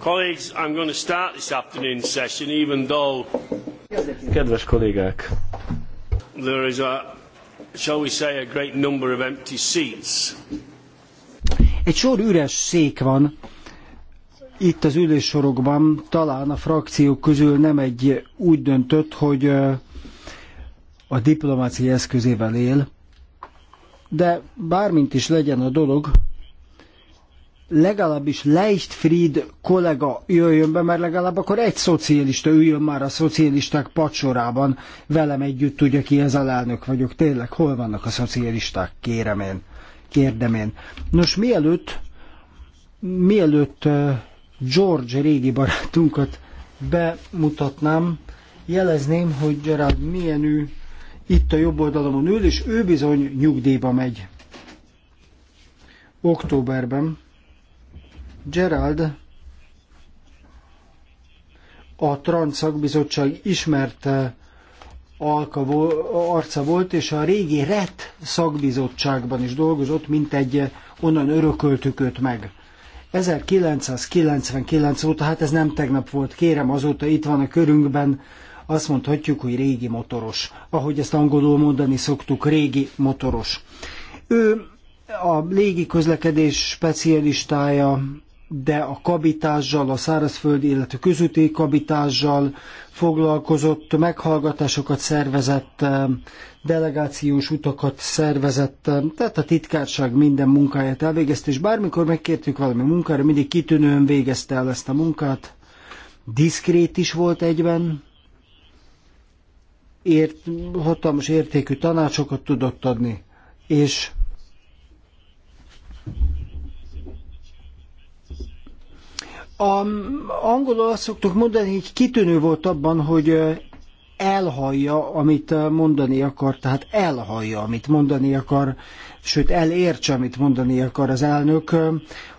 Colleagues, I'm going to start this afternoon session, even though... Kedves kollégák! There is a, shall we say, a great number of empty seats. Egy sor üres szék van itt az üléssorokban. Talán a frakciók közül nem egy úgy döntött, hogy a diplomáciai eszközével él, de bármint is legyen a dolog, legalábbis Leichtfried kollega jöjjön be, mert legalább akkor egy szocialista üljön már a szocialisták pacsorában, velem együtt tudja ki ez alelnök vagyok. Tényleg, hol vannak a szocialisták? Kérem én, kérdem én. Nos, mielőtt, mielőtt George régi barátunkat bemutatnám, jelezném, hogy Gerard milyen ő itt a jobb oldalon ül, és ő bizony nyugdíjba megy. Októberben Gerald a szakbizottság ismert alka, arca volt, és a régi RET szakbizottságban is dolgozott, mint egy onnan örököltük őt meg. 1999 óta, hát ez nem tegnap volt, kérem, azóta itt van a körünkben, azt mondhatjuk, hogy régi motoros. Ahogy ezt angolul mondani szoktuk, régi motoros. Ő a légi közlekedés specialistája, de a kabitással, a szárazföldi, illetve közúti kabitással foglalkozott, meghallgatásokat szervezett, delegációs utakat szervezett, tehát a titkárság minden munkáját elvégezte, és bármikor megkértük valami munkára, mindig kitűnően végezte el ezt a munkát, diszkrét is volt egyben, ért, hatalmas értékű tanácsokat tudott adni, és A, angolul azt szoktuk mondani, hogy kitűnő volt abban, hogy elhallja, amit mondani akar, tehát elhallja, amit mondani akar, sőt elértse, amit mondani akar az elnök.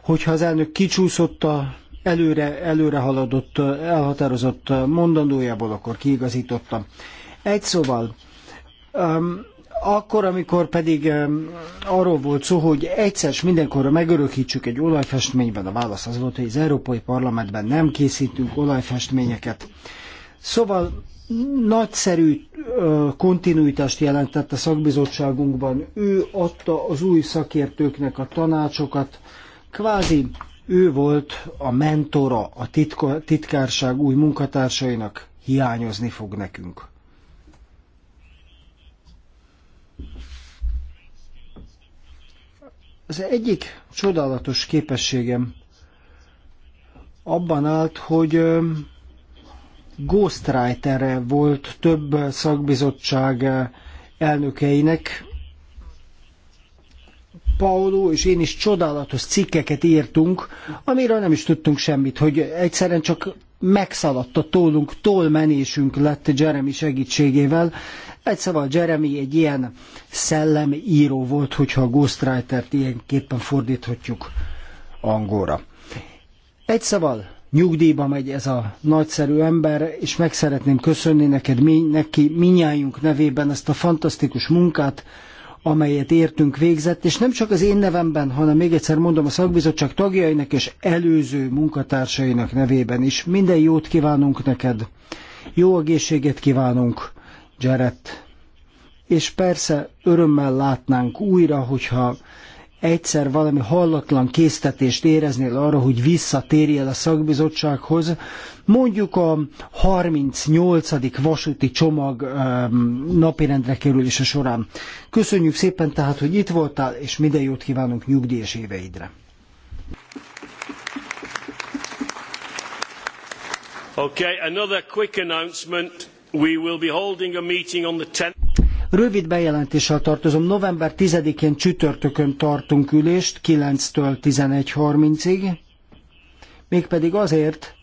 Hogyha az elnök kicsúszott a előre, előre haladott, elhatározott mondandójából, akkor kiigazította. Egy szóval, akkor, amikor pedig arról volt szó, hogy egyszer mindenkorra megörökítsük egy olajfestményben, a válasz az volt, hogy az Európai Parlamentben nem készítünk olajfestményeket. Szóval nagyszerű kontinuitást jelentett a szakbizottságunkban. Ő adta az új szakértőknek a tanácsokat, kvázi ő volt a mentora a titko, titkárság új munkatársainak, hiányozni fog nekünk. Az egyik csodálatos képességem abban állt, hogy ghostwriter volt több szakbizottság elnökeinek. Paulo és én is csodálatos cikkeket írtunk, amiről nem is tudtunk semmit, hogy egyszerűen csak megszaladt a tólunk, tolmenésünk lett Jeremy segítségével, egy szóval Jeremy egy ilyen szellemi író volt, hogyha a Ghostwriter-t ilyenképpen fordíthatjuk angolra. Egy szóval nyugdíjba megy ez a nagyszerű ember, és meg szeretném köszönni neked, mi, neki minnyájunk nevében ezt a fantasztikus munkát, amelyet értünk végzett, és nem csak az én nevemben, hanem még egyszer mondom a szakbizottság tagjainak és előző munkatársainak nevében is. Minden jót kívánunk neked, jó egészséget kívánunk, Jarrett. És persze örömmel látnánk újra, hogyha egyszer valami hallatlan késztetést éreznél arra, hogy visszatérjél a szakbizottsághoz, mondjuk a 38. vasúti csomag napirendre kerülése során. Köszönjük szépen tehát, hogy itt voltál, és minden jót kívánunk nyugdíjas éveidre. Okay, another quick announcement. Rövid bejelentéssel tartozom. November 10-én csütörtökön tartunk ülést 9-től 11.30-ig, mégpedig azért,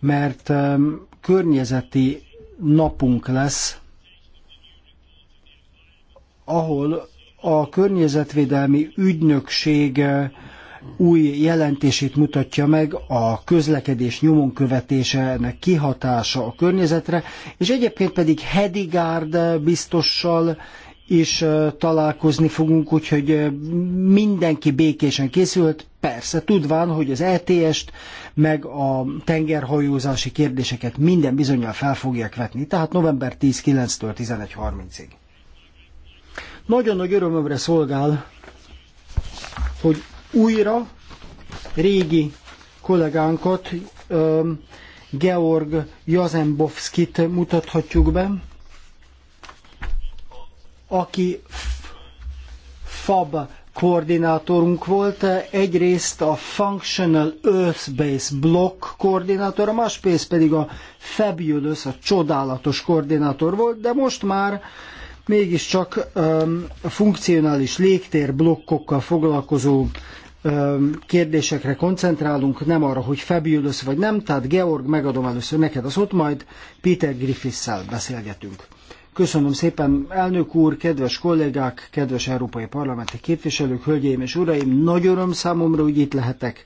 mert um, környezeti napunk lesz, ahol a környezetvédelmi ügynökség uh, új jelentését mutatja meg a közlekedés nyomon követése, ennek kihatása a környezetre, és egyébként pedig Hedigárd biztossal is találkozni fogunk, úgyhogy mindenki békésen készült, persze tudván, hogy az ETS-t meg a tengerhajózási kérdéseket minden bizonyal fel fogják vetni, tehát november 10 9-től 11.30-ig. Nagyon nagy örömömre szolgál, hogy újra régi kollégánkat, Georg Jazembovskit mutathatjuk be, aki FAB koordinátorunk volt, egyrészt a Functional earth Base Block koordinátor, a másrészt pedig a Fabulous, a csodálatos koordinátor volt, de most már mégiscsak um, a funkcionális légtér blokkokkal foglalkozó kérdésekre koncentrálunk, nem arra, hogy fabulous vagy nem, tehát Georg, megadom először neked az ott, majd Peter griffiths beszélgetünk. Köszönöm szépen, elnök úr, kedves kollégák, kedves európai parlamenti képviselők, hölgyeim és uraim, nagy öröm számomra, hogy itt lehetek.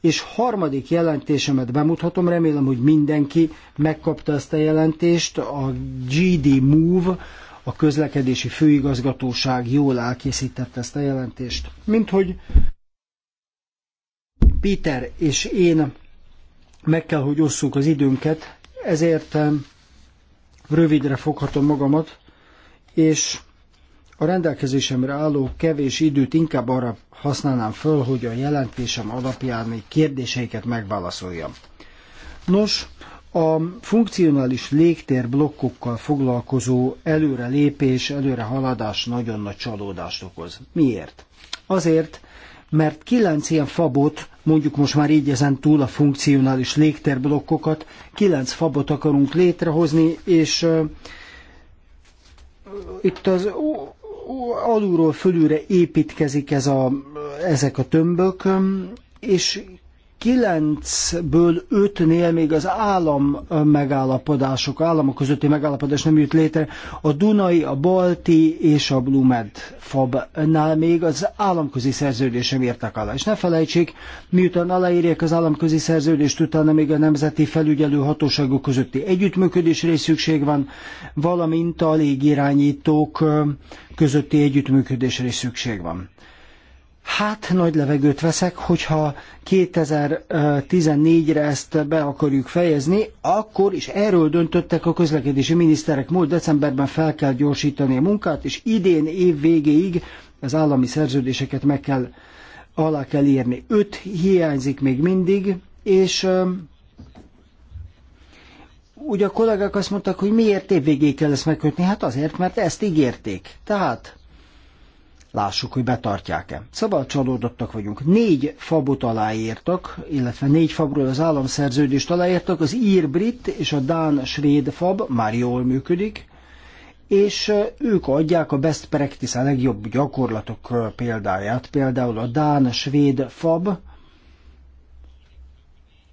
És harmadik jelentésemet bemutatom, remélem, hogy mindenki megkapta ezt a jelentést, a GD Move, a közlekedési főigazgatóság jól elkészítette ezt a jelentést. Mint hogy Péter és én meg kell, hogy osszuk az időnket, ezért rövidre foghatom magamat, és a rendelkezésemre álló kevés időt inkább arra használnám föl, hogy a jelentésem alapján kérdéseiket megválaszoljam. Nos, a funkcionális légtérblokkokkal foglalkozó előrelépés, előrehaladás nagyon nagy csalódást okoz. Miért? Azért, mert kilenc ilyen fabot, mondjuk most már így ezen túl a funkcionális légterblokkokat, kilenc fabot akarunk létrehozni, és uh, itt az alulról fölülre építkezik ez a, ezek a tömbök, és kilencből ötnél még az állam megállapodások, államok közötti megállapodás nem jut létre. A Dunai, a Balti és a Blumed Fabnál még az államközi szerződés sem értek alá. És ne felejtsék, miután aláírják az államközi szerződést, utána még a nemzeti felügyelő hatóságok közötti együttműködésre is szükség van, valamint a légirányítók közötti együttműködésre is szükség van. Hát nagy levegőt veszek, hogyha 2014-re ezt be akarjuk fejezni, akkor is erről döntöttek a közlekedési miniszterek. Múlt decemberben fel kell gyorsítani a munkát, és idén év végéig az állami szerződéseket meg kell, alá kell írni. Öt hiányzik még mindig, és ugye a kollégák azt mondták, hogy miért végéig kell ezt megkötni? Hát azért, mert ezt ígérték. Tehát Lássuk, hogy betartják-e. Szóval csalódottak vagyunk. Négy fabot aláírtak, illetve négy fabról az államszerződést aláírtak, az ír-brit és a dán-svéd fab már jól működik, és ők adják a best practice, a legjobb gyakorlatok példáját, például a dán-svéd fab,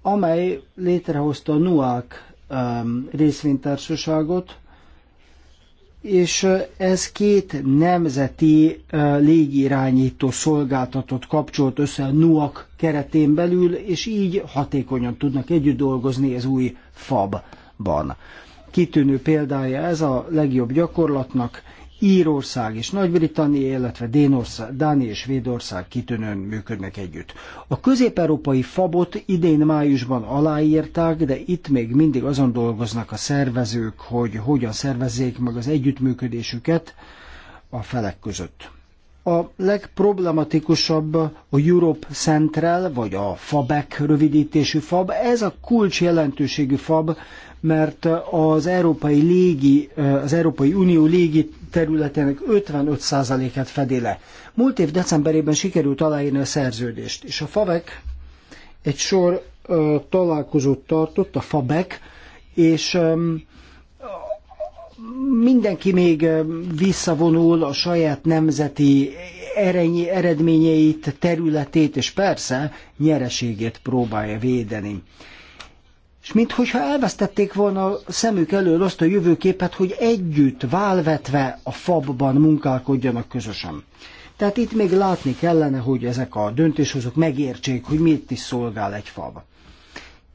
amely létrehozta a NUAC um, részvénytársaságot, és ez két nemzeti légirányító szolgáltatott kapcsolt össze a NUAK keretén belül, és így hatékonyan tudnak együtt dolgozni az új FAB-ban. Kitűnő példája ez a legjobb gyakorlatnak, Írország és Nagy-Britannia, illetve Dénország, Dáni és Védország kitűnően működnek együtt. A közép-európai fabot idén májusban aláírták, de itt még mindig azon dolgoznak a szervezők, hogy hogyan szervezzék meg az együttműködésüket a felek között. A legproblematikusabb a Europe Central, vagy a FABEC rövidítésű FAB. Ez a kulcs jelentőségű FAB, mert az Európai, légi, az Európai Unió légi területének 55%-át fedi le. Múlt év decemberében sikerült aláírni a szerződést, és a FAVEC egy sor uh, találkozót tartott, a FABEK, és um, mindenki még visszavonul a saját nemzeti erényi, eredményeit, területét, és persze nyereségét próbálja védeni és minthogyha elvesztették volna a szemük elől azt a jövőképet, hogy együtt, válvetve a fabban munkálkodjanak közösen. Tehát itt még látni kellene, hogy ezek a döntéshozók megértsék, hogy mit is szolgál egy fab.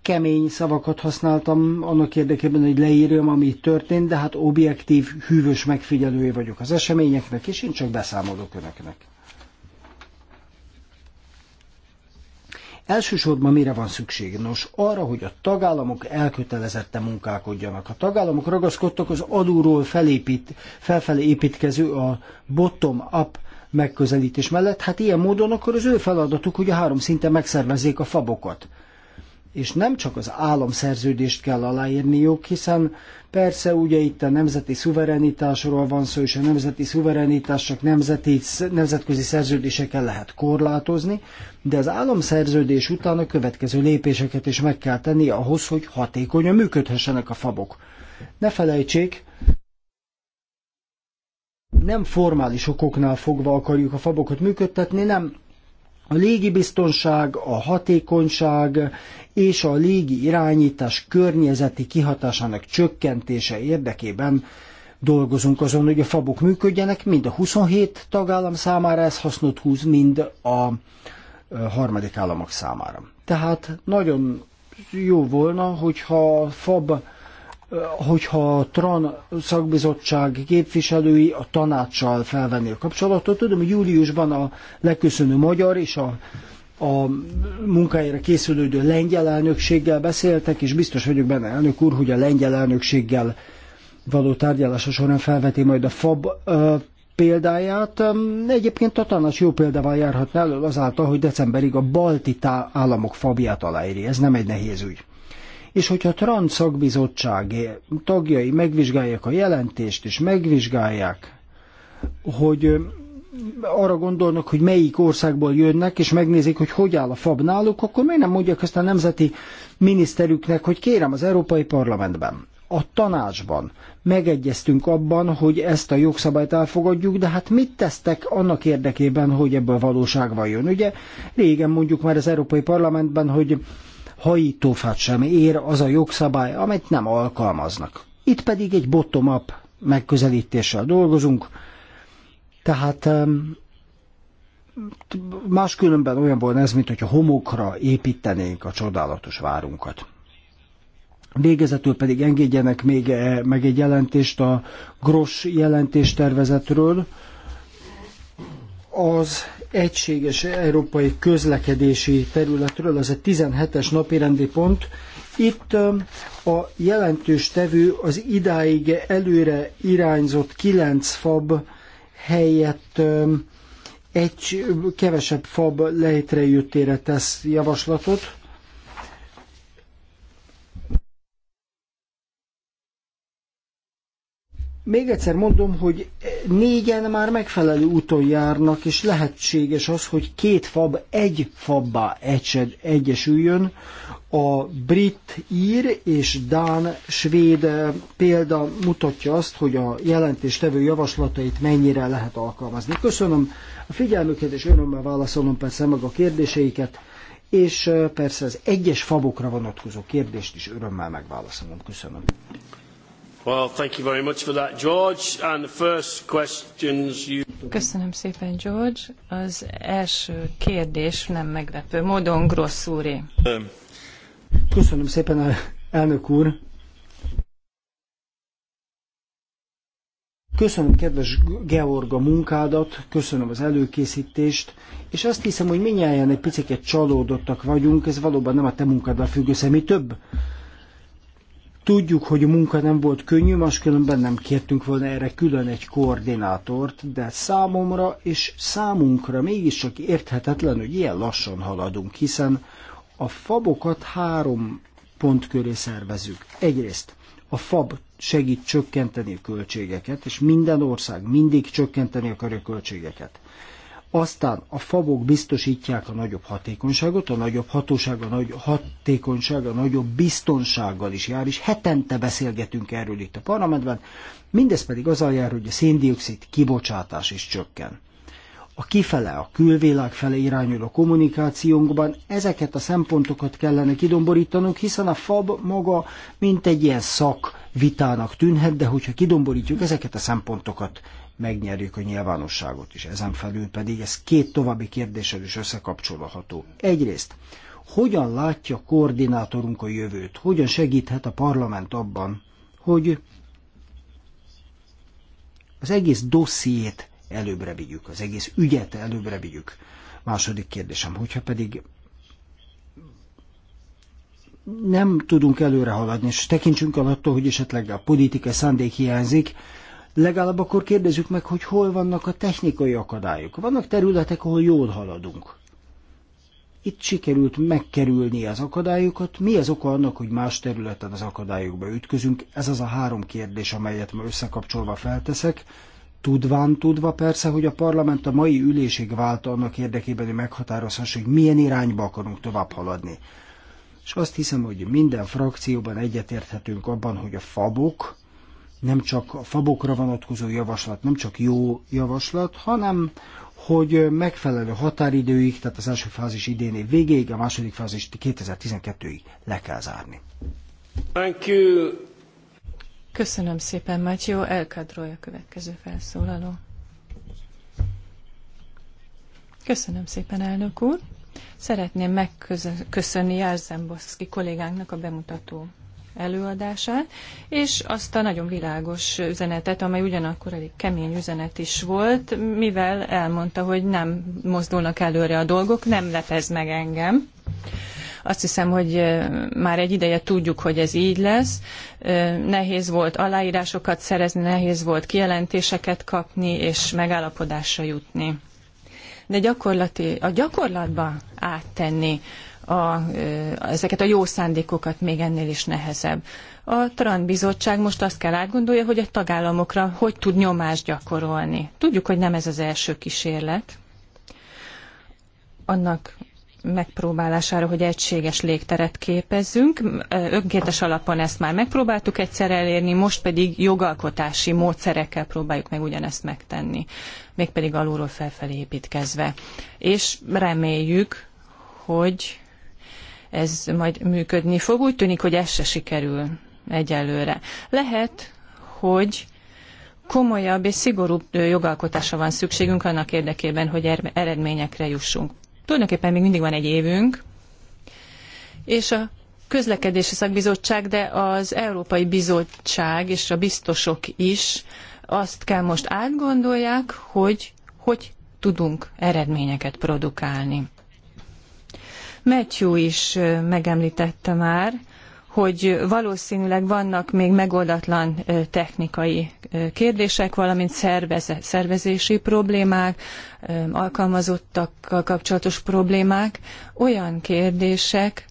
Kemény szavakat használtam annak érdekében, hogy leírjam, ami itt történt, de hát objektív, hűvös megfigyelője vagyok az eseményeknek, és én csak beszámolok önöknek. Elsősorban mire van szükség? Nos, arra, hogy a tagállamok elkötelezette munkálkodjanak. A tagállamok ragaszkodtak az alulról felépít, felfelé építkező a bottom-up megközelítés mellett, hát ilyen módon akkor az ő feladatuk, hogy a három szinten megszervezzék a fabokat és nem csak az államszerződést kell aláírniuk, hiszen persze ugye itt a nemzeti szuverenitásról van szó, és a nemzeti szuverenitás csak nemzeti, nemzetközi szerződésekkel lehet korlátozni, de az államszerződés után a következő lépéseket is meg kell tenni ahhoz, hogy hatékonyan működhessenek a fabok. Ne felejtsék, nem formális okoknál fogva akarjuk a fabokat működtetni, nem a légibiztonság, a hatékonyság és a légi irányítás környezeti kihatásának csökkentése érdekében dolgozunk azon, hogy a fabok működjenek, mind a 27 tagállam számára ez hasznot húz, mind a harmadik államok számára. Tehát nagyon jó volna, hogyha a fab hogyha a TRAN szakbizottság képviselői a tanácssal felvenni a kapcsolatot. Tudom, hogy júliusban a leköszönő magyar és a, a munkájára készülődő lengyel elnökséggel beszéltek, és biztos vagyok benne, elnök úr, hogy a lengyel elnökséggel való tárgyalása során felveti majd a FAB ö, példáját. Egyébként a tanács jó példával járhatna elő azáltal, hogy decemberig a balti államok fabját aláírja. Ez nem egy nehéz ügy és hogyha a Trans szakbizottság tagjai megvizsgálják a jelentést, és megvizsgálják, hogy arra gondolnak, hogy melyik országból jönnek, és megnézik, hogy hogy áll a fab náluk, akkor miért nem mondják ezt a nemzeti miniszterüknek, hogy kérem az Európai Parlamentben, a tanácsban megegyeztünk abban, hogy ezt a jogszabályt elfogadjuk, de hát mit tesztek annak érdekében, hogy ebből valóság jön? Ugye régen mondjuk már az Európai Parlamentben, hogy hajítófát sem ér az a jogszabály, amit nem alkalmaznak. Itt pedig egy bottom-up megközelítéssel dolgozunk, tehát máskülönben olyan volna ez, mint hogyha homokra építenénk a csodálatos várunkat. Végezetül pedig engedjenek még eh, meg egy jelentést a Gross jelentéstervezetről. Az egységes európai közlekedési területről, ez a 17-es napirendi pont. Itt a jelentős tevő az idáig előre irányzott 9 fab helyett egy kevesebb fab létrejöttére tesz javaslatot. Még egyszer mondom, hogy négyen már megfelelő úton járnak, és lehetséges az, hogy két fab egy fabbá egysed, egyesüljön. A brit, ír és dán, svéd eh, példa mutatja azt, hogy a jelentéstevő javaslatait mennyire lehet alkalmazni. Köszönöm a figyelmüket, és örömmel válaszolom persze meg a kérdéseiket, és eh, persze az egyes fabokra vonatkozó kérdést is örömmel megválaszolom. Köszönöm. Köszönöm szépen, George. Az első kérdés nem meglepő módon Grossz úré. Köszönöm szépen, elnök úr. Köszönöm, kedves Georga munkádat, köszönöm az előkészítést, és azt hiszem, hogy minnyáján egy picit csalódottak vagyunk, ez valóban nem a te munkáddal függ össze, mi több Tudjuk, hogy a munka nem volt könnyű, máskülönben nem kértünk volna erre külön egy koordinátort, de számomra és számunkra mégiscsak érthetetlen, hogy ilyen lassan haladunk, hiszen a fabokat három pont köré szervezünk. Egyrészt a fab segít csökkenteni a költségeket, és minden ország mindig csökkenteni akarja a költségeket. Aztán a fabok biztosítják a nagyobb hatékonyságot, a nagyobb hatóság, a nagyobb hatékonyság, a nagyobb biztonsággal is jár, és hetente beszélgetünk erről itt a parlamentben. Mindez pedig azzal jár, hogy a széndiokszid kibocsátás is csökken. A kifele, a külvilág fele irányuló kommunikációnkban ezeket a szempontokat kellene kidomborítanunk, hiszen a FAB maga mint egy ilyen szakvitának tűnhet, de hogyha kidomborítjuk ezeket a szempontokat, megnyerjük a nyilvánosságot is. Ezen felül pedig ez két további kérdéssel is összekapcsolható. Egyrészt, hogyan látja koordinátorunk a jövőt? Hogyan segíthet a parlament abban, hogy az egész dossziét előbbre vigyük, az egész ügyet előbbre vigyük. Második kérdésem, hogyha pedig nem tudunk előre haladni, és tekintsünk el attól, hogy esetleg a politikai szándék hiányzik, legalább akkor kérdezzük meg, hogy hol vannak a technikai akadályok. Vannak területek, ahol jól haladunk. Itt sikerült megkerülni az akadályokat. Mi az oka annak, hogy más területen az akadályokba ütközünk? Ez az a három kérdés, amelyet ma összekapcsolva felteszek. Tudván tudva persze, hogy a parlament a mai ülésig vált annak érdekében, hogy meghatározhass, hogy milyen irányba akarunk tovább haladni. És azt hiszem, hogy minden frakcióban egyetérthetünk abban, hogy a fabok, nem csak a fabokra vonatkozó javaslat, nem csak jó javaslat, hanem hogy megfelelő határidőig, tehát az első fázis idén év végéig, a második fázis 2012-ig le kell zárni. Thank you. Köszönöm szépen, Mátyó. Elkadrolja a következő felszólaló. Köszönöm szépen, elnök úr. Szeretném megköszönni Járzemboszki kollégánknak a bemutató előadását, és azt a nagyon világos üzenetet, amely ugyanakkor elég kemény üzenet is volt, mivel elmondta, hogy nem mozdulnak előre a dolgok, nem lepez meg engem. Azt hiszem, hogy már egy ideje tudjuk, hogy ez így lesz. Nehéz volt aláírásokat szerezni, nehéz volt kijelentéseket kapni és megállapodásra jutni. De gyakorlati, a gyakorlatba áttenni a, ezeket a jó szándékokat még ennél is nehezebb. A Tran bizottság most azt kell átgondolja, hogy a tagállamokra hogy tud nyomást gyakorolni. Tudjuk, hogy nem ez az első kísérlet. Annak megpróbálására, hogy egységes légteret képezzünk. Önkéntes alapon ezt már megpróbáltuk egyszer elérni, most pedig jogalkotási módszerekkel próbáljuk meg ugyanezt megtenni, mégpedig alulról felfelé építkezve. És reméljük, hogy ez majd működni fog. Úgy tűnik, hogy ez se sikerül egyelőre. Lehet, hogy komolyabb és szigorúbb jogalkotásra van szükségünk annak érdekében, hogy er-, eredményekre jussunk. Tulajdonképpen még mindig van egy évünk, és a közlekedési szakbizottság, de az Európai Bizottság és a biztosok is azt kell most átgondolják, hogy hogy tudunk eredményeket produkálni. Matthew is megemlítette már, hogy valószínűleg vannak még megoldatlan technikai kérdések, valamint szervezési problémák, alkalmazottakkal kapcsolatos problémák, olyan kérdések,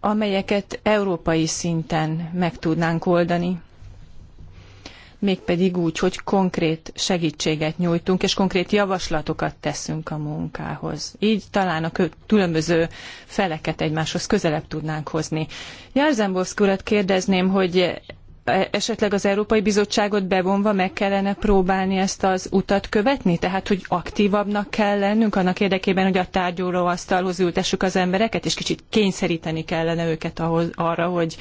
amelyeket európai szinten meg tudnánk oldani mégpedig úgy, hogy konkrét segítséget nyújtunk, és konkrét javaslatokat teszünk a munkához. Így talán a különböző feleket egymáshoz közelebb tudnánk hozni. Jarzembovszki urat kérdezném, hogy e- esetleg az Európai Bizottságot bevonva meg kellene próbálni ezt az utat követni? Tehát, hogy aktívabbnak kell lennünk annak érdekében, hogy a tárgyalóasztalhoz ültessük az embereket, és kicsit kényszeríteni kellene őket ahhoz, arra, hogy,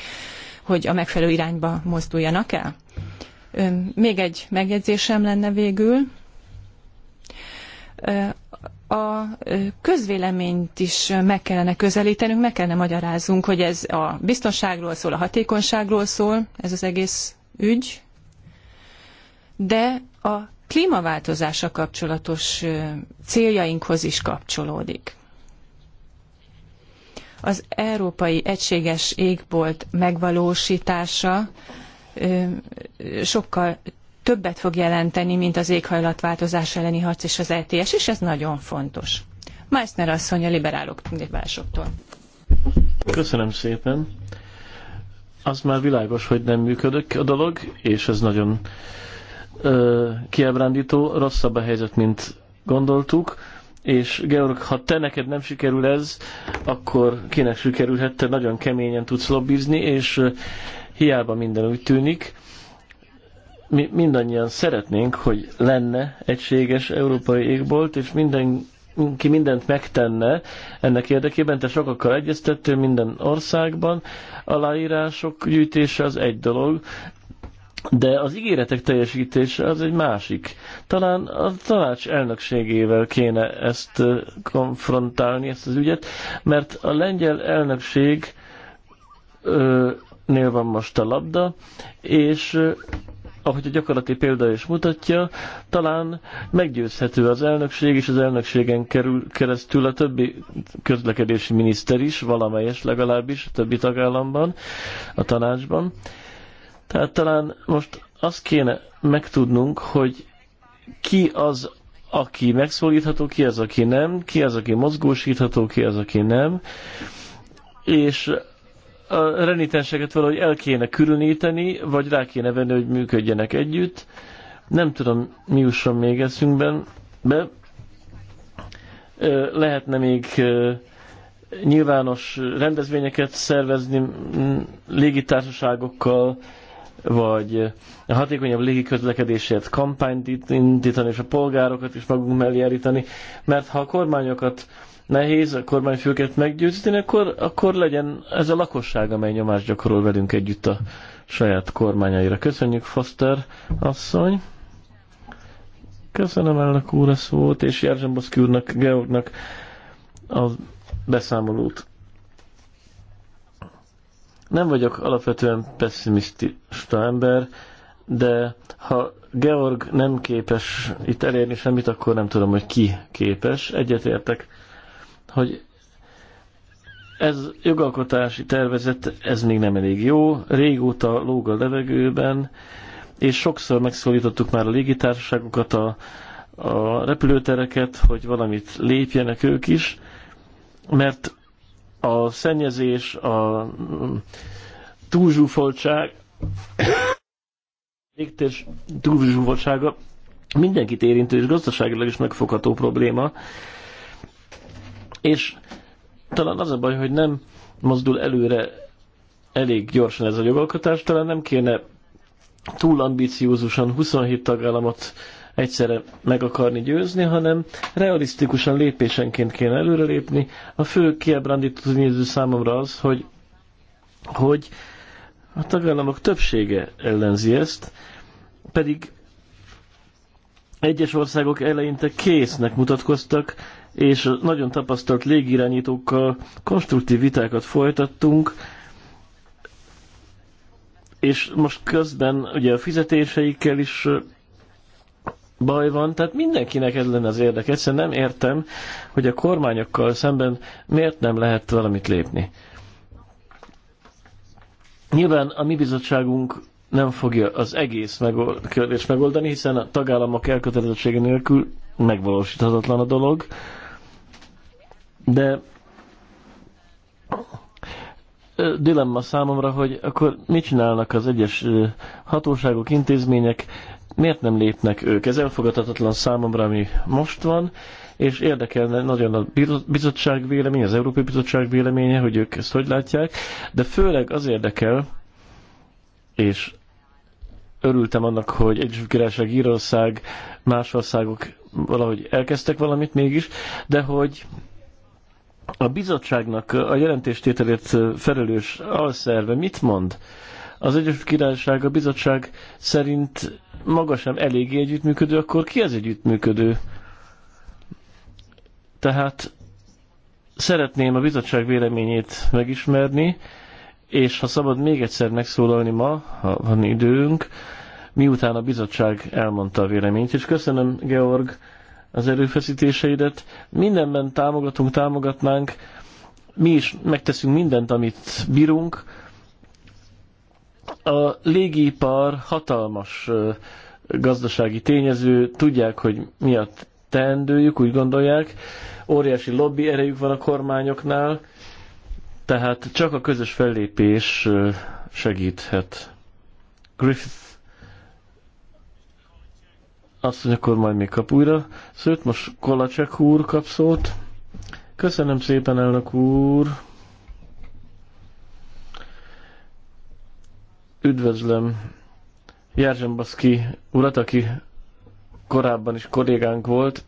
hogy a megfelelő irányba mozduljanak el? Még egy megjegyzésem lenne végül. A közvéleményt is meg kellene közelítenünk, meg kellene magyaráznunk, hogy ez a biztonságról szól, a hatékonyságról szól, ez az egész ügy, de a klímaváltozása kapcsolatos céljainkhoz is kapcsolódik az Európai Egységes Égbolt megvalósítása sokkal többet fog jelenteni, mint az éghajlatváltozás elleni harc és az ETS, és ez nagyon fontos. Meissner asszony a liberálok liberálisoktól. Köszönöm szépen. Az már világos, hogy nem működik a dolog, és ez nagyon ö, kiábrándító, rosszabb a helyzet, mint gondoltuk. És Georg, ha te neked nem sikerül ez, akkor kinek sikerülhet, te nagyon keményen tudsz lobbizni, és hiába minden úgy tűnik, mi mindannyian szeretnénk, hogy lenne egységes európai égbolt, és minden ki mindent megtenne ennek érdekében, te sokakkal egyeztettél minden országban, aláírások gyűjtése az egy dolog, de az ígéretek teljesítése az egy másik. Talán a tanács elnökségével kéne ezt konfrontálni, ezt az ügyet, mert a lengyel elnökség nél van most a labda, és ahogy a gyakorlati példa is mutatja, talán meggyőzhető az elnökség, és az elnökségen kerül keresztül a többi közlekedési miniszter is, valamelyes legalábbis, a többi tagállamban, a tanácsban. Tehát talán most azt kéne megtudnunk, hogy ki az, aki megszólítható, ki az, aki nem, ki az, aki mozgósítható, ki az, aki nem, és a renitenseket valahogy el kéne különíteni, vagy rá kéne venni, hogy működjenek együtt. Nem tudom, mi jusson még eszünkben, de lehetne még nyilvános rendezvényeket szervezni légitársaságokkal, vagy a hatékonyabb légiközlekedésért kampányt indítani, és a polgárokat is magunk mellé állítani, mert ha a kormányokat nehéz a kormányfőket meggyőzni, akkor, akkor legyen ez a lakosság, amely nyomást gyakorol velünk együtt a saját kormányaira. Köszönjük, Foster asszony! Köszönöm elnök úr ez volt, és Jerzsemboszki úrnak, Georgnak a beszámolót. Nem vagyok alapvetően pessimista ember, de ha Georg nem képes itt elérni semmit, akkor nem tudom, hogy ki képes. Egyetértek hogy ez jogalkotási tervezet, ez még nem elég jó, régóta lóg a levegőben, és sokszor megszólítottuk már a légitársaságokat, a, a repülőtereket, hogy valamit lépjenek ők is, mert a szennyezés, a mm, túlzsúfoltság, légtérs túlzsúfoltsága mindenkit érintő és gazdaságilag is megfogható probléma, és talán az a baj, hogy nem mozdul előre elég gyorsan ez a jogalkotás, talán nem kéne túl ambiciózusan 27 tagállamot egyszerre meg akarni győzni, hanem realisztikusan lépésenként kéne előrelépni. A fő kiebrandító néző számomra az, hogy, hogy a tagállamok többsége ellenzi ezt, pedig egyes országok eleinte késznek mutatkoztak és nagyon tapasztalt légirányítókkal konstruktív vitákat folytattunk, és most közben ugye a fizetéseikkel is baj van, tehát mindenkinek ez lenne az érdek. Egyszerűen nem értem, hogy a kormányokkal szemben miért nem lehet valamit lépni. Nyilván a mi bizottságunk nem fogja az egész kérdést megoldani, hiszen a tagállamok elkötelezettsége nélkül megvalósíthatatlan a dolog. De dilemma számomra, hogy akkor mit csinálnak az egyes hatóságok, intézmények, miért nem lépnek ők? Ez elfogadhatatlan számomra, ami most van, és érdekelne nagyon a bizottság véleménye, az Európai Bizottság véleménye, hogy ők ezt hogy látják, de főleg az érdekel, és örültem annak, hogy Egyesült Királyság, Írország, más országok valahogy elkezdtek valamit mégis, de hogy a bizottságnak a jelentéstételért felelős alszerve mit mond? Az Egyesült Királyság a bizottság szerint maga sem eléggé együttműködő, akkor ki az együttműködő? Tehát szeretném a bizottság véleményét megismerni, és ha szabad még egyszer megszólalni ma, ha van időnk, miután a bizottság elmondta a véleményt, és köszönöm Georg az erőfeszítéseidet. Mindenben támogatunk, támogatnánk, mi is megteszünk mindent, amit bírunk. A légipar hatalmas gazdasági tényező, tudják, hogy mi a teendőjük, úgy gondolják, óriási lobby erejük van a kormányoknál, tehát csak a közös fellépés segíthet. Griffith azt mondja, akkor majd még kap újra. szőt. most Kolacsek úr kap szót. Köszönöm szépen, elnök úr. Üdvözlöm Jerzsembaszki urat, aki korábban is kollégánk volt,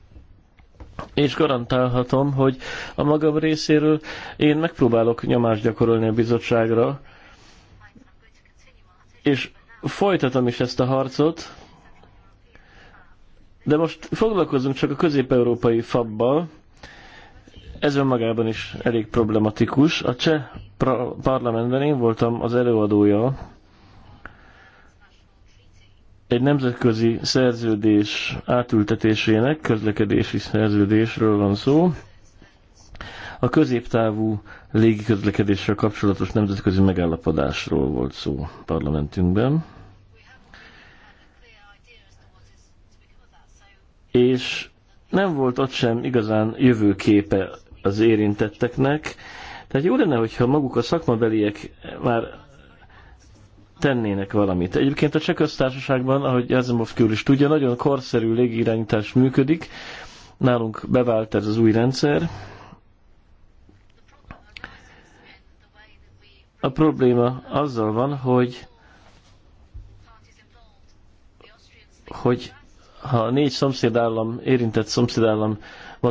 és garantálhatom, hogy a magam részéről én megpróbálok nyomást gyakorolni a bizottságra, és folytatom is ezt a harcot, de most foglalkozunk csak a közép-európai fabbal. Ez önmagában is elég problematikus. A cseh parlamentben én voltam az előadója egy nemzetközi szerződés átültetésének, közlekedési szerződésről van szó, a középtávú légiközlekedéssel kapcsolatos nemzetközi megállapodásról volt szó parlamentünkben. és nem volt ott sem igazán jövőképe az érintetteknek. Tehát jó lenne, hogyha maguk a szakmabeliek már tennének valamit. Egyébként a cseh köztársaságban, ahogy Jazemov Kül is tudja, nagyon korszerű légirányítás működik. Nálunk bevált ez az új rendszer. A probléma azzal van, hogy hogy ha a négy szomszédállam, érintett szomszédállamot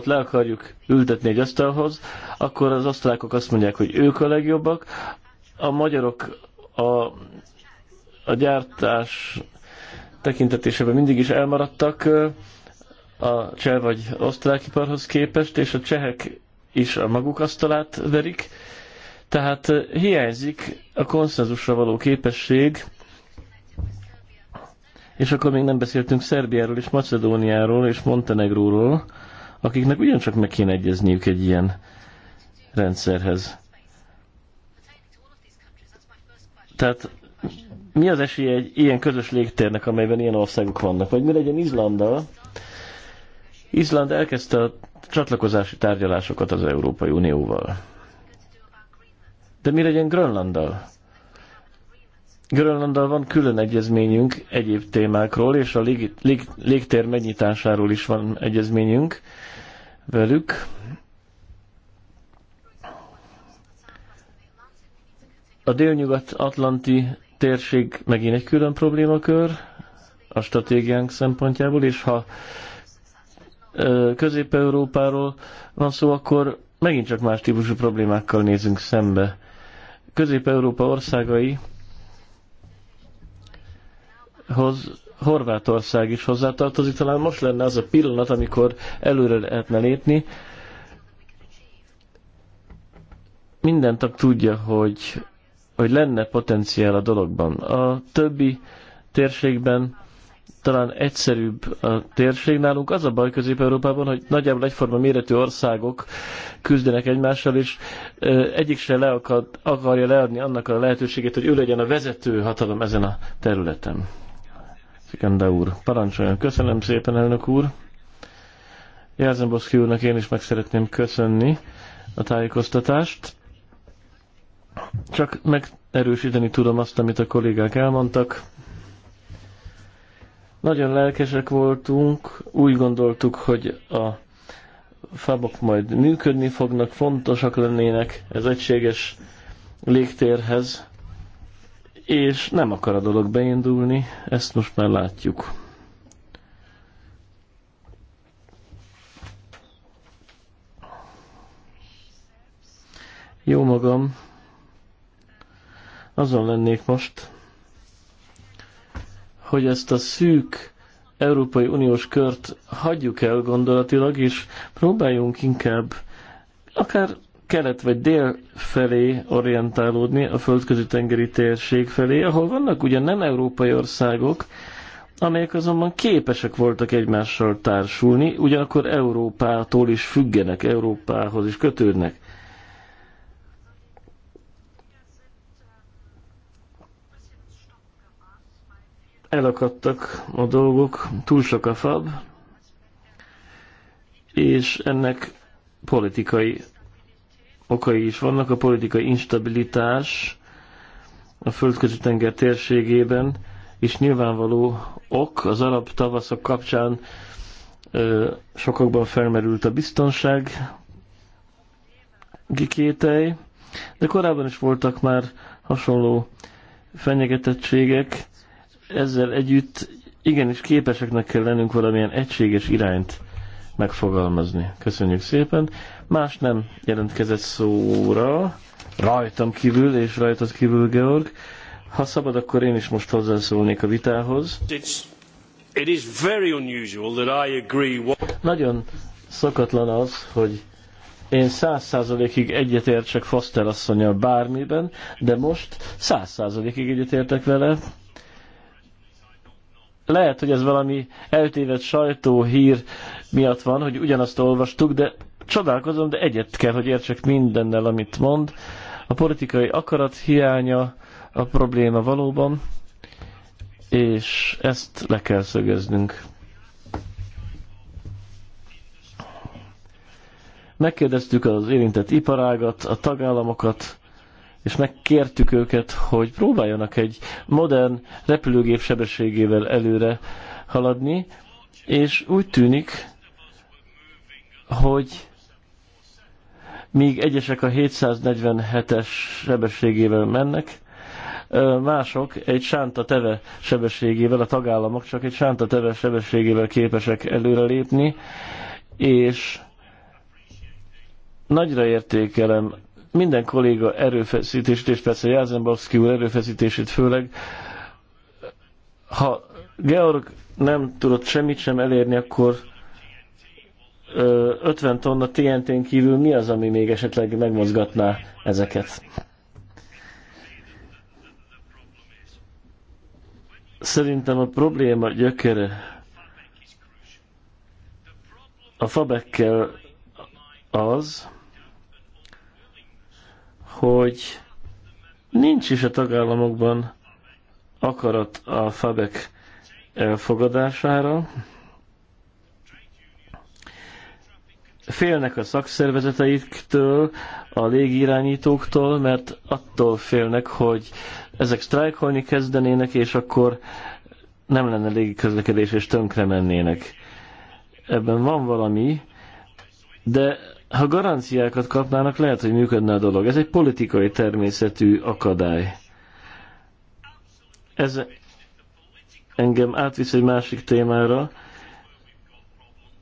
le akarjuk ültetni egy asztalhoz, akkor az osztrákok azt mondják, hogy ők a legjobbak, a magyarok a, a gyártás tekintetésében mindig is elmaradtak a cseh vagy osztrák iparhoz képest, és a csehek is a maguk asztalát verik, tehát hiányzik a konszenzusra való képesség, és akkor még nem beszéltünk Szerbiáról és Macedóniáról és Montenegróról, akiknek ugyancsak meg kéne egyezniük egy ilyen rendszerhez. Tehát mi az esélye egy ilyen közös légtérnek, amelyben ilyen országok vannak? Vagy mi legyen Izlanda? Izland elkezdte a csatlakozási tárgyalásokat az Európai Unióval. De mi legyen Grönlanddal? Grönlanddal van külön egyezményünk egyéb témákról, és a lég, lég, légtér megnyitásáról is van egyezményünk velük. A délnyugat-atlanti térség megint egy külön problémakör a stratégiánk szempontjából, és ha Közép-Európáról van szó, akkor megint csak más típusú problémákkal nézünk szembe. Közép-Európa országai hoz Horvátország is hozzátartozik. Talán most lenne az a pillanat, amikor előre lehetne lépni. Minden tag tudja, hogy, hogy lenne potenciál a dologban. A többi térségben talán egyszerűbb a térség nálunk. Az a baj Közép-Európában, hogy nagyjából egyforma méretű országok küzdenek egymással, és egyik se le akarja leadni annak a lehetőségét, hogy ő legyen a vezető hatalom ezen a területen. Kenda úr, parancsoljon. Köszönöm szépen, elnök úr. Jelzenboszki úrnak én is meg szeretném köszönni a tájékoztatást. Csak megerősíteni tudom azt, amit a kollégák elmondtak. Nagyon lelkesek voltunk, úgy gondoltuk, hogy a fábok majd működni fognak, fontosak lennének ez egységes légtérhez és nem akar a dolog beindulni, ezt most már látjuk. Jó magam, azon lennék most, hogy ezt a szűk Európai Uniós kört hagyjuk el gondolatilag, és próbáljunk inkább akár kelet vagy dél felé orientálódni, a földközi tengeri térség felé, ahol vannak ugyan nem európai országok, amelyek azonban képesek voltak egymással társulni, ugyanakkor Európától is függenek, Európához is kötődnek. Elakadtak a dolgok, túl sok a fab, és ennek politikai okai is vannak. A politikai instabilitás a földközi tenger térségében és nyilvánvaló ok. Az arab tavaszok kapcsán ö, sokakban felmerült a biztonság gikétei, de korábban is voltak már hasonló fenyegetettségek. Ezzel együtt igenis képeseknek kell lennünk valamilyen egységes irányt megfogalmazni. Köszönjük szépen! Más nem jelentkezett szóra, rajtam kívül és rajtad kívül, Georg. Ha szabad, akkor én is most hozzászólnék a vitához. It is very unusual that I agree what... Nagyon szokatlan az, hogy én száz százalékig egyetértsek Foster asszonyal bármiben, de most száz százalékig egyetértek vele. Lehet, hogy ez valami eltévedt sajtóhír miatt van, hogy ugyanazt olvastuk, de csodálkozom, de egyet kell, hogy értsek mindennel, amit mond. A politikai akarat hiánya a probléma valóban, és ezt le kell szögeznünk. Megkérdeztük az érintett iparágat, a tagállamokat, és megkértük őket, hogy próbáljanak egy modern repülőgép sebességével előre haladni, és úgy tűnik, hogy míg egyesek a 747-es sebességével mennek, mások egy sánta teve sebességével, a tagállamok csak egy sánta teve sebességével képesek előrelépni, és nagyra értékelem minden kolléga erőfeszítését, és persze Jászembowski úr erőfeszítését főleg, ha Georg nem tudott semmit sem elérni, akkor 50 tonna TNT-n kívül mi az, ami még esetleg megmozgatná ezeket? Szerintem a probléma gyökere a fabekkel az, hogy nincs is a tagállamokban akarat a fabek elfogadására, félnek a szakszervezeteiktől, a légirányítóktól, mert attól félnek, hogy ezek sztrájkolni kezdenének, és akkor nem lenne légiközlekedés, és tönkre mennének. Ebben van valami, de ha garanciákat kapnának, lehet, hogy működne a dolog. Ez egy politikai természetű akadály. Ez engem átvisz egy másik témára,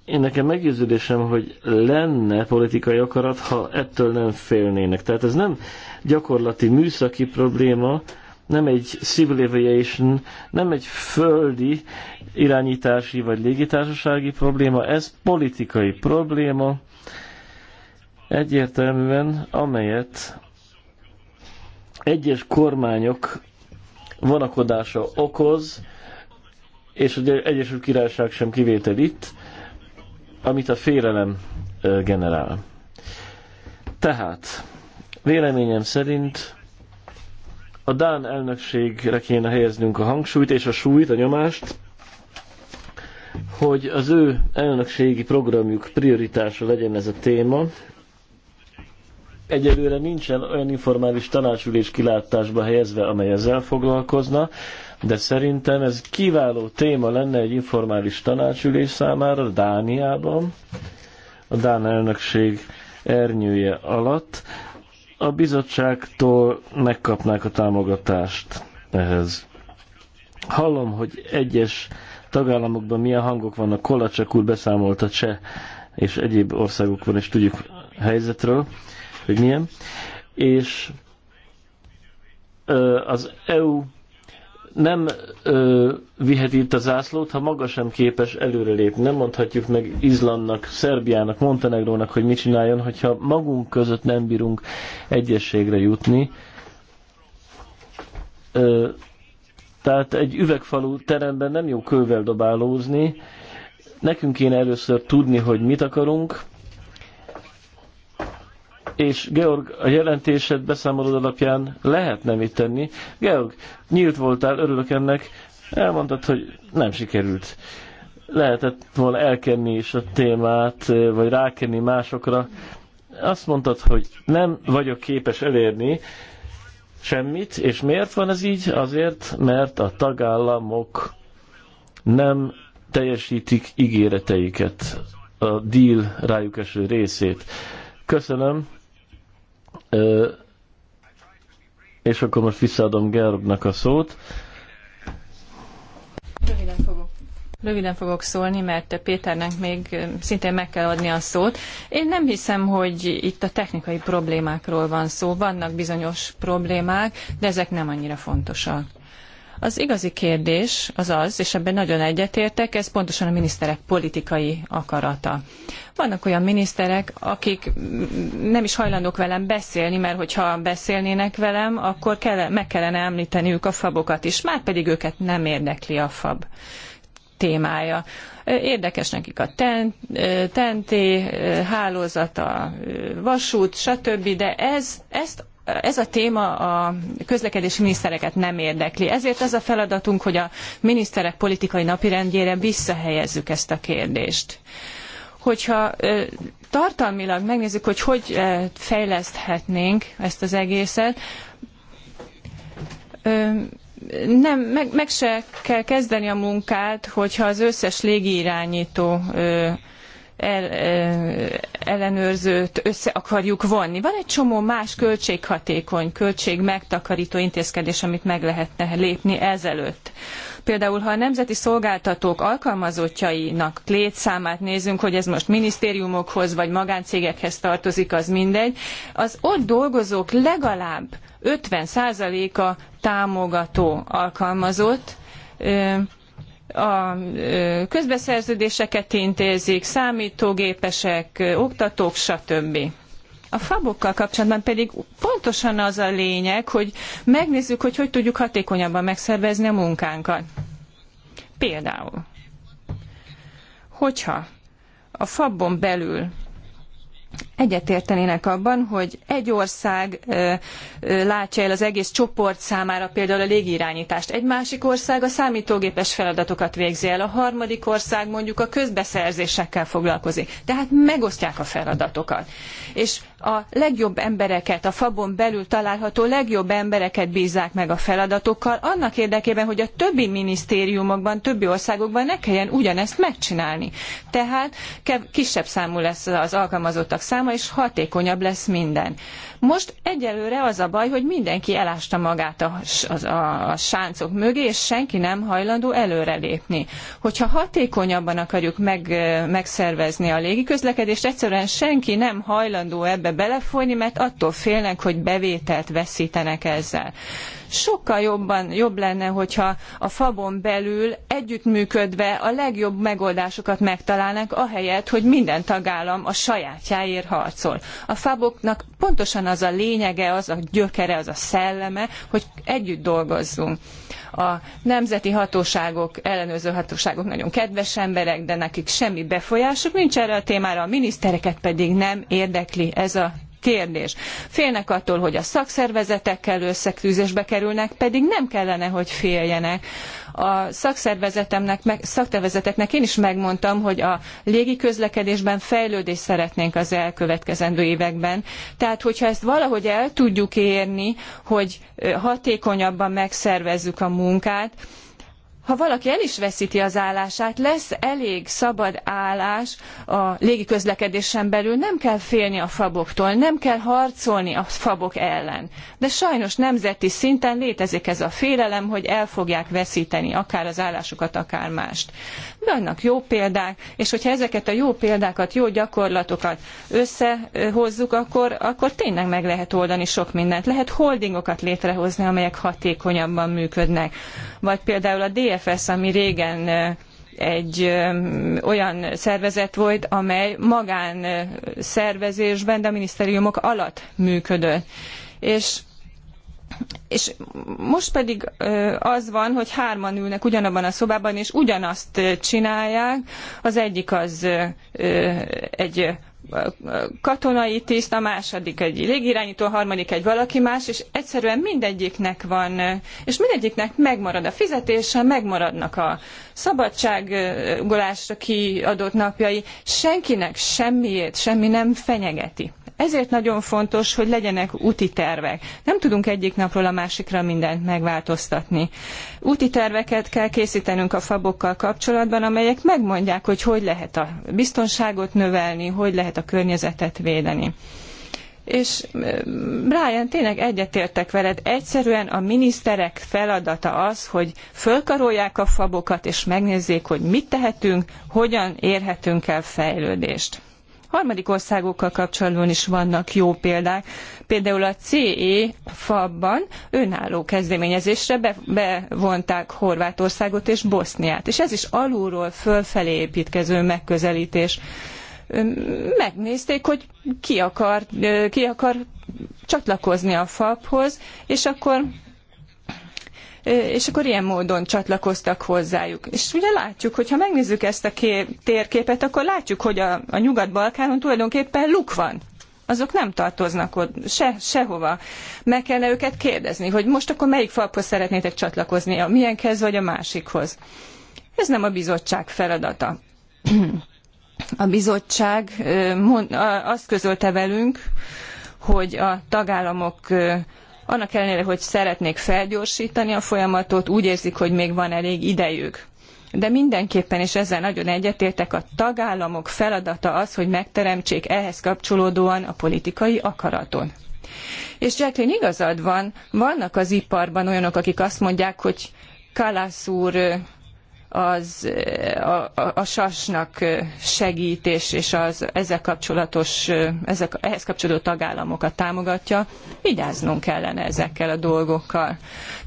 én nekem meggyőződésem, hogy lenne politikai akarat, ha ettől nem félnének. Tehát ez nem gyakorlati műszaki probléma, nem egy civil aviation, nem egy földi irányítási vagy légitársasági probléma, ez politikai probléma egyértelműen, amelyet egyes kormányok vonakodása okoz, és ugye Egyesült Királyság sem kivétel itt, amit a félelem generál. Tehát, véleményem szerint a Dán elnökségre kéne helyeznünk a hangsúlyt és a súlyt, a nyomást, hogy az ő elnökségi programjuk prioritása legyen ez a téma. Egyelőre nincsen olyan informális tanácsülés kilátásba helyezve, amely ezzel foglalkozna de szerintem ez kiváló téma lenne egy informális tanácsülés számára Dániában, a Dán elnökség ernyője alatt. A bizottságtól megkapnák a támogatást ehhez. Hallom, hogy egyes tagállamokban milyen hangok vannak, Kolacsak úr beszámolt a cseh és egyéb országokban is tudjuk a helyzetről, hogy milyen. És az EU nem ö, vihet itt a zászlót, ha maga sem képes előrelépni. Nem mondhatjuk meg Izlandnak, Szerbiának, Montenegrónak, hogy mit csináljon, hogyha magunk között nem bírunk egyességre jutni. Ö, tehát egy üvegfalú teremben nem jó kővel dobálózni. Nekünk kéne először tudni, hogy mit akarunk, és Georg, a jelentésed beszámolód alapján nem itt tenni. Georg, nyílt voltál, örülök ennek, elmondtad, hogy nem sikerült. Lehetett volna elkenni is a témát, vagy rákenni másokra. Azt mondtad, hogy nem vagyok képes elérni semmit, és miért van ez így? Azért, mert a tagállamok nem teljesítik ígéreteiket, a deal rájuk eső részét. Köszönöm és akkor most visszaadom Gerbnak a szót. Röviden fogok. Röviden fogok szólni, mert Péternek még szintén meg kell adni a szót. Én nem hiszem, hogy itt a technikai problémákról van szó. Vannak bizonyos problémák, de ezek nem annyira fontosak. Az igazi kérdés az az, és ebben nagyon egyetértek, ez pontosan a miniszterek politikai akarata. Vannak olyan miniszterek, akik nem is hajlandók velem beszélni, mert hogyha beszélnének velem, akkor kell, meg kellene említeniük a fabokat is, már pedig őket nem érdekli a fab témája. Érdekes nekik a TNT hálózata, vasút, stb., de ez, ezt ez a téma a közlekedési minisztereket nem érdekli. Ezért az a feladatunk, hogy a miniszterek politikai napirendjére visszahelyezzük ezt a kérdést. Hogyha tartalmilag megnézzük, hogy hogy fejleszthetnénk ezt az egészet, nem, meg, meg se kell kezdeni a munkát, hogyha az összes légirányító el, ellenőrzőt össze akarjuk vonni. Van egy csomó más költséghatékony, költség megtakarító intézkedés, amit meg lehetne lépni ezelőtt. Például, ha a nemzeti szolgáltatók alkalmazottjainak létszámát nézünk, hogy ez most minisztériumokhoz vagy magáncégekhez tartozik, az mindegy, az ott dolgozók legalább 50%-a támogató alkalmazott, a közbeszerződéseket intézik, számítógépesek, oktatók, stb. A fabokkal kapcsolatban pedig pontosan az a lényeg, hogy megnézzük, hogy hogy tudjuk hatékonyabban megszervezni a munkánkat. Például, hogyha a fabon belül egyetértenének abban, hogy egy ország látja el az egész csoport számára például a légirányítást, egy másik ország a számítógépes feladatokat végzi el, a harmadik ország mondjuk a közbeszerzésekkel foglalkozik. Tehát megosztják a feladatokat. És a legjobb embereket, a fabon belül található legjobb embereket bízzák meg a feladatokkal, annak érdekében, hogy a többi minisztériumokban, többi országokban ne kelljen ugyanezt megcsinálni. Tehát kisebb számú lesz az alkalmazottak száma, és hatékonyabb lesz minden. Most egyelőre az a baj, hogy mindenki elásta magát a, a, a sáncok mögé, és senki nem hajlandó előrelépni. Hogyha hatékonyabban akarjuk meg, megszervezni a légiközlekedést, egyszerűen senki nem hajlandó ebbe belefolyni, mert attól félnek, hogy bevételt veszítenek ezzel sokkal jobban jobb lenne, hogyha a fabon belül együttműködve a legjobb megoldásokat megtalálnánk, ahelyett, hogy minden tagállam a sajátjáért harcol. A faboknak pontosan az a lényege, az a gyökere, az a szelleme, hogy együtt dolgozzunk. A nemzeti hatóságok, ellenőrző hatóságok nagyon kedves emberek, de nekik semmi befolyásuk nincs erre a témára, a minisztereket pedig nem érdekli ez a kérdés. Félnek attól, hogy a szakszervezetekkel összeküzésbe kerülnek, pedig nem kellene, hogy féljenek. A szakszervezetemnek, meg, én is megmondtam, hogy a légiközlekedésben fejlődést szeretnénk az elkövetkezendő években. Tehát, hogyha ezt valahogy el tudjuk érni, hogy hatékonyabban megszervezzük a munkát, ha valaki el is veszíti az állását, lesz elég szabad állás a légiközlekedésen belül, nem kell félni a faboktól, nem kell harcolni a fabok ellen. De sajnos nemzeti szinten létezik ez a félelem, hogy el fogják veszíteni akár az állásukat, akár mást. Vannak jó példák, és hogyha ezeket a jó példákat, jó gyakorlatokat összehozzuk, akkor, akkor tényleg meg lehet oldani sok mindent. Lehet holdingokat létrehozni, amelyek hatékonyabban működnek. Vagy például a DL EFS, ami régen egy olyan szervezet volt, amely magán szervezésben, de a minisztériumok alatt működött. És és most pedig az van, hogy hárman ülnek ugyanabban a szobában, és ugyanazt csinálják. Az egyik az egy katonai tiszt, a második egy légirányító, a harmadik egy valaki más, és egyszerűen mindegyiknek van, és mindegyiknek megmarad a fizetése, megmaradnak a szabadságolásra kiadott napjai senkinek semmiért semmi nem fenyegeti. Ezért nagyon fontos, hogy legyenek úti tervek. Nem tudunk egyik napról a másikra mindent megváltoztatni. Úti terveket kell készítenünk a fabokkal kapcsolatban, amelyek megmondják, hogy hogy lehet a biztonságot növelni, hogy lehet a környezetet védeni és mm, Brian, tényleg egyetértek veled, egyszerűen a miniszterek feladata az, hogy fölkarolják a fabokat, és megnézzék, hogy mit tehetünk, hogyan érhetünk el fejlődést. Harmadik országokkal kapcsolatban is vannak jó példák. Például a CE FAB-ban önálló kezdeményezésre bevonták Horvátországot és Boszniát, és ez is alulról fölfelé építkező megközelítés megnézték, hogy ki akar, ki akar csatlakozni a FAP-hoz, és akkor és akkor ilyen módon csatlakoztak hozzájuk. És ugye látjuk, hogy ha megnézzük ezt a kép, térképet, akkor látjuk, hogy a, a Nyugat-Balkánon tulajdonképpen luk van. Azok nem tartoznak ott se, sehova. Meg kellene őket kérdezni, hogy most akkor melyik falhoz szeretnétek csatlakozni, a milyenkhez vagy a másikhoz. Ez nem a bizottság feladata a bizottság azt közölte velünk, hogy a tagállamok annak ellenére, hogy szeretnék felgyorsítani a folyamatot, úgy érzik, hogy még van elég idejük. De mindenképpen, és ezzel nagyon egyetértek, a tagállamok feladata az, hogy megteremtsék ehhez kapcsolódóan a politikai akaraton. És Jacqueline igazad van, vannak az iparban olyanok, akik azt mondják, hogy Kalász úr az, a, a, a sasnak segítés és az ezzel kapcsolatos, ezek, ehhez kapcsolódó tagállamokat támogatja, vigyáznunk kellene ezekkel a dolgokkal.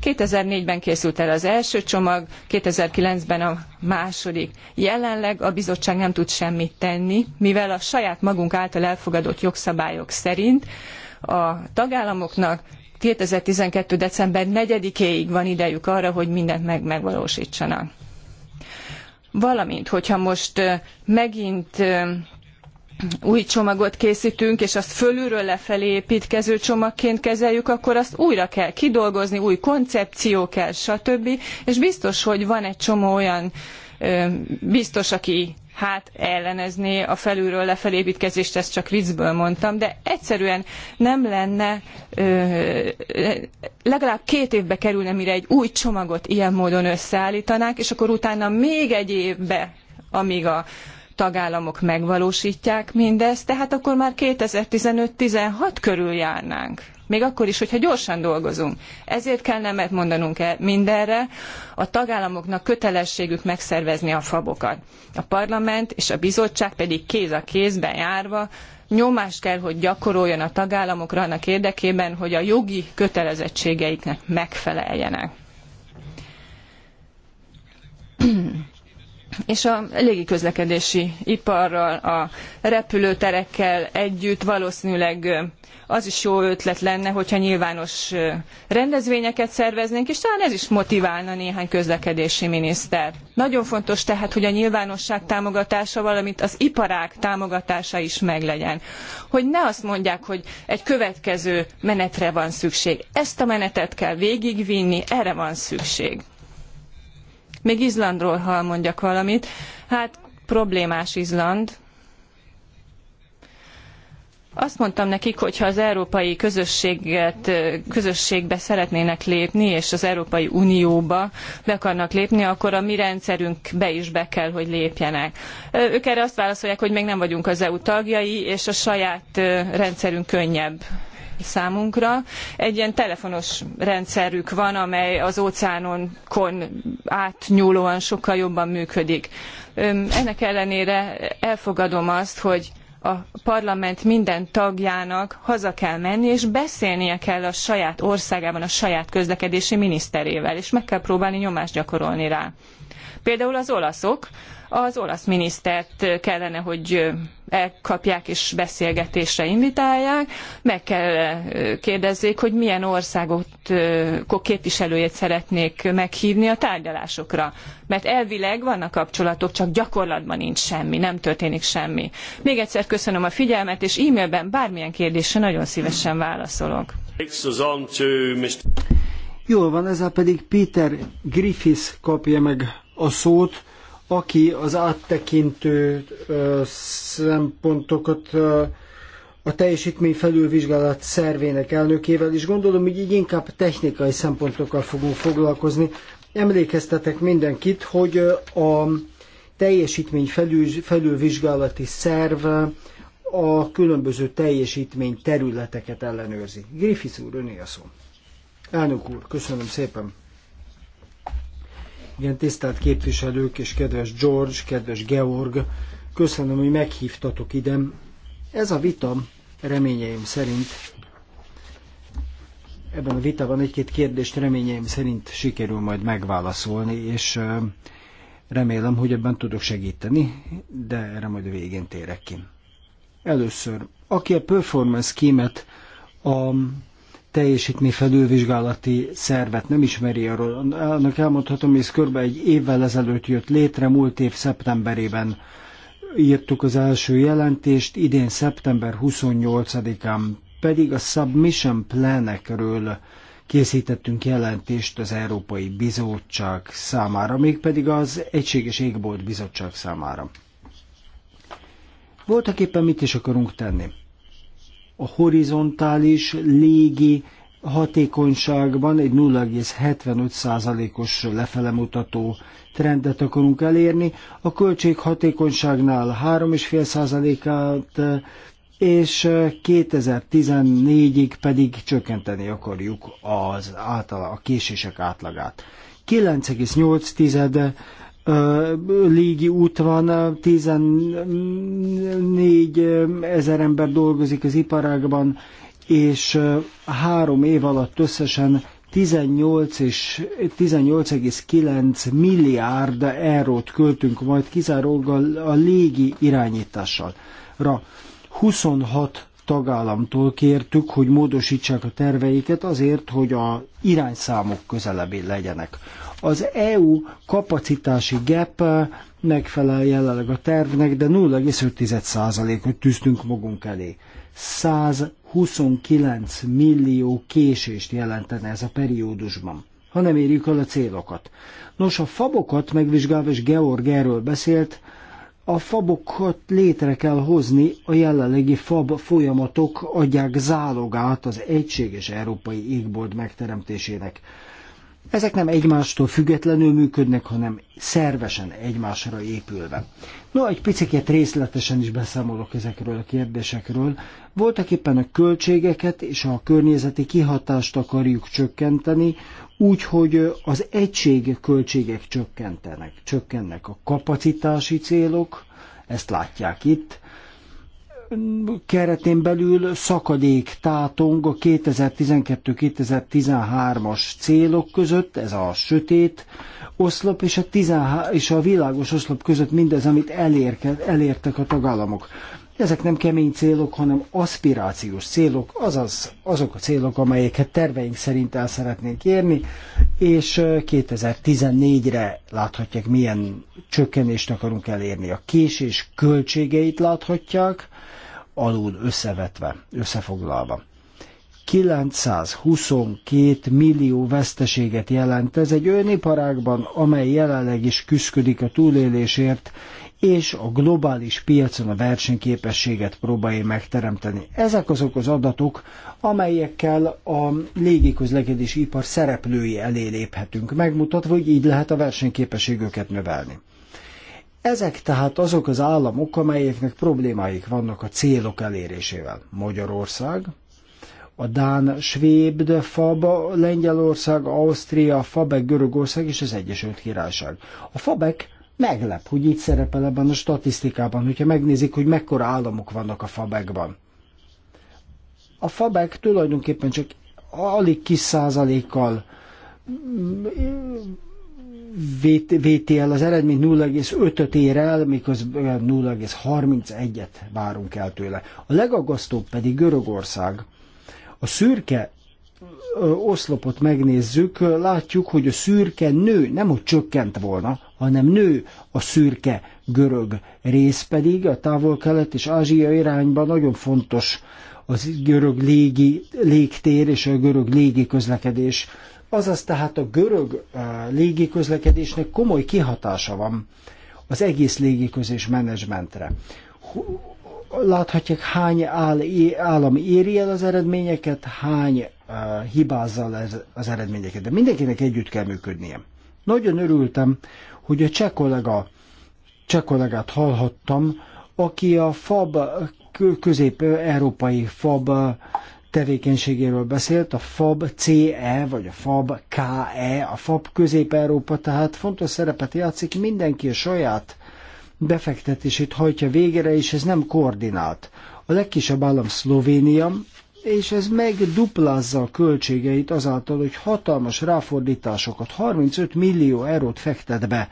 2004-ben készült el az első csomag, 2009-ben a második. Jelenleg a bizottság nem tud semmit tenni, mivel a saját magunk által elfogadott jogszabályok szerint a tagállamoknak 2012. december 4-éig van idejük arra, hogy mindent meg megvalósítsanak. Valamint, hogyha most megint új csomagot készítünk, és azt fölülről lefelé építkező csomagként kezeljük, akkor azt újra kell kidolgozni, új koncepció kell, stb. És biztos, hogy van egy csomó olyan biztos, aki hát ellenezni a felülről lefelé építkezést, ezt csak viccből mondtam, de egyszerűen nem lenne, legalább két évbe kerülne, mire egy új csomagot ilyen módon összeállítanák, és akkor utána még egy évbe, amíg a tagállamok megvalósítják mindezt, tehát akkor már 2015-16 körül járnánk még akkor is, hogyha gyorsan dolgozunk. Ezért kell nemet mondanunk el mindenre, a tagállamoknak kötelességük megszervezni a fabokat. A parlament és a bizottság pedig kéz a kézben járva nyomást kell, hogy gyakoroljon a tagállamokra annak érdekében, hogy a jogi kötelezettségeiknek megfeleljenek és a légi közlekedési iparral, a repülőterekkel együtt valószínűleg az is jó ötlet lenne, hogyha nyilvános rendezvényeket szerveznénk, és talán ez is motiválna néhány közlekedési miniszter. Nagyon fontos tehát, hogy a nyilvánosság támogatása, valamint az iparág támogatása is meglegyen. Hogy ne azt mondják, hogy egy következő menetre van szükség. Ezt a menetet kell végigvinni, erre van szükség. Még Izlandról, ha mondjak valamit, hát problémás Izland. Azt mondtam nekik, hogy ha az európai közösséget, közösségbe szeretnének lépni, és az Európai Unióba be akarnak lépni, akkor a mi rendszerünkbe is be kell, hogy lépjenek. Ők erre azt válaszolják, hogy még nem vagyunk az EU tagjai, és a saját rendszerünk könnyebb számunkra. Egy ilyen telefonos rendszerük van, amely az óceánonkon átnyúlóan sokkal jobban működik. Ennek ellenére elfogadom azt, hogy a parlament minden tagjának haza kell menni, és beszélnie kell a saját országában a saját közlekedési miniszterével, és meg kell próbálni nyomást gyakorolni rá. Például az olaszok, az olasz minisztert kellene, hogy elkapják és beszélgetésre invitálják, meg kell kérdezzék, hogy milyen országot képviselőjét szeretnék meghívni a tárgyalásokra. Mert elvileg vannak kapcsolatok, csak gyakorlatban nincs semmi, nem történik semmi. Még egyszer köszönöm a figyelmet, és e-mailben bármilyen kérdésre nagyon szívesen válaszolok. Jól van, ezzel pedig Peter Griffiths kapja meg a szót aki az áttekintő szempontokat a teljesítmény felülvizsgálat szervének elnökével, és gondolom, hogy így inkább technikai szempontokkal fogunk foglalkozni. Emlékeztetek mindenkit, hogy a teljesítmény felül, felülvizsgálati szerv a különböző teljesítmény területeket ellenőrzi. Griffith úr, öné a szó. Elnök úr, köszönöm szépen. Igen, tisztelt képviselők és kedves George, kedves Georg, köszönöm, hogy meghívtatok ide. Ez a vita reményeim szerint, ebben a vitában egy-két kérdést reményeim szerint sikerül majd megválaszolni, és remélem, hogy ebben tudok segíteni, de erre majd a végén térek ki. Először, aki a performance kímet a felülvizsgálati szervet nem ismeri arról. Annak elmondhatom, hogy ez körbe egy évvel ezelőtt jött létre, múlt év szeptemberében írtuk az első jelentést, idén szeptember 28-án pedig a submission planekről készítettünk jelentést az Európai Bizottság számára, mégpedig az Egységes Égbolt Bizottság számára. Voltak éppen mit is akarunk tenni? a horizontális légi hatékonyságban egy 0,75%-os lefelemutató trendet akarunk elérni. A költség hatékonyságnál 3,5%-át és 2014-ig pedig csökkenteni akarjuk az által, a késések átlagát. 9,8 légi út van, 14 ezer ember dolgozik az iparágban, és három év alatt összesen 18 és 18,9 milliárd eurót költünk majd kizárólag a légi irányítással. 26 tagállamtól kértük, hogy módosítsák a terveiket azért, hogy a irányszámok közelebbi legyenek. Az EU kapacitási gap megfelel jelenleg a tervnek, de 0,5%-ot tűztünk magunk elé. 129 millió késést jelentene ez a periódusban ha nem érjük el a célokat. Nos, a fabokat megvizsgálva, és Georg erről beszélt, a fabokat létre kell hozni, a jelenlegi fab folyamatok adják zálogát az egységes európai égbolt megteremtésének. Ezek nem egymástól függetlenül működnek, hanem szervesen egymásra épülve. No, egy picit részletesen is beszámolok ezekről a kérdésekről. Voltak éppen a költségeket és a környezeti kihatást akarjuk csökkenteni, úgy, hogy az egység költségek csökkentenek, csökkennek a kapacitási célok, ezt látják itt, keretén belül szakadék tátong a 2012-2013-as célok között, ez a sötét oszlop és a, 13, és a világos oszlop között mindez, amit elérke, elértek a tagállamok. Ezek nem kemény célok, hanem aspirációs célok, azaz azok a célok, amelyeket terveink szerint el szeretnénk érni, és 2014-re láthatják, milyen csökkenést akarunk elérni. A késés költségeit láthatják, alul összevetve, összefoglalva. 922 millió veszteséget jelent ez egy olyan iparágban, amely jelenleg is küzdik a túlélésért, és a globális piacon a versenyképességet próbálja megteremteni. Ezek azok az adatok, amelyekkel a légiközlekedési ipar szereplői elé léphetünk, megmutatva, hogy így lehet a versenyképességüket növelni. Ezek tehát azok az államok, amelyeknek problémáik vannak a célok elérésével. Magyarország, a Dán, Svéd, Faba, Lengyelország, Ausztria, Fabek, Görögország és az Egyesült Királyság. A Fabek meglep, hogy itt szerepel ebben a statisztikában, hogyha megnézik, hogy mekkora államok vannak a Fabekban. A Fabek tulajdonképpen csak alig kis százalékkal VTL az eredmény 0,5-öt ér el, miközben 0,31-et várunk el tőle. A legagasztóbb pedig Görögország. A szürke oszlopot megnézzük, látjuk, hogy a szürke nő, nem hogy csökkent volna, hanem nő a szürke görög rész pedig, a távol-kelet és Ázsia irányban nagyon fontos az görög légi, légtér és a görög légi közlekedés Azaz tehát a görög eh, légiközlekedésnek komoly kihatása van az egész légiközés menedzsmentre. Láthatják, hány állam éri el az eredményeket, hány uh, hibázza az eredményeket, de mindenkinek együtt kell működnie. Nagyon örültem, hogy a cseh, kollega, cseh kollégát hallhattam, aki a FAB közép-európai FAB eh, tevékenységéről beszélt, a FAB CE, vagy a FAB KE, a FAB e, Közép-Európa, tehát fontos szerepet játszik, mindenki a saját befektetését hajtja végre, és ez nem koordinált. A legkisebb állam Szlovénia, és ez megduplázza a költségeit azáltal, hogy hatalmas ráfordításokat, 35 millió eurót fektet be.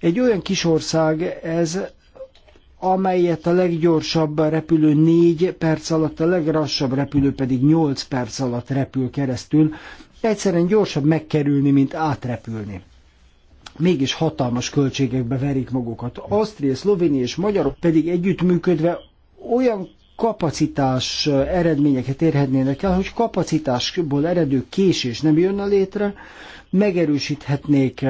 Egy olyan kis ország ez, amelyet a leggyorsabb repülő 4 perc alatt, a legrassabb repülő pedig 8 perc alatt repül keresztül. Egyszerűen gyorsabb megkerülni, mint átrepülni. Mégis hatalmas költségekbe verik magukat. Ausztria, Szlovénia és Magyarok pedig együttműködve olyan kapacitás eredményeket érhetnének el, hogy kapacitásból eredő késés nem jönne létre, megerősíthetnék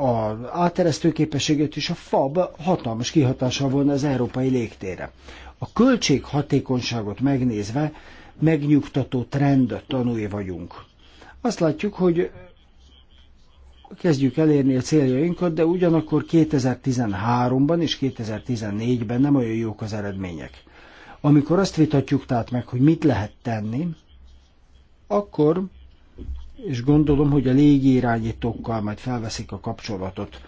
az áteresztő képességet, és a FAB hatalmas kihatása volna az európai légtére. A költséghatékonyságot megnézve megnyugtató trend tanúi vagyunk. Azt látjuk, hogy kezdjük elérni a céljainkat, de ugyanakkor 2013-ban és 2014-ben nem olyan jók az eredmények. Amikor azt vitatjuk tehát meg, hogy mit lehet tenni, akkor, és gondolom, hogy a légirányítókkal majd felveszik a kapcsolatot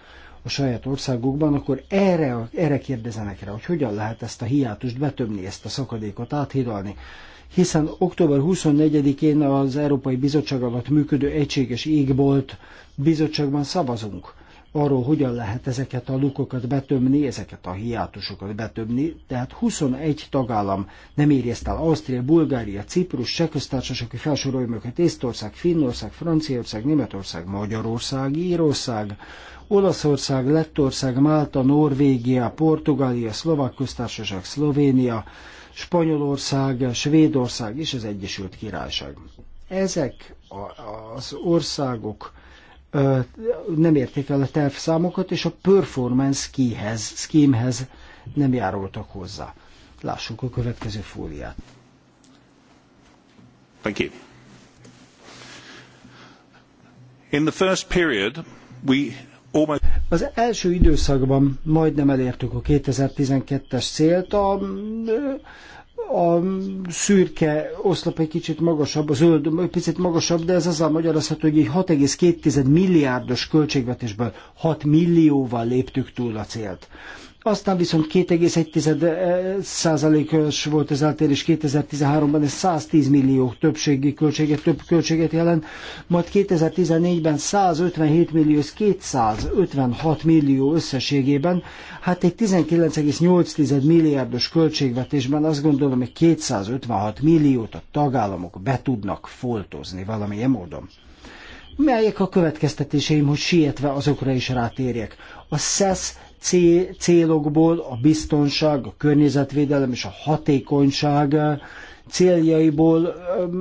a saját országukban, akkor erre, erre kérdezenek rá, hogy hogyan lehet ezt a hiátust betömni, ezt a szakadékot áthidalni hiszen október 24-én az Európai Bizottság alatt működő Egységes Égbolt bizottságban szavazunk arról, hogyan lehet ezeket a lukokat betömni, ezeket a hiátusokat betömni. Tehát 21 tagállam nem érjezt el Ausztria, Bulgária, Ciprus, Csehköztársaság, felsorolj felsoroljuk őket, Észtország, Finnország, Franciaország, Németország, Magyarország, Írország, Olaszország, Lettország, Málta, Norvégia, Portugália, Szlovák köztársaság, Szlovénia, Spanyolország, Svédország és az Egyesült Királyság. Ezek az országok nem érték el a tervszámokat, és a performance keyhez, schemehez nem járultak hozzá. Lássuk a következő fóliát. Thank you. In the first period, we almost... Az első időszakban majdnem elértük a 2012-es célt, a a szürke oszlop egy kicsit magasabb, a zöld egy picit magasabb, de ez azzal magyarázható, hogy egy 6,2 milliárdos költségvetésből 6 millióval léptük túl a célt aztán viszont 2,1%-os volt az eltérés 2013-ban, ez 110 millió többségi költséget, több költséget jelent, majd 2014-ben 157 millió, ez 256 millió összességében. Hát egy 19,8 milliárdos költségvetésben azt gondolom, hogy 256 milliót a tagállamok be tudnak foltozni valamilyen módon melyek a következtetéseim, hogy sietve azokra is rátérjek. A SESZ célokból a biztonság, a környezetvédelem és a hatékonyság céljaiból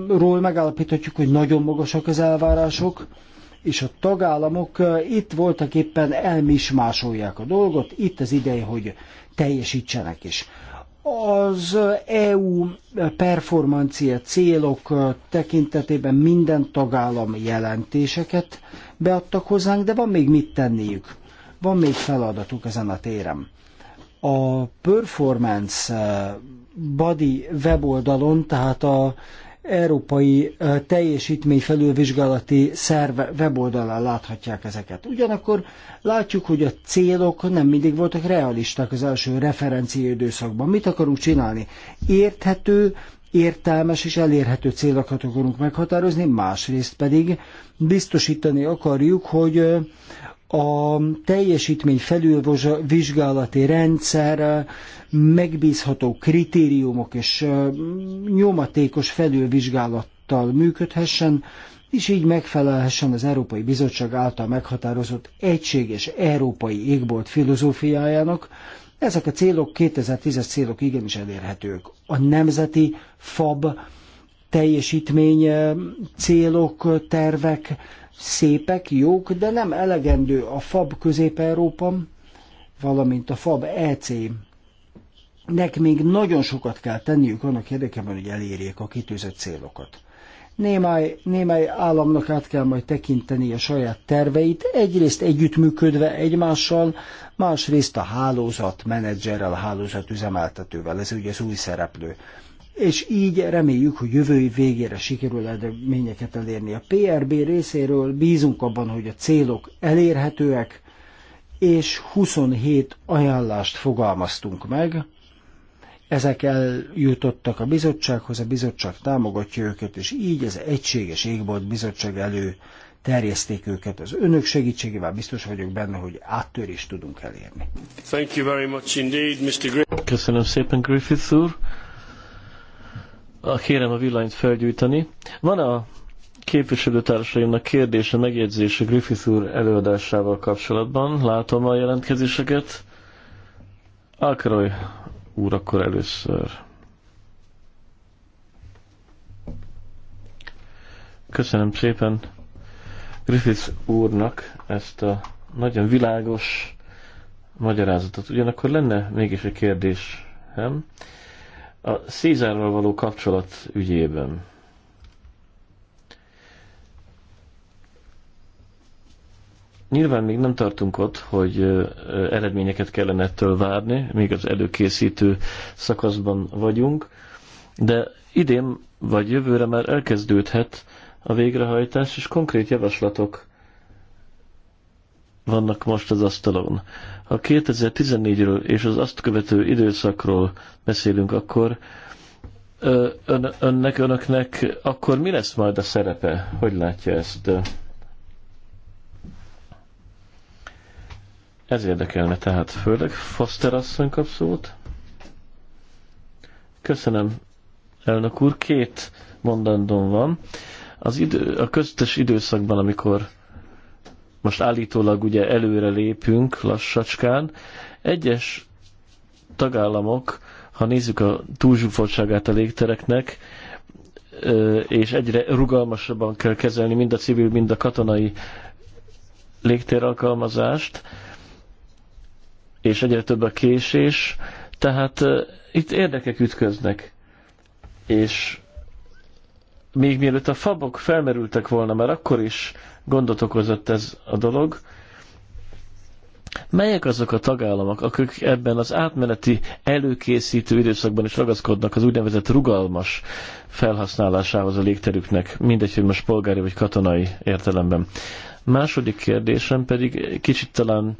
ról megállapíthatjuk, hogy nagyon magasak az elvárások, és a tagállamok itt voltak éppen elmismásolják a dolgot, itt az ideje, hogy teljesítsenek is. Az EU performancia célok tekintetében minden tagállam jelentéseket beadtak hozzánk, de van még mit tenniük. Van még feladatuk ezen a téren. A Performance eh, Body weboldalon, tehát a Európai eh, Teljesítményfelülvizsgálati Szerv weboldalán láthatják ezeket. Ugyanakkor látjuk, hogy a célok nem mindig voltak realisták az első időszakban. Mit akarunk csinálni? Érthető, értelmes és elérhető célokat akarunk meghatározni, másrészt pedig biztosítani akarjuk, hogy eh, a teljesítmény felülvizsgálati rendszer megbízható kritériumok és nyomatékos felülvizsgálattal működhessen, és így megfelelhessen az Európai Bizottság által meghatározott egységes európai égbolt filozófiájának. Ezek a célok, 2010-es célok igenis elérhetők. A nemzeti FAB teljesítmény célok, tervek szépek, jók, de nem elegendő a FAB Közép-Európa, valamint a FAB EC. Nek még nagyon sokat kell tenniük annak érdekében, hogy elérjék a kitűzött célokat. Némely, némely államnak át kell majd tekinteni a saját terveit, egyrészt együttműködve egymással, másrészt a hálózat menedzserrel, a hálózat üzemeltetővel, ez ugye az új szereplő és így reméljük, hogy jövő év végére sikerül eredményeket elérni. A PRB részéről bízunk abban, hogy a célok elérhetőek, és 27 ajánlást fogalmaztunk meg. Ezek eljutottak a bizottsághoz, a bizottság támogatja őket, és így az Egységes Égbolt Bizottság elő terjeszték őket az önök segítségével, biztos vagyok benne, hogy áttörést tudunk elérni. Thank you very much indeed, Mr. Griffith. Köszönöm szépen, Griffith úr a, kérem a villanyt felgyújtani. Van a képviselőtársaimnak kérdése, megjegyzése Griffith úr előadásával kapcsolatban. Látom a jelentkezéseket. Alkaroly úr akkor először. Köszönöm szépen Griffith úrnak ezt a nagyon világos magyarázatot. Ugyanakkor lenne mégis egy kérdés, nem? a Szézárral való kapcsolat ügyében. Nyilván még nem tartunk ott, hogy eredményeket kellene ettől várni, még az előkészítő szakaszban vagyunk, de idén vagy jövőre már elkezdődhet a végrehajtás, és konkrét javaslatok vannak most az asztalon. Ha 2014-ről és az azt követő időszakról beszélünk, akkor ön, önnek, önöknek, akkor mi lesz majd a szerepe? Hogy látja ezt? Ez érdekelne tehát főleg. Foster asszony kap szót. Köszönöm, elnök úr. Két mondandóm van. Az idő, a köztes időszakban, amikor most állítólag ugye előre lépünk lassacskán. Egyes tagállamok, ha nézzük a túlzsúfoltságát a légtereknek, és egyre rugalmasabban kell kezelni mind a civil, mind a katonai légtér alkalmazást, és egyre több a késés, tehát itt érdekek ütköznek. És még mielőtt a fabok felmerültek volna, mert akkor is gondot okozott ez a dolog. Melyek azok a tagállamok, akik ebben az átmeneti előkészítő időszakban is ragaszkodnak az úgynevezett rugalmas felhasználásához a légterüknek, mindegy, hogy most polgári vagy katonai értelemben? Második kérdésem pedig kicsit talán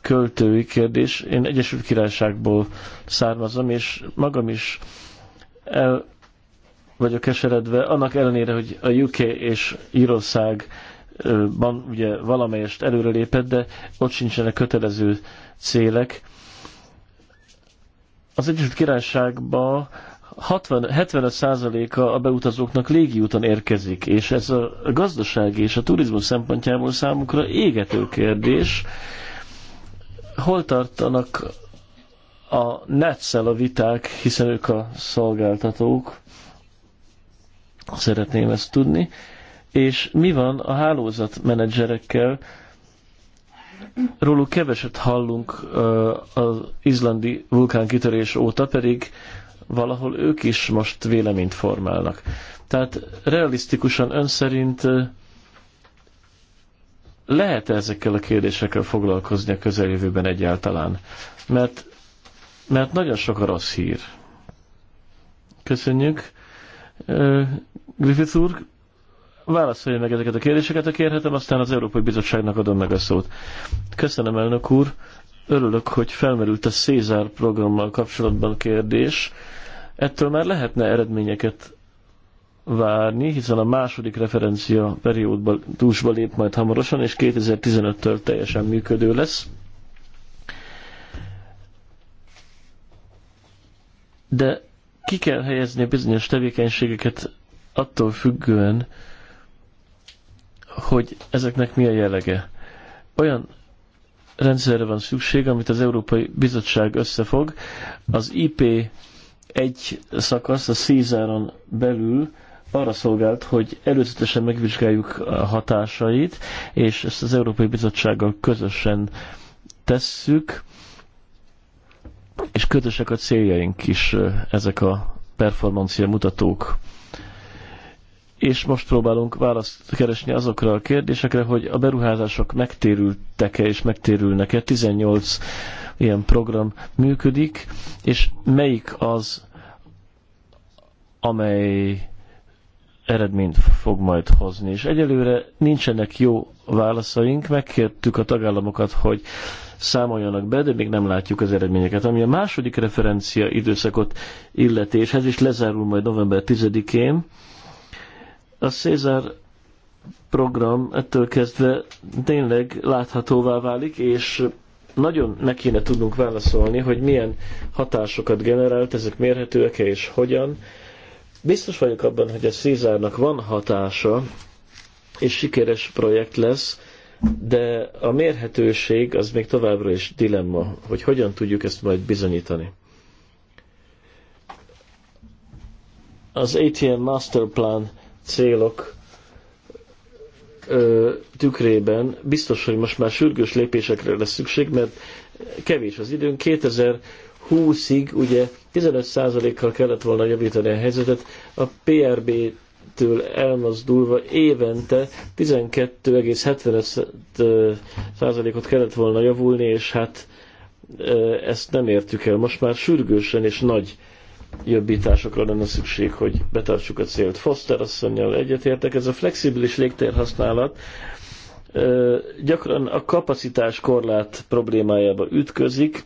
költői kérdés. Én Egyesült Királyságból származom, és magam is el vagyok keseredve, annak ellenére, hogy a UK és Írország ban ugye valamelyest előrelépett, de ott sincsenek kötelező célek. Az Egyesült Királyságban 75 a a beutazóknak légiúton érkezik, és ez a gazdaság és a turizmus szempontjából számukra égető kérdés. Hol tartanak a netszel a viták, hiszen ők a szolgáltatók, szeretném ezt tudni és mi van a hálózatmenedzserekkel? Róluk keveset hallunk az izlandi vulkánkitörés óta, pedig valahol ők is most véleményt formálnak. Tehát realisztikusan ön szerint lehet -e ezekkel a kérdésekkel foglalkozni a közeljövőben egyáltalán? Mert, mert nagyon sok a rossz hír. Köszönjük. Griffith úr, válaszolja meg ezeket a kérdéseket, ha kérhetem, aztán az Európai Bizottságnak adom meg a szót. Köszönöm, elnök úr. Örülök, hogy felmerült a Cézár programmal kapcsolatban kérdés. Ettől már lehetne eredményeket várni, hiszen a második referencia periódban túlsba lép majd hamarosan, és 2015-től teljesen működő lesz. De ki kell helyezni a bizonyos tevékenységeket attól függően, hogy ezeknek mi a jellege. Olyan rendszerre van szükség, amit az Európai Bizottság összefog. Az IP egy szakasz a Cézáron belül arra szolgált, hogy előzetesen megvizsgáljuk a hatásait, és ezt az Európai Bizottsággal közösen tesszük, és közösek a céljaink is ezek a performancia mutatók és most próbálunk választ keresni azokra a kérdésekre, hogy a beruházások megtérültek-e és megtérülnek-e. 18 ilyen program működik, és melyik az, amely eredményt fog majd hozni. És egyelőre nincsenek jó válaszaink, megkértük a tagállamokat, hogy számoljanak be, de még nem látjuk az eredményeket. Ami a második referencia időszakot illetéshez, és lezárul majd november 10-én, a Cézár program ettől kezdve tényleg láthatóvá válik, és nagyon meg kéne tudnunk válaszolni, hogy milyen hatásokat generált, ezek mérhetőek-e és hogyan. Biztos vagyok abban, hogy a Cézárnak van hatása, és sikeres projekt lesz, de a mérhetőség az még továbbra is dilemma, hogy hogyan tudjuk ezt majd bizonyítani. Az ATM Master Plan célok ö, tükrében biztos, hogy most már sürgős lépésekre lesz szükség, mert kevés az időnk. 2020-ig ugye 15%-kal kellett volna javítani a helyzetet, a PRB-től elmozdulva évente 12,75%-ot kellett volna javulni, és hát ezt nem értük el. Most már sürgősen és nagy jobbításokra lenne szükség, hogy betartsuk a célt. Foster asszonynal egyetértek, ez a flexibilis légtérhasználat gyakran a kapacitás korlát problémájába ütközik,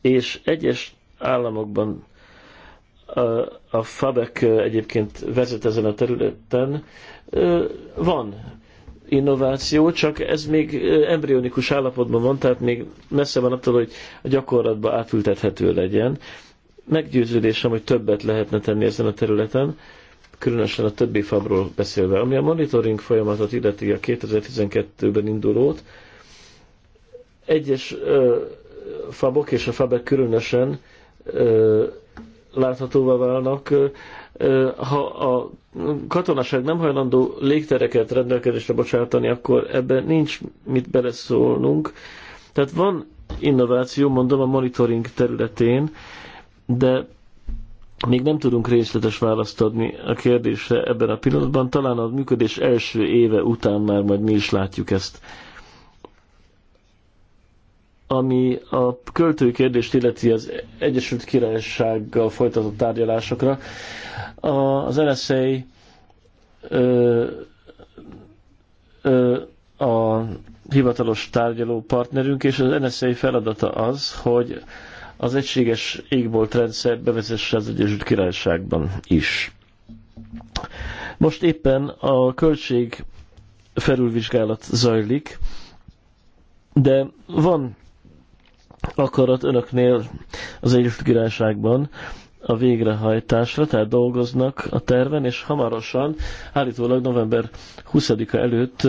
és egyes államokban a FABEC egyébként vezet ezen a területen, van innováció, csak ez még embryonikus állapotban van, tehát még messze van attól, hogy a gyakorlatban átültethető legyen meggyőződésem, hogy többet lehetne tenni ezen a területen, különösen a többi fabról beszélve. Ami a monitoring folyamatot illeti a 2012-ben indulót, egyes ö, fabok és a fabek különösen ö, láthatóvá válnak. Ö, ha a katonaság nem hajlandó légtereket rendelkezésre bocsátani, akkor ebben nincs mit beleszólnunk. Tehát van innováció, mondom, a monitoring területén, de még nem tudunk részletes választ adni a kérdésre ebben a pillanatban. Talán a működés első éve után már majd mi is látjuk ezt. Ami a költői kérdést illeti az Egyesült Királysággal folytatott tárgyalásokra, az NSA ö, ö, a hivatalos tárgyaló partnerünk, és az NSA feladata az, hogy az egységes égbolt rendszer bevezesse az Egyesült Királyságban is. Most éppen a költség felülvizsgálat zajlik, de van akarat önöknél az Egyesült Királyságban a végrehajtásra, tehát dolgoznak a terven, és hamarosan, állítólag november 20-a előtt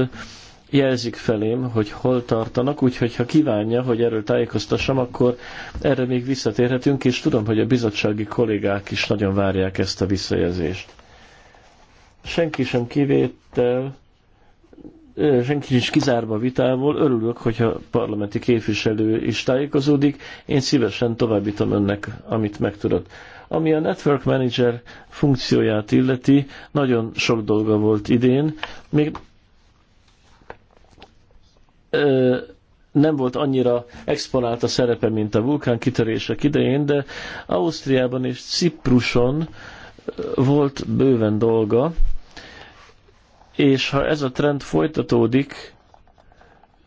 jelzik felém, hogy hol tartanak, úgyhogy ha kívánja, hogy erről tájékoztassam, akkor erre még visszatérhetünk, és tudom, hogy a bizottsági kollégák is nagyon várják ezt a visszajelzést. Senki sem kivétel, senki is kizárva vitából, örülök, hogyha a parlamenti képviselő is tájékozódik, én szívesen továbbítom önnek, amit megtudott. Ami a Network Manager funkcióját illeti, nagyon sok dolga volt idén, még nem volt annyira exponált a szerepe, mint a vulkán kitörések idején, de Ausztriában és Cipruson volt bőven dolga, és ha ez a trend folytatódik,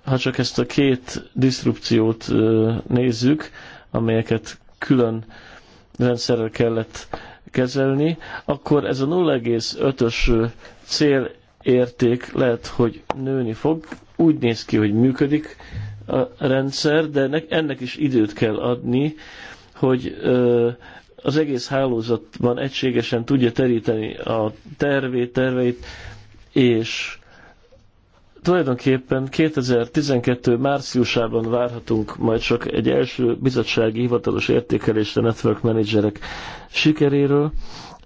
ha csak ezt a két disztrupciót nézzük, amelyeket külön rendszerrel kellett kezelni, akkor ez a 0,5-ös célérték lehet, hogy nőni fog, úgy néz ki, hogy működik a rendszer, de ennek is időt kell adni, hogy az egész hálózatban egységesen tudja teríteni a tervét, terveit, és tulajdonképpen 2012 márciusában várhatunk majd csak egy első bizottsági hivatalos értékelést a network managerek sikeréről,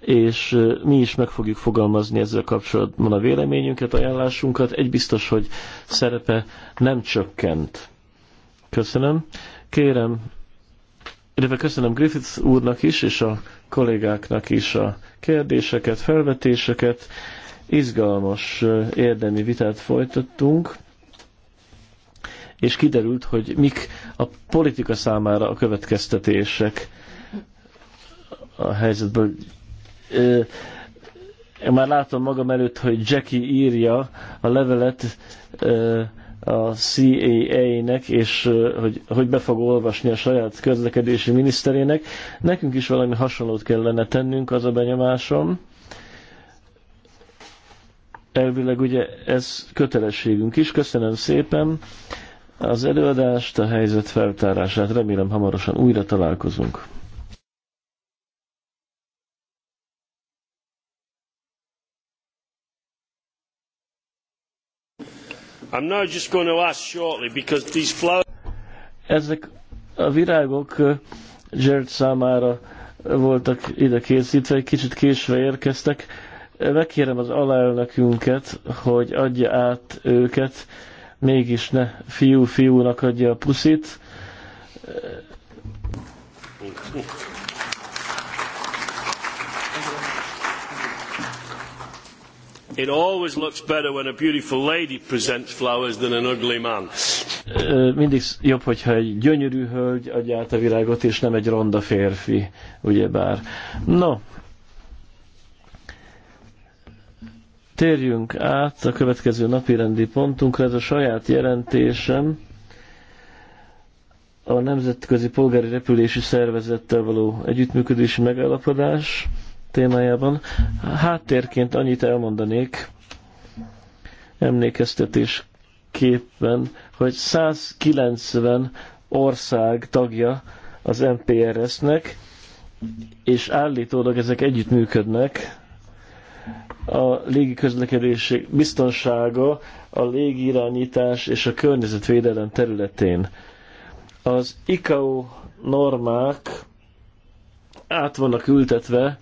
és mi is meg fogjuk fogalmazni ezzel kapcsolatban a véleményünket, ajánlásunkat. Egy biztos, hogy szerepe nem csökkent. Köszönöm. Kérem, illetve köszönöm Griffiths úrnak is, és a kollégáknak is a kérdéseket, felvetéseket. Izgalmas érdemi vitát folytattunk, és kiderült, hogy mik a politika számára a következtetések a helyzetből ö, én már látom magam előtt, hogy Jackie írja a levelet ö, a CAA-nek, és ö, hogy, hogy be fog olvasni a saját közlekedési miniszterének. Nekünk is valami hasonlót kellene tennünk, az a benyomásom. Elvileg ugye ez kötelességünk is. Köszönöm szépen az előadást, a helyzet feltárását. Remélem hamarosan újra találkozunk. I'm now just going to ask shortly because these flowers... Ezek a virágok uh, Jared számára voltak ide készítve, egy kicsit késve érkeztek. Uh, megkérem az alelnökünket, hogy adja át őket, mégis ne fiú-fiúnak adja a puszit. Uh, It always looks better when a beautiful lady presents flowers than an ugly man. Mindig jobb, hogyha egy gyönyörű hölgy adja át a virágot, és nem egy ronda férfi, ugyebár. No, térjünk át a következő napi rendi pontunkra. Ez a saját jelentésem a Nemzetközi Polgári Repülési Szervezettel való együttműködési megállapodás témájában. Háttérként annyit elmondanék, emlékeztetés képen, hogy 190 ország tagja az MPRS-nek, és állítólag ezek együttműködnek. A légiközlekedés biztonsága a légirányítás és a környezetvédelem területén. Az ICAO normák át vannak ültetve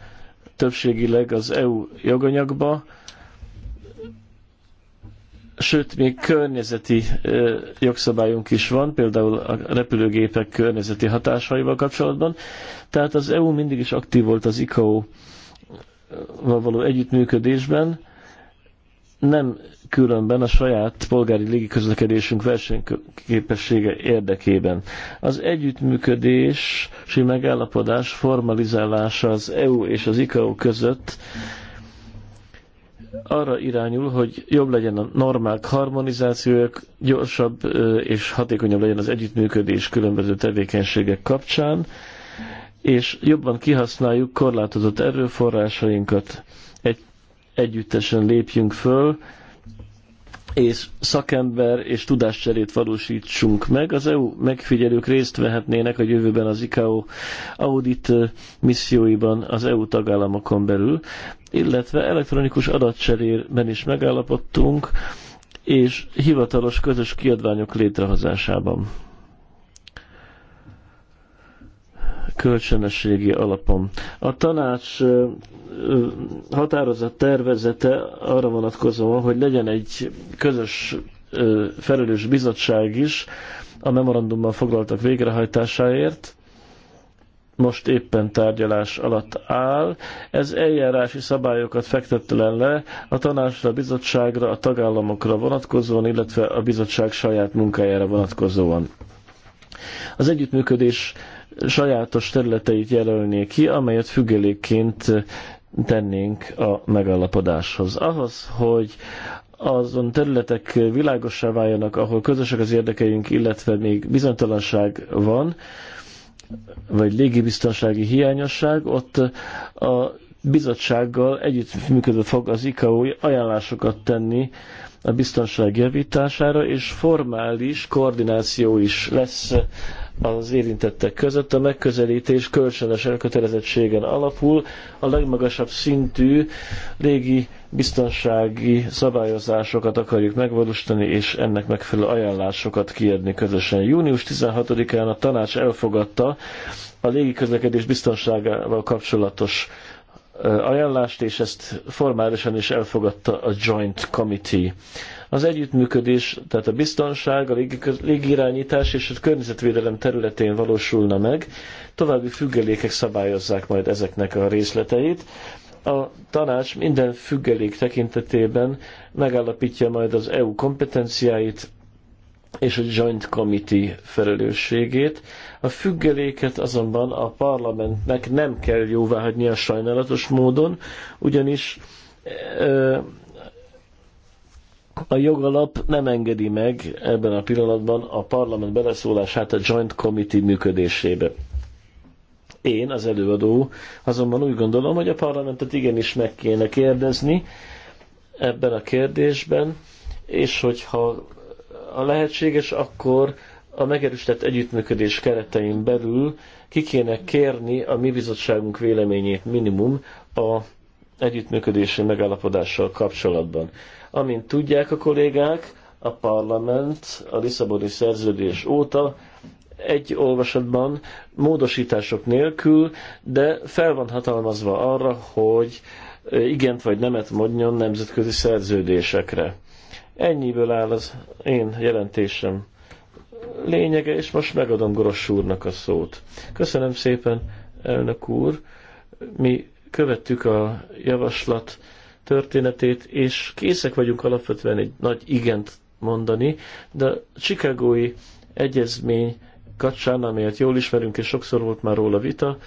többségileg az EU joganyagba, sőt, még környezeti jogszabályunk is van, például a repülőgépek környezeti hatásaival kapcsolatban. Tehát az EU mindig is aktív volt az ICAO-val való együttműködésben, nem különben a saját polgári légiközlekedésünk versenyképessége érdekében. Az együttműködés és megállapodás formalizálása az EU és az ICAO között arra irányul, hogy jobb legyen a normák harmonizációja, gyorsabb és hatékonyabb legyen az együttműködés különböző tevékenységek kapcsán, és jobban kihasználjuk korlátozott erőforrásainkat, együttesen lépjünk föl, és szakember és tudáscserét valósítsunk meg. Az EU megfigyelők részt vehetnének a jövőben az ICAO audit misszióiban az EU tagállamokon belül, illetve elektronikus adatcserében is megállapodtunk, és hivatalos közös kiadványok létrehozásában. kölcsönösségi alapon. A tanács határozat tervezete arra vonatkozóan, hogy legyen egy közös felelős bizottság is a memorandumban foglaltak végrehajtásáért, most éppen tárgyalás alatt áll. Ez eljárási szabályokat fektetlen le a tanácsra, a bizottságra, a tagállamokra vonatkozóan, illetve a bizottság saját munkájára vonatkozóan. Az együttműködés sajátos területeit jelölné ki, amelyet függelékként tennénk a megállapodáshoz. Ahhoz, hogy azon területek világossá váljanak, ahol közösek az érdekeink, illetve még bizonytalanság van, vagy légibiztonsági hiányosság, ott a bizottsággal együttműködve fog az ICAO ajánlásokat tenni a biztonság javítására, és formális koordináció is lesz az érintettek között. A megközelítés kölcsönös elkötelezettségen alapul. A legmagasabb szintű légi biztonsági szabályozásokat akarjuk megvalósítani, és ennek megfelelő ajánlásokat kiadni közösen. Június 16-án a tanács elfogadta a közlekedés biztonságával kapcsolatos ajánlást, és ezt formálisan is elfogadta a Joint Committee. Az együttműködés, tehát a biztonság, a légirányítás és a környezetvédelem területén valósulna meg. További függelékek szabályozzák majd ezeknek a részleteit. A tanács minden függelék tekintetében megállapítja majd az EU kompetenciáit, és a Joint Committee felelősségét. A függeléket azonban a parlamentnek nem kell jóváhagynia sajnálatos módon, ugyanis e, a jogalap nem engedi meg ebben a pillanatban a parlament beleszólását a Joint Committee működésébe. Én, az előadó, azonban úgy gondolom, hogy a parlamentet igenis meg kéne kérdezni ebben a kérdésben, és hogyha a lehetséges, akkor a megerősített együttműködés keretein belül ki kéne kérni a mi bizottságunk véleményét minimum a együttműködési megállapodással kapcsolatban. Amint tudják a kollégák, a parlament a Lisszaboni szerződés óta egy olvasatban módosítások nélkül, de fel van hatalmazva arra, hogy igent vagy nemet mondjon nemzetközi szerződésekre. Ennyiből áll az én jelentésem lényege, és most megadom Goros úrnak a szót. Köszönöm szépen, elnök úr. Mi követtük a javaslat történetét, és készek vagyunk alapvetően egy nagy igent mondani, de a Chicagói egyezmény kapcsán, amelyet jól ismerünk, és sokszor volt már róla vita,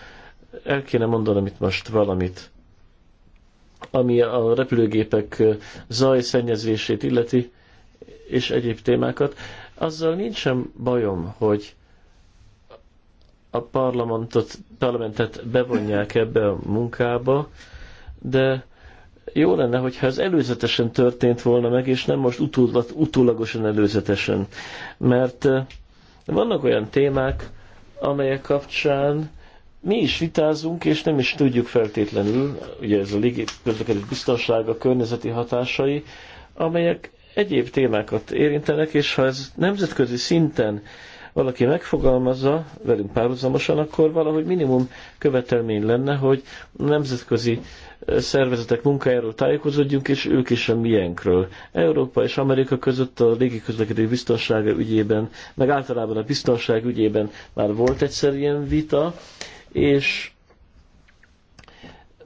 el kéne mondanom itt most valamit ami a repülőgépek zajszennyezését illeti, és egyéb témákat. Azzal nincsen bajom, hogy a parlamentot, parlamentet bevonják ebbe a munkába, de jó lenne, hogyha ez előzetesen történt volna meg, és nem most utólag, utólagosan előzetesen. Mert vannak olyan témák, amelyek kapcsán mi is vitázunk, és nem is tudjuk feltétlenül, ugye ez a légiközlekedés biztonsága, környezeti hatásai, amelyek egyéb témákat érintenek, és ha ez nemzetközi szinten valaki megfogalmazza velünk párhuzamosan, akkor valahogy minimum követelmény lenne, hogy nemzetközi eh, szervezetek munkájáról tájékozódjunk, és ők is a miénkről. Európa és Amerika között a légiközlekedés biztonsága ügyében, meg általában a biztonság ügyében már volt egyszer ilyen vita, és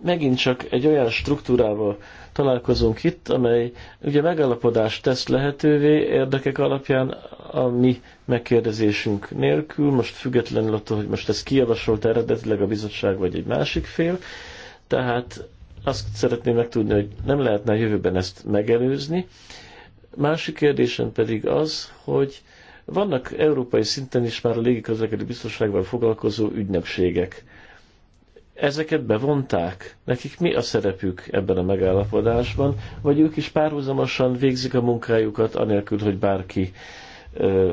megint csak egy olyan struktúrával találkozunk itt, amely ugye megállapodást tesz lehetővé érdekek alapján a mi megkérdezésünk nélkül, most függetlenül attól, hogy most ez kijavasolt eredetileg a bizottság vagy egy másik fél, tehát azt szeretném megtudni, hogy nem lehetne a jövőben ezt megelőzni. Másik kérdésem pedig az, hogy vannak európai szinten is már a légiközlekedő biztonságban foglalkozó ügynökségek. Ezeket bevonták? Nekik mi a szerepük ebben a megállapodásban? Vagy ők is párhuzamosan végzik a munkájukat, anélkül, hogy bárki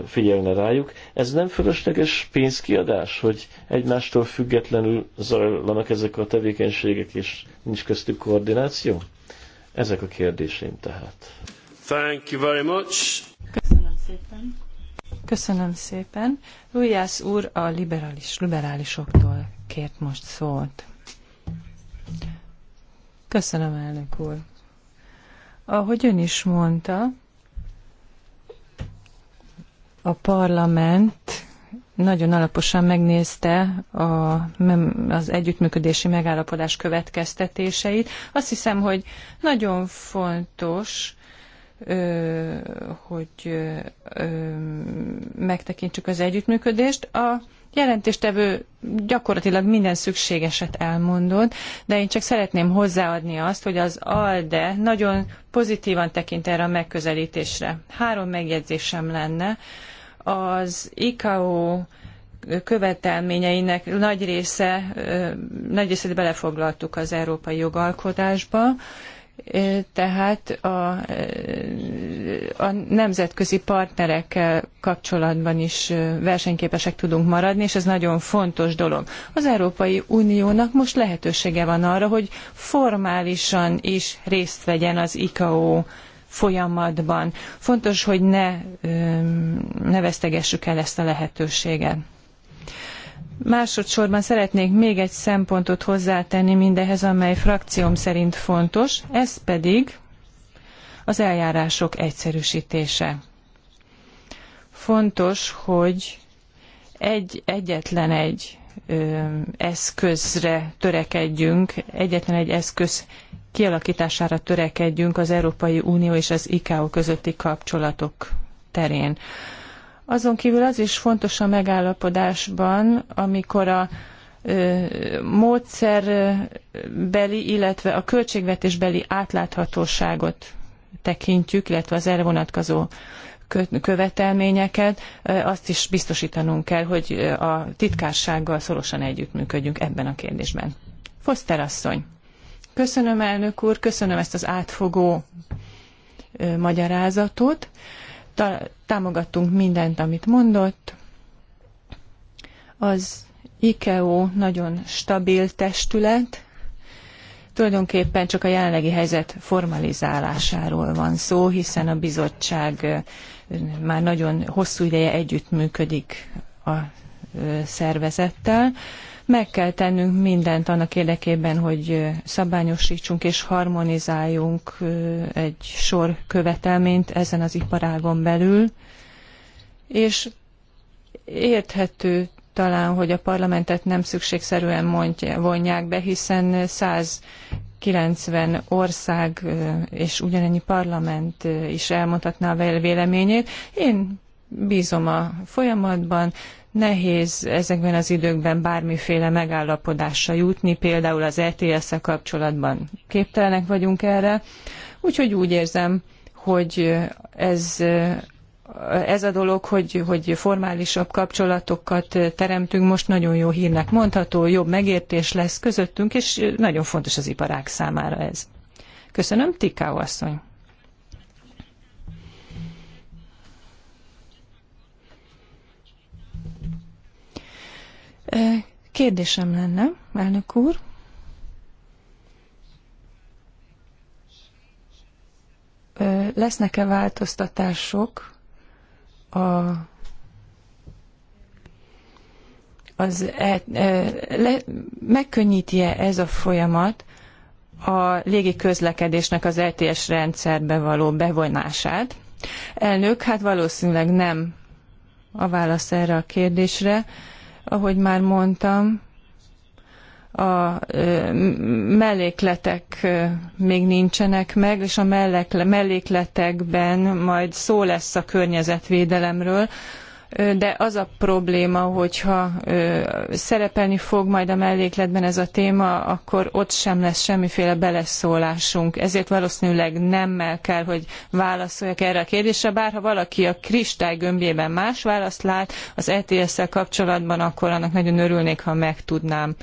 figyelne rájuk. Ez nem fölösleges pénzkiadás, hogy egymástól függetlenül zajlanak ezek a tevékenységek, és nincs köztük koordináció? Ezek a kérdéseim tehát. Thank you very much. Köszönöm szépen. Köszönöm szépen. Lujász úr a liberális, liberálisoktól kért most szót. Köszönöm, elnök úr. Ahogy ön is mondta, a parlament nagyon alaposan megnézte a, az együttműködési megállapodás következtetéseit. Azt hiszem, hogy nagyon fontos, hogy megtekintsük az együttműködést. A jelentéstevő gyakorlatilag minden szükségeset elmondott, de én csak szeretném hozzáadni azt, hogy az ALDE nagyon pozitívan tekint erre a megközelítésre. Három megjegyzésem lenne. Az ICAO követelményeinek nagy része, nagy részét belefoglaltuk az európai jogalkotásba, tehát a, a nemzetközi partnerekkel kapcsolatban is versenyképesek tudunk maradni, és ez nagyon fontos dolog. Az Európai Uniónak most lehetősége van arra, hogy formálisan is részt vegyen az ICAO folyamatban. Fontos, hogy ne, ne vesztegessük el ezt a lehetőséget. Másodszorban szeretnék még egy szempontot hozzátenni mindehez, amely frakcióm szerint fontos, ez pedig az eljárások egyszerűsítése. Fontos, hogy egy, egyetlen egy ö, eszközre törekedjünk, egyetlen egy eszköz kialakítására törekedjünk az Európai Unió és az ICAO közötti kapcsolatok terén. Azon kívül az is fontos a megállapodásban, amikor a módszerbeli, illetve a költségvetésbeli átláthatóságot tekintjük, illetve az erre vonatkozó követelményeket, azt is biztosítanunk kell, hogy a titkársággal szorosan együttműködjünk ebben a kérdésben. Foster asszony, köszönöm elnök úr, köszönöm ezt az átfogó magyarázatot támogattunk mindent, amit mondott. Az IKEO nagyon stabil testület, tulajdonképpen csak a jelenlegi helyzet formalizálásáról van szó, hiszen a bizottság már nagyon hosszú ideje együttműködik a szervezettel. Meg kell tennünk mindent annak érdekében, hogy szabályosítsunk és harmonizáljunk egy sor követelményt ezen az iparágon belül, és érthető talán, hogy a parlamentet nem szükségszerűen mondja, vonják be, hiszen 190 ország és ugyanennyi parlament is elmondhatná a véleményét. Én bízom a folyamatban, nehéz ezekben az időkben bármiféle megállapodásra jutni, például az ETS-szel kapcsolatban képtelenek vagyunk erre. Úgyhogy úgy érzem, hogy ez ez a dolog, hogy, hogy formálisabb kapcsolatokat teremtünk, most nagyon jó hírnek mondható, jobb megértés lesz közöttünk, és nagyon fontos az iparág számára ez. Köszönöm, Tikáó asszony! Kérdésem lenne, elnök úr. Lesznek-e változtatások a az e, e, le, megkönnyíti-e ez a folyamat a légi közlekedésnek az LTS e rendszerbe való bevonását? Elnök, hát valószínűleg nem a válasz erre a kérdésre ahogy már mondtam, a mellékletek még nincsenek meg, és a mellékletekben majd szó lesz a környezetvédelemről, de az a probléma, hogyha szerepelni fog majd a mellékletben ez a téma, akkor ott sem lesz semmiféle beleszólásunk. Ezért valószínűleg nemmel kell, hogy válaszoljak erre a kérdésre, bár ha valaki a kristály gömbjében más választ lát az ETS-szel kapcsolatban, akkor annak nagyon örülnék, ha megtudnám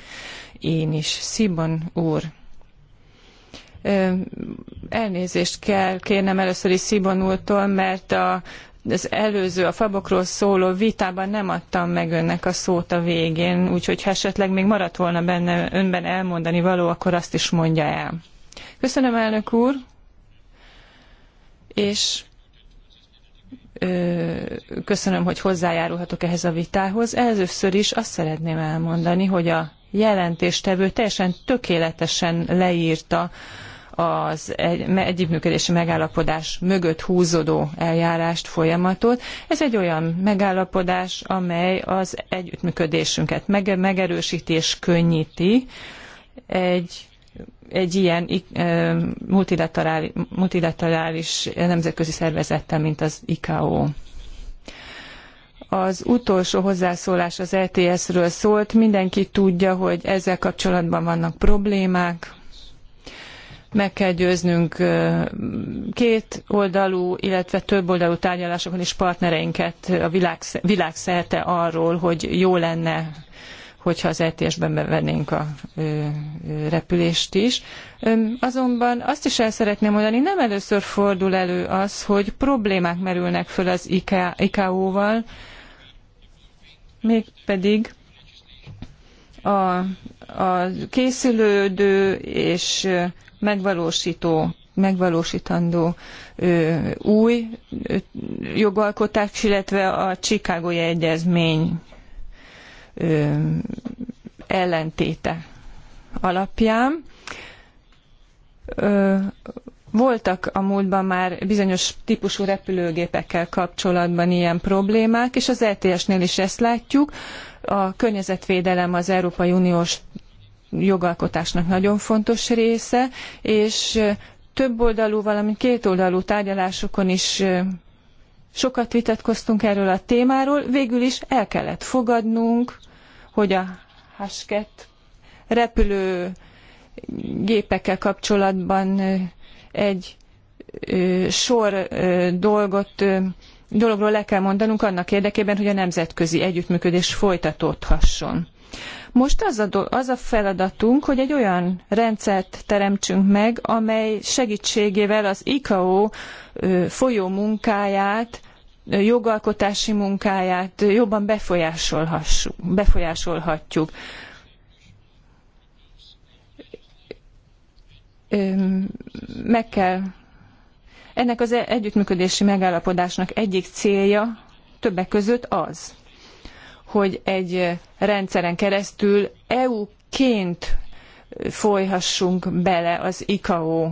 én is. Szibon úr elnézést kell kérnem először is Szibon úrtól, mert a az előző, a fabokról szóló vitában nem adtam meg önnek a szót a végén, úgyhogy ha esetleg még maradt volna benne önben elmondani való, akkor azt is mondja el. Köszönöm, elnök úr, és ö, köszönöm, hogy hozzájárulhatok ehhez a vitához. Először is azt szeretném elmondani, hogy a jelentéstevő teljesen tökéletesen leírta, az egy, együttműködési megállapodás mögött húzódó eljárást, folyamatot. Ez egy olyan megállapodás, amely az együttműködésünket meg, megerősíti és könnyíti. Egy egy ilyen multilaterális, multilaterális nemzetközi szervezettel, mint az ICAO. Az utolsó hozzászólás az ETS-ről szólt. Mindenki tudja, hogy ezzel kapcsolatban vannak problémák, meg kell győznünk két oldalú, illetve több oldalú tárgyalásokon is partnereinket a világszerte arról, hogy jó lenne hogyha az ETS-ben bevennénk a repülést is. azonban azt is el szeretném mondani, nem először fordul elő az, hogy problémák merülnek föl az ICAO-val, mégpedig a, a készülődő és megvalósító megvalósítandó ö, új jogalkotás, illetve a Csikágoi Egyezmény ö, ellentéte alapján. Ö, voltak a múltban már bizonyos típusú repülőgépekkel kapcsolatban ilyen problémák, és az ETS-nél is ezt látjuk. A környezetvédelem az Európai Uniós jogalkotásnak nagyon fontos része, és többoldalú, valamint kétoldalú tárgyalásokon is sokat vitatkoztunk erről a témáról. Végül is el kellett fogadnunk, hogy a Hasket repülő gépekkel kapcsolatban egy sor dolgot, dologról le kell mondanunk annak érdekében, hogy a nemzetközi együttműködés folytatódhasson. Most az a, do, az a feladatunk, hogy egy olyan rendszert teremtsünk meg, amely segítségével az ICAO folyó munkáját, jogalkotási munkáját jobban befolyásolhassuk, befolyásolhatjuk. Meg kell ennek az e-, együttműködési megállapodásnak egyik célja többek között az, hogy egy rendszeren keresztül EU-ként folyhassunk bele az ICAO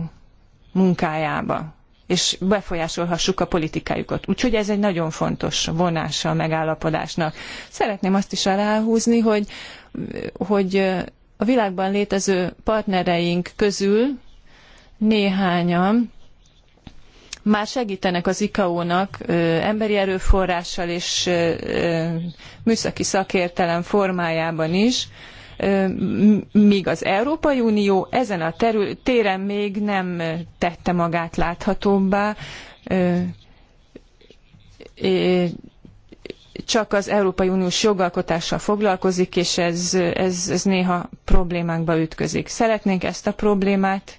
munkájába és befolyásolhassuk a politikájukat. Úgyhogy ez egy nagyon fontos vonása a megállapodásnak. Szeretném azt is aláhúzni, hogy, hogy a világban létező partnereink közül néhányan már segítenek az ICAO-nak emberi erőforrással és műszaki szakértelem formájában is, míg az Európai Unió ezen a terül, téren még nem tette magát láthatóbbá, csak az Európai Uniós jogalkotással foglalkozik, és ez, ez, ez néha problémákba ütközik. Szeretnénk ezt a problémát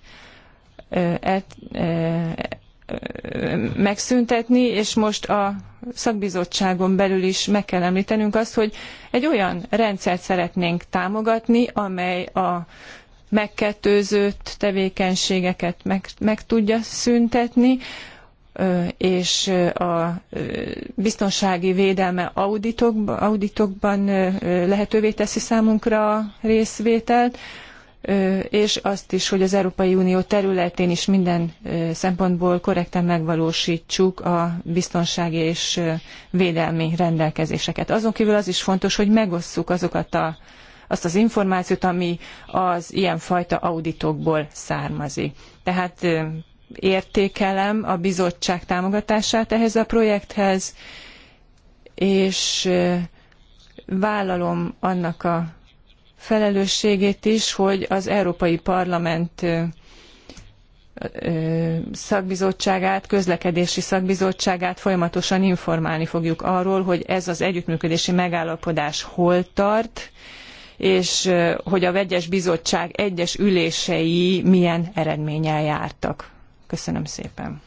megszüntetni, és most a szakbizottságon belül is meg kell említenünk azt, hogy egy olyan rendszert szeretnénk támogatni, amely a megkettőzött tevékenységeket meg, meg tudja szüntetni, és a biztonsági védelme auditokban lehetővé teszi számunkra a részvételt és azt is, hogy az Európai Unió területén is minden szempontból korrekten megvalósítsuk a biztonsági és védelmi rendelkezéseket. Azon kívül az is fontos, hogy megosszuk azokat a, azt az információt, ami az ilyen fajta auditokból származik. Tehát értékelem a bizottság támogatását ehhez a projekthez, és vállalom annak a felelősségét is, hogy az Európai Parlament szakbizottságát, közlekedési szakbizottságát folyamatosan informálni fogjuk arról, hogy ez az együttműködési megállapodás hol tart, és hogy a vegyes bizottság egyes ülései milyen eredménnyel jártak. Köszönöm szépen.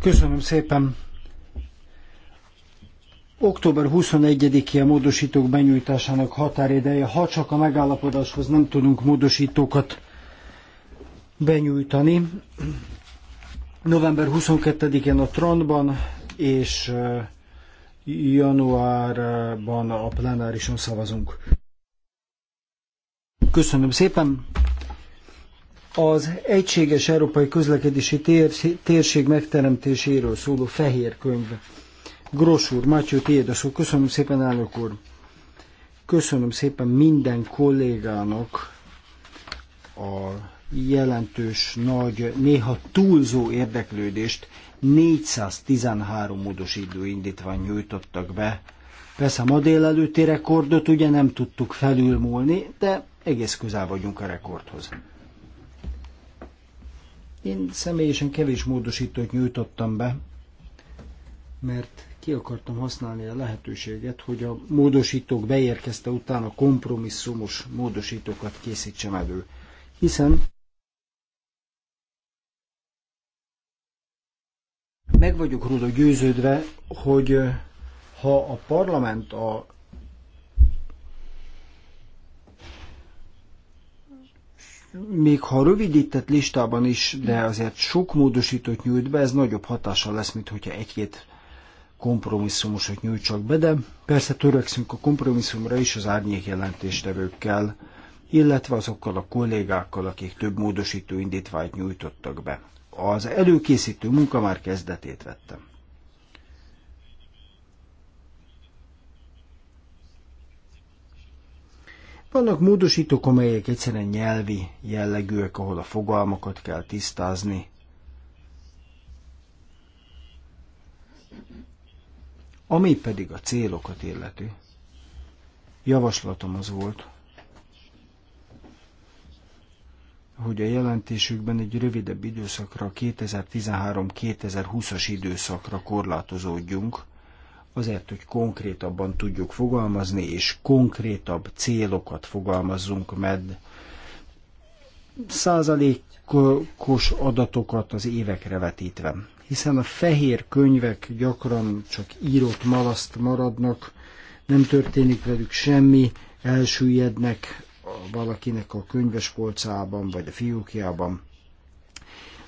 Köszönöm szépen. Október 21-i a módosítók benyújtásának határideje, ha csak a megállapodáshoz nem tudunk módosítókat benyújtani. November 22-én a Trondban és eh, januárban a plenárison szavazunk. Köszönöm szépen! Az Egységes Európai Közlekedési Térség megteremtéséről szóló fehér könyv Gross úr, Mátyó, tiéd a szó. Köszönöm szépen, elnök úr. Köszönöm szépen minden kollégának a jelentős, nagy, néha túlzó érdeklődést. 413 módos időindítvány nyújtottak be. Persze ma délelőtti rekordot ugye nem tudtuk felülmúlni, de egész közel vagyunk a rekordhoz. Én személyesen kevés módosítót nyújtottam be, mert ki akartam használni a lehetőséget, hogy a módosítók beérkezte után a kompromisszumos módosítókat készítsem elő. Hiszen meg vagyok róla győződve, hogy eh, ha a parlament a még ha rövidített listában is, de azért sok módosítót nyújt be, ez nagyobb hatással lesz, mint hogyha egy-két kompromisszumosat nyújtsak be, de persze törekszünk a kompromisszumra is az árnyék jelentéstevőkkel, illetve azokkal a kollégákkal, akik több módosító indítványt nyújtottak be. Az előkészítő munka már kezdetét vettem. Vannak módosítók, amelyek egyszerűen nyelvi jellegűek, ahol a fogalmakat kell tisztázni, Ami pedig a célokat illeti, javaslatom az volt, hogy a jelentésükben egy rövidebb időszakra, 2013-2020-as időszakra korlátozódjunk, azért, hogy konkrétabban tudjuk fogalmazni, és konkrétabb célokat fogalmazzunk meg, százalékos adatokat az évekre vetítve hiszen a fehér könyvek gyakran csak írott malaszt maradnak, nem történik velük semmi, elsüllyednek valakinek a könyves polcában, vagy a fiókjában.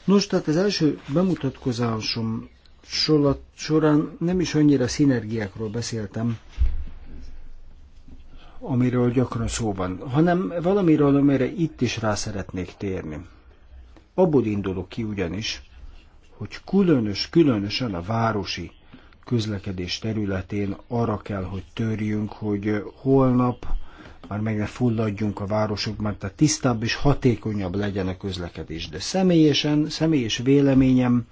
Nos, tehát az első bemutatkozásom során nem is annyira szinergiákról beszéltem, amiről gyakran szó van, hanem valamiről, amire itt is rá szeretnék térni. Abból indulok ki ugyanis, hogy különös, különösen a városi közlekedés területén arra kell, hogy törjünk, hogy holnap már meg ne fulladjunk a városok, mert tehát tisztább és hatékonyabb legyen a közlekedés. De személyesen, személyes véleményem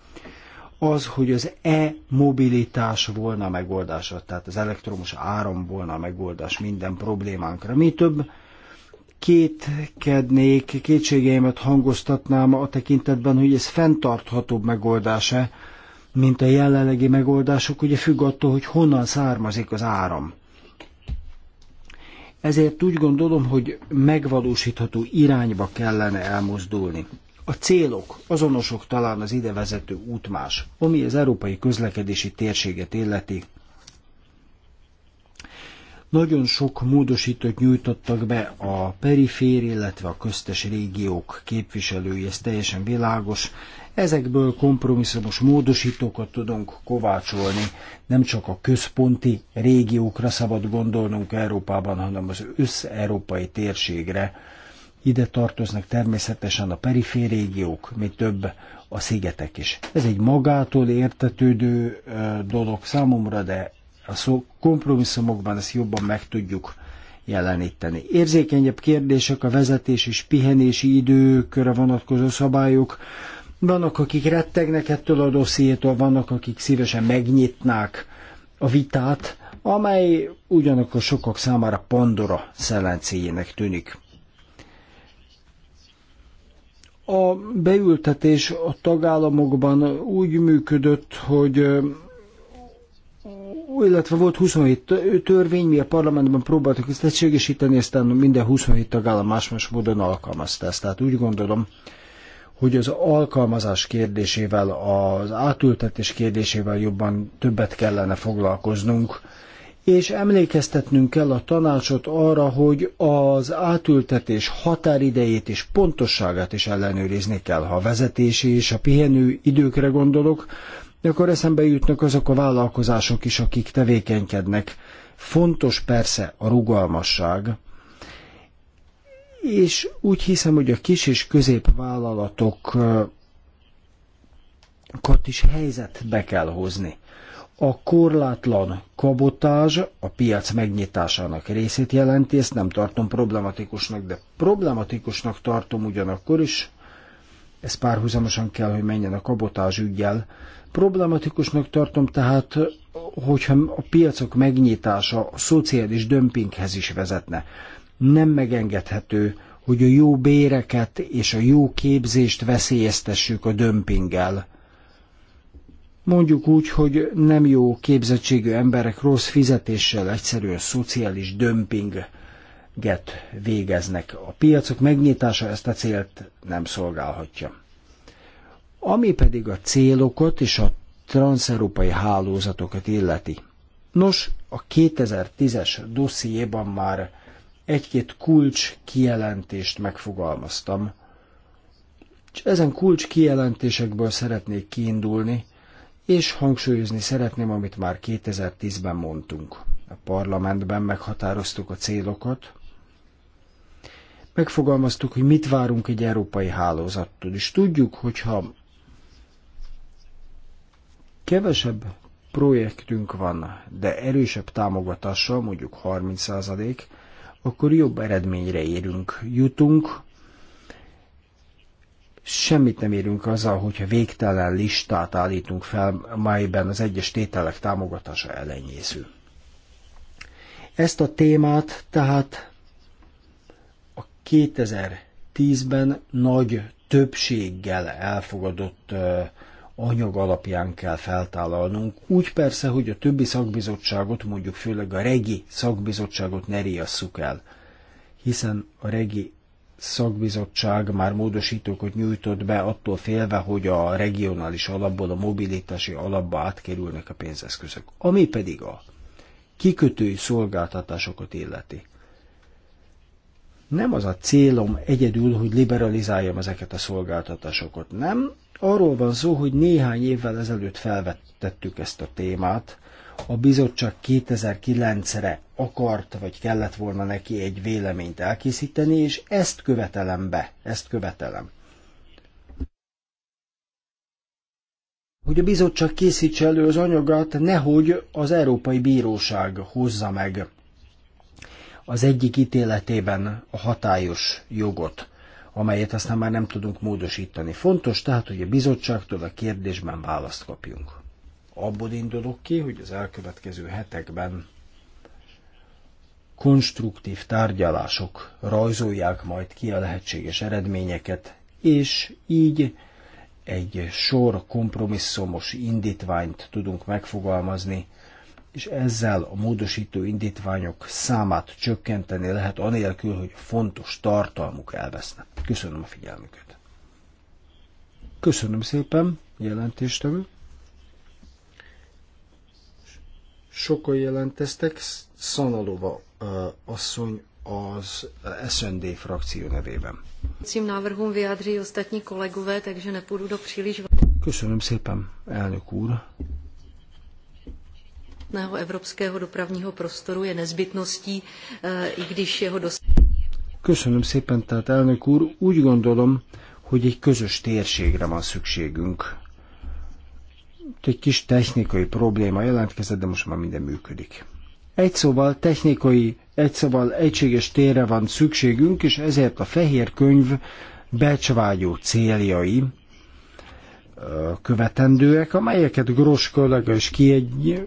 az, hogy az e-mobilitás volna a megoldása, tehát az elektromos áram volna a megoldás minden problémánkra. Mi több, kétkednék, kétségeimet hangoztatnám a tekintetben, hogy ez fenntarthatóbb megoldása, mint a jelenlegi megoldások, ugye függ attól, hogy honnan származik az áram. Ezért úgy gondolom, hogy megvalósítható irányba kellene elmozdulni. A célok azonosok talán az idevezető út más, ami az európai közlekedési térséget illeti. Nagyon sok módosítót nyújtottak be a perifér, illetve a köztes régiók képviselői, ez teljesen világos. Ezekből kompromisszumos módosítókat tudunk kovácsolni, nem csak a központi régiókra szabad gondolnunk Európában, hanem az összeurópai térségre. Ide tartoznak természetesen a perifér régiók, mi több a szigetek is. Ez egy magától értetődő dolog számomra, de a szó kompromisszumokban ezt jobban meg tudjuk jeleníteni. Érzékenyebb kérdések a vezetés és pihenési időkre vonatkozó szabályok. Vannak, akik rettegnek ettől a dossziétól, vannak, akik szívesen megnyitnák a vitát, amely ugyanakkor sokak számára Pandora szelencéjének tűnik. A beültetés a tagállamokban úgy működött, hogy illetve volt 27 törvény, mi a parlamentben próbáltuk ezt egységesíteni, aztán minden 27 tagállam más-más módon alkalmazta ezt. Tehát úgy gondolom, hogy az alkalmazás kérdésével, az átültetés kérdésével jobban többet kellene foglalkoznunk, és emlékeztetnünk kell a tanácsot arra, hogy az átültetés határidejét és pontosságát is ellenőrizni kell. Ha a vezetési és a pihenő időkre gondolok, de akkor eszembe jutnak azok a vállalkozások is, akik tevékenykednek. Fontos persze a rugalmasság, és úgy hiszem, hogy a kis és középvállalatokat is helyzetbe kell hozni. A korlátlan kabotázs a piac megnyitásának részét jelenti, ezt nem tartom problematikusnak, de problematikusnak tartom ugyanakkor is, ez párhuzamosan kell, hogy menjen a kabotázs ügyjel, Problematikusnak tartom tehát, hogyha a piacok megnyitása a szociális dömpinghez is vezetne. Nem megengedhető, hogy a jó béreket és a jó képzést veszélyeztessük a dömpinggel. Mondjuk úgy, hogy nem jó képzettségű emberek rossz fizetéssel egyszerűen szociális dömpinget végeznek. A piacok megnyitása ezt a célt nem szolgálhatja. Ami pedig a célokat és a transzeurópai hálózatokat illeti. Nos, a 2010-es dossziéban már egy-két kulcs kijelentést megfogalmaztam, és ezen kulcs kijelentésekből szeretnék kiindulni, és hangsúlyozni szeretném, amit már 2010-ben mondtunk. A parlamentben meghatároztuk a célokat, megfogalmaztuk, hogy mit várunk egy európai hálózattól, és tudjuk, hogyha Kevesebb projektünk van, de erősebb támogatással, mondjuk 30%, akkor jobb eredményre érünk, jutunk, semmit nem érünk azzal, hogyha végtelen listát állítunk fel, melyben az egyes tételek támogatása elenyésző. Ezt a témát tehát a 2010-ben nagy többséggel elfogadott uh, anyag alapján kell feltállalnunk. Úgy persze, hogy a többi szakbizottságot, mondjuk főleg a regi szakbizottságot ne riasszuk el, hiszen a regi szakbizottság már módosítókat nyújtott be attól félve, hogy a regionális alapból a mobilitási alapba átkerülnek a pénzeszközök. Ami pedig a kikötői szolgáltatásokat illeti. Nem az a célom egyedül, hogy liberalizáljam ezeket a szolgáltatásokat, nem, Arról van szó, hogy néhány évvel ezelőtt felvettettük ezt a témát, a bizottság 2009-re akart, vagy kellett volna neki egy véleményt elkészíteni, és ezt követelem be, ezt követelem. Hogy a bizottság készítse elő az anyagát, nehogy az Európai Bíróság hozza meg az egyik ítéletében a hatályos jogot amelyet aztán már nem tudunk módosítani. Fontos tehát, hogy a bizottságtól a kérdésben választ kapjunk. Abból indulok ki, hogy az elkövetkező hetekben konstruktív tárgyalások rajzolják majd ki a lehetséges eredményeket, és így egy sor kompromisszumos indítványt tudunk megfogalmazni, és ezzel a módosító indítványok számát csökkenteni lehet, anélkül, hogy fontos tartalmuk elveszne. Köszönöm a figyelmüket. Köszönöm szépen, jelentéstevő. Sokan jelenteztek, Szanalova eh, asszony az SND frakció nevében. Cím vyjádří ostatní kolegové, takže nepůjdu do příliš... Köszönöm szépen, elnök úr jednotného evropského dopravního prostoru je nezbytností, eh, i když jeho Köszönöm szépen, tehát elnök úr, úgy gondolom, hogy egy közös térségre van szükségünk. Egy kis technikai probléma jelentkezett, de most már minden működik. Egy szóval technikai, egy szóval egységes térre van szükségünk, és ezért a fehér könyv becsvágyó céljai eh, követendőek, amelyeket Gros kollega is kiegy,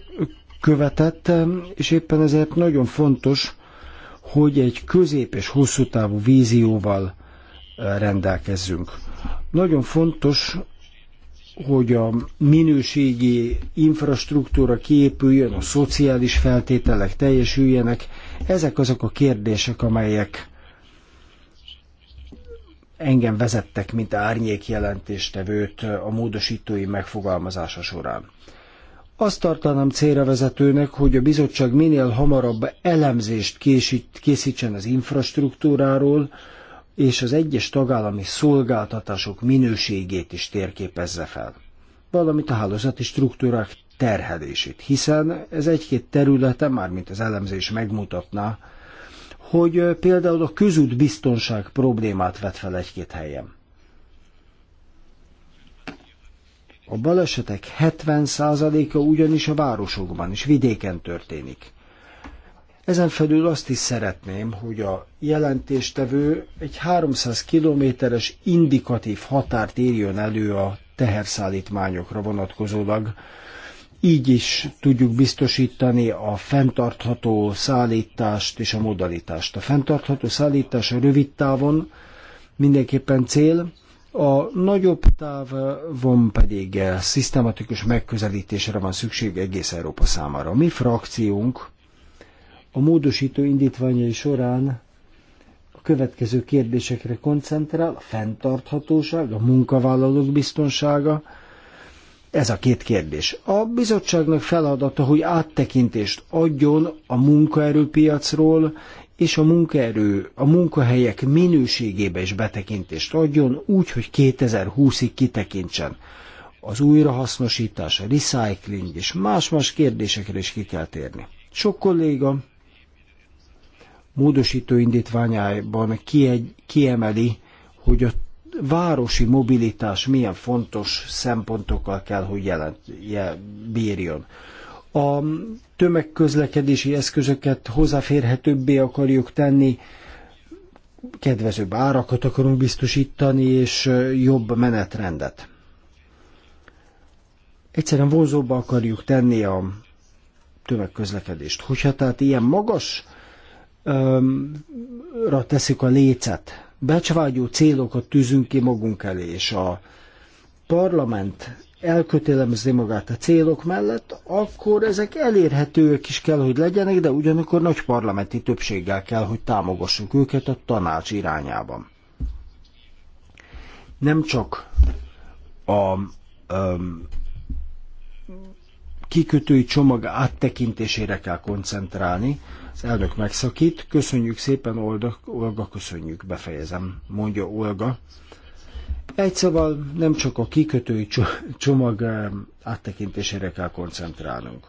követett, és éppen ezért nagyon fontos, hogy egy közép és hosszú távú vízióval eh, rendelkezzünk. Nagyon fontos, hogy a minőségi infrastruktúra kiépüljön, a szociális feltételek teljesüljenek. Ezek azok a kérdések, amelyek engem vezettek, mint árnyék jelentéstevőt a módosítói megfogalmazása során. Azt tartanám célra vezetőnek, hogy a bizottság minél hamarabb elemzést készít, készítsen az infrastruktúráról, és az egyes tagállami szolgáltatások minőségét is térképezze fel, valamint a hálózati struktúrák terhelését, hiszen ez egy-két területen, mármint az elemzés megmutatná, hogy például a közút biztonság problémát vet fel egy-két helyen. A balesetek 70%-a ugyanis a városokban és vidéken történik. Ezen felül azt is szeretném, hogy a jelentéstevő egy 300 kilométeres indikatív határt írjon elő a teherszállítmányokra vonatkozólag. Így is tudjuk biztosítani a fenntartható szállítást és a modalitást. A fenntartható szállítás a rövid távon mindenképpen cél, a nagyobb távon pedig szisztematikus megközelítésre van szükség egész Európa számára. mi frakciónk a módosító indítványai során a következő kérdésekre koncentrál, a fenntarthatóság, a munkavállalók biztonsága, ez a két kérdés. A bizottságnak feladata, hogy áttekintést adjon a munkaerőpiacról, és a munkaerő, a munkahelyek minőségébe is betekintést adjon, úgy, hogy 2020-ig kitekintsen. Az újrahasznosítás, a recycling és más-más kérdésekre is ki kell térni. Sok kolléga módosító indítványában kiegy, kiemeli, hogy a városi mobilitás milyen fontos szempontokkal kell, hogy jelent, jel, bírjon. A tömegközlekedési eszközöket hozzáférhetőbbé akarjuk tenni, kedvezőbb árakat akarunk biztosítani, és jobb menetrendet. Egyszerűen vonzóbbá akarjuk tenni a tömegközlekedést. Hogyha tehát ilyen magasra teszik a lécet, becsvágyó célokat tűzünk ki magunk elé, és a parlament elkötelezi magát a célok mellett, akkor ezek elérhetőek is kell, hogy legyenek, de ugyanakkor nagy parlamenti többséggel kell, hogy támogassunk őket a tanács irányában. Nem csak a um, kikötői csomag áttekintésére kell koncentrálni. Az elnök megszakít. Köszönjük szépen, Olga, Olga köszönjük, befejezem, mondja Olga. Egy szóval nem csak a kikötői csomag eh, áttekintésére kell koncentrálnunk,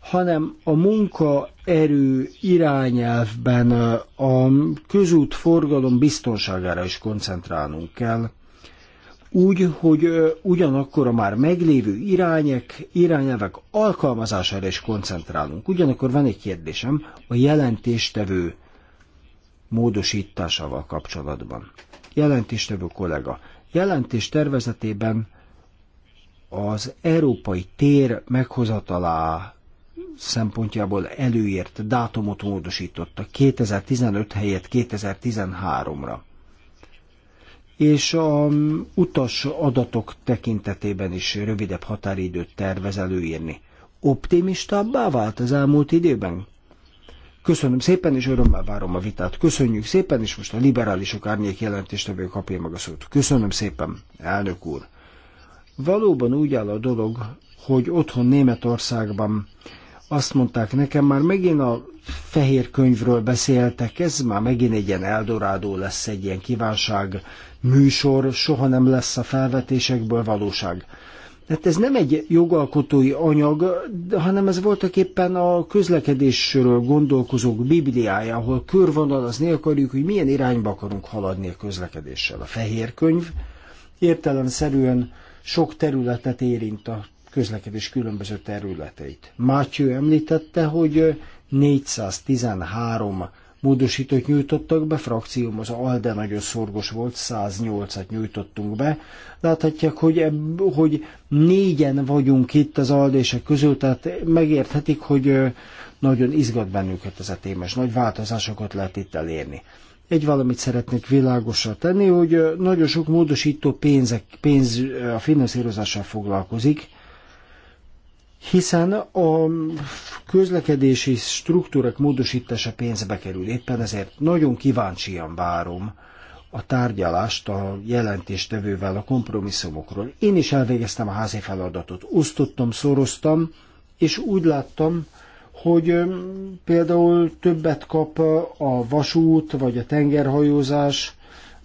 hanem a munkaerő irányelvben eh, a közút forgalom biztonságára is koncentrálnunk kell, úgy, hogy eh, ugyanakkor a már meglévő irányek, irányelvek alkalmazására is koncentrálunk. Ugyanakkor van egy kérdésem a jelentéstevő módosításával kapcsolatban jelentéstevő kollega. Jelentés tervezetében az európai tér meghozatalá szempontjából előírt dátumot módosította 2015 helyett 2013-ra. És a um, utas adatok tekintetében is rövidebb határidőt tervez előírni. Optimistábbá vált az elmúlt időben? Köszönöm szépen, és örömmel várom a vitát. Köszönjük szépen, és most a liberálisok árnyék jelentéstevő kapja meg a szót. Köszönöm szépen, elnök úr. Valóban úgy áll a dolog, hogy otthon Németországban azt mondták nekem, már megint a fehér könyvről beszéltek, ez már megint egy ilyen eldorádó lesz, egy ilyen kívánság műsor, soha nem lesz a felvetésekből valóság. Hát ez nem egy jogalkotói anyag, hanem ez voltak éppen a közlekedésről gondolkozók bibliája, ahol az akarjuk, hogy milyen irányba akarunk haladni a közlekedéssel. A fehér könyv értelemszerűen sok területet érint a közlekedés különböző területeit. Mátyő említette, hogy 413 módosítót nyújtottak be, frakcióm az ALDE nagyon szorgos volt, 108-at nyújtottunk be. Láthatják, hogy, ebb, hogy négyen vagyunk itt az ALDE és a közül, tehát megérthetik, hogy nagyon izgat bennünket ez a téma, és nagy változásokat lehet itt elérni. Egy valamit szeretnék világosra tenni, hogy nagyon sok módosító pénzek, pénz a finanszírozással foglalkozik, hiszen a közlekedési struktúrak módosítása pénzbe kerül. Éppen ezért nagyon kíváncsian várom a tárgyalást a jelentéstevővel a kompromisszumokról. Én is elvégeztem a házi feladatot. Osztottam, szoroztam, és úgy láttam, hogy például többet kap a vasút vagy a tengerhajózás,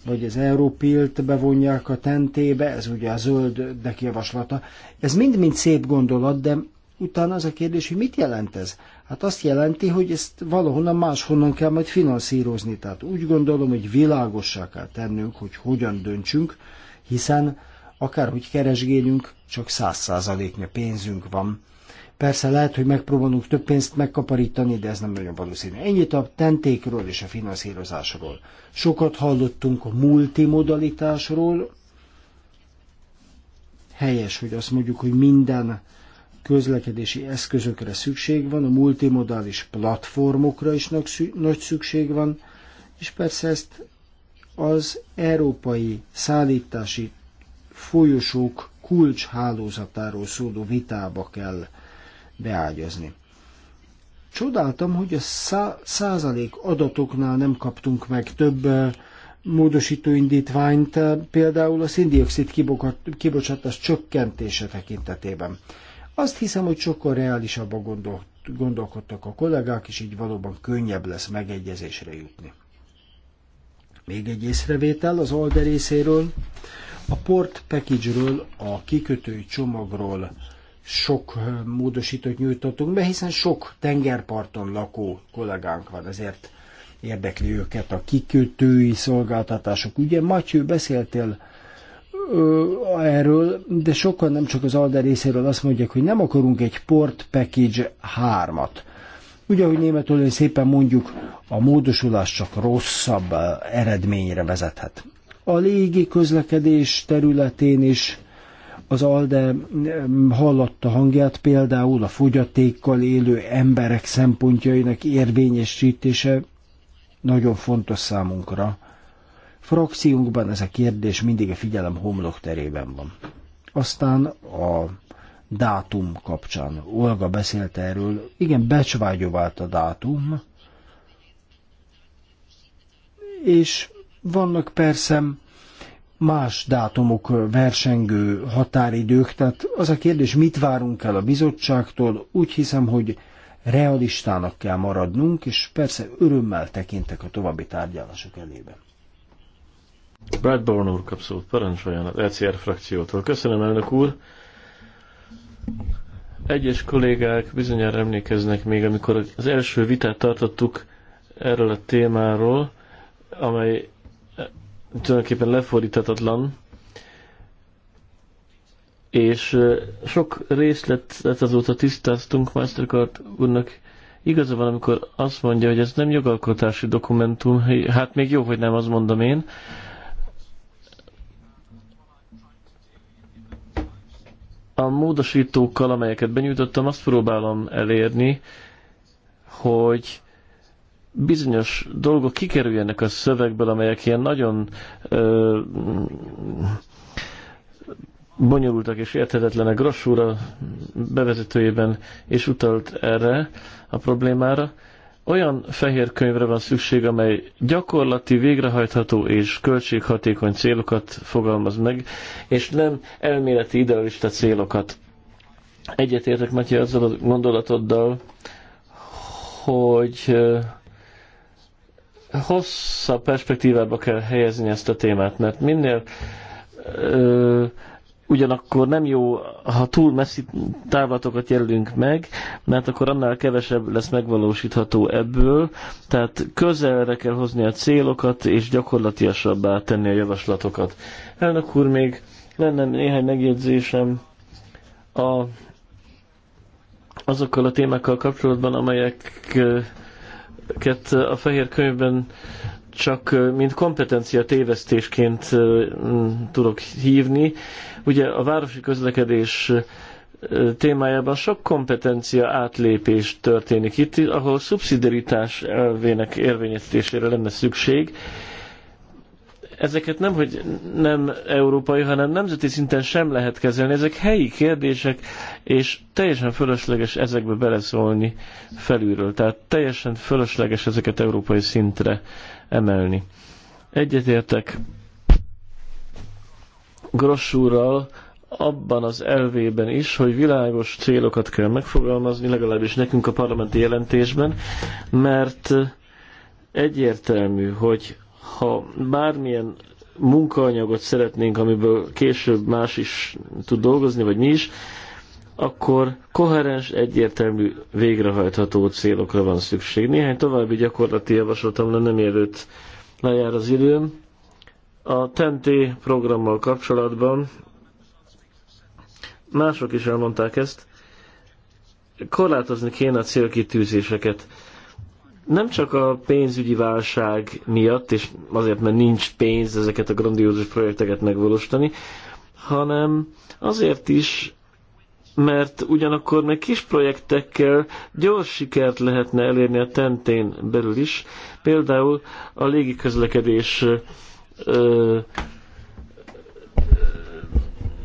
vagy az Európilt bevonják a tentébe, ez ugye a zöldnek javaslata. Ez mind-mind szép gondolat, de utána az a kérdés, hogy mit jelent ez? Hát azt jelenti, hogy ezt valahonnan máshonnan kell majd finanszírozni. Tehát úgy gondolom, hogy világossá kell tennünk, hogy hogyan döntsünk, hiszen akárhogy keresgélünk, csak száz százaléknyi pénzünk van Persze lehet, hogy megpróbálunk több pénzt megkaparítani, de ez nem nagyon valószínű. Ennyit a tentékről és a finanszírozásról. Sokat hallottunk a multimodalitásról. Helyes, hogy azt mondjuk, hogy minden közlekedési eszközökre szükség van, a multimodális platformokra is nagy szükség van, és persze ezt az európai szállítási folyosók kulcshálózatáról szóló vitába kell beágyazni. Csodáltam, hogy a szá- százalék adatoknál nem kaptunk meg több módosító indítványt, például a szindioxid kibocsátás csökkentése tekintetében. Azt hiszem, hogy sokkal reálisabban gondol, gondolkodtak a kollégák, és így valóban könnyebb lesz megegyezésre jutni. Még egy észrevétel az Alderészéről, a port package-ről, a kikötői csomagról sok módosítót nyújtottunk be, hiszen sok tengerparton lakó kollégánk van, ezért érdekli őket a kikötői szolgáltatások. Ugye, Matyő, beszéltél ö, erről, de sokan nem csak az Alder részéről azt mondják, hogy nem akarunk egy Port Package 3-at. Ugye, ahogy németül szépen mondjuk, a módosulás csak rosszabb eredményre vezethet. A légi közlekedés területén is az ALDE hallotta hangját például a fogyatékkal élő emberek szempontjainak érvényesítése nagyon fontos számunkra. Frakciunkban ez a kérdés mindig a figyelem homlok terében van. Aztán a dátum kapcsán. Olga beszélt erről. Igen, becsvágyovált a dátum, és vannak persze más dátumok, versengő határidők, tehát az a kérdés, mit várunk el a bizottságtól, úgy hiszem, hogy realistának kell maradnunk, és persze örömmel tekintek a további tárgyalások elébe. Bradborn úr kapszolt parancsoljon az ECR frakciótól. Köszönöm, elnök úr! Egyes kollégák bizonyára emlékeznek még, amikor az első vitát tartottuk erről a témáról, amely tulajdonképpen lefordíthatatlan, és sok részletet azóta tisztáztunk Mastercard úrnak. Igaza van, amikor azt mondja, hogy ez nem jogalkotási dokumentum, hát még jó, hogy nem, azt mondom én. A módosítókkal, amelyeket benyújtottam, azt próbálom elérni, hogy bizonyos dolgok kikerüljenek a szövegből, amelyek ilyen nagyon ö, bonyolultak és érthetetlenek. Grossúra bevezetőjében és utalt erre a problémára. Olyan fehér könyvre van szükség, amely gyakorlati, végrehajtható és költséghatékony célokat fogalmaz meg, és nem elméleti idealista célokat. Egyetértek, Matyi, azzal a gondolatoddal, hogy hosszabb perspektívába kell helyezni ezt a témát, mert minél ö, ugyanakkor nem jó, ha túl messzi távlatokat jelölünk meg, mert akkor annál kevesebb lesz megvalósítható ebből, tehát közelre kell hozni a célokat, és gyakorlatiasabbá tenni a javaslatokat. Elnök úr, még lenne néhány megjegyzésem a, azokkal a témákkal kapcsolatban, amelyek ezeket a fehér könyvben csak mint kompetencia tévesztésként tudok hívni. Ugye a városi közlekedés témájában sok kompetencia átlépés történik itt, ahol szubszidiaritás elvének érvényesítésére lenne szükség, ezeket nem, hogy nem európai, hanem nemzeti szinten sem lehet kezelni. Ezek helyi kérdések, és teljesen fölösleges ezekbe beleszólni felülről. Tehát teljesen fölösleges ezeket európai szintre emelni. Egyetértek Grossúrral abban az elvében is, hogy világos célokat kell megfogalmazni, legalábbis nekünk a parlamenti jelentésben, mert egyértelmű, hogy ha bármilyen munkaanyagot szeretnénk, amiből később más is tud dolgozni, vagy mi is, akkor koherens, egyértelmű, végrehajtható célokra van szükség. Néhány további gyakorlati javaslatom lenne, mielőtt lejár az időm. A TNT programmal kapcsolatban mások is elmondták ezt, korlátozni kéne a célkitűzéseket nem csak a pénzügyi válság miatt, és azért, mert nincs pénz ezeket a grandiózus projekteket megvalósítani, hanem azért is, mert ugyanakkor meg kis projektekkel gyors sikert lehetne elérni a tentén belül is. Például a légiközlekedés ö,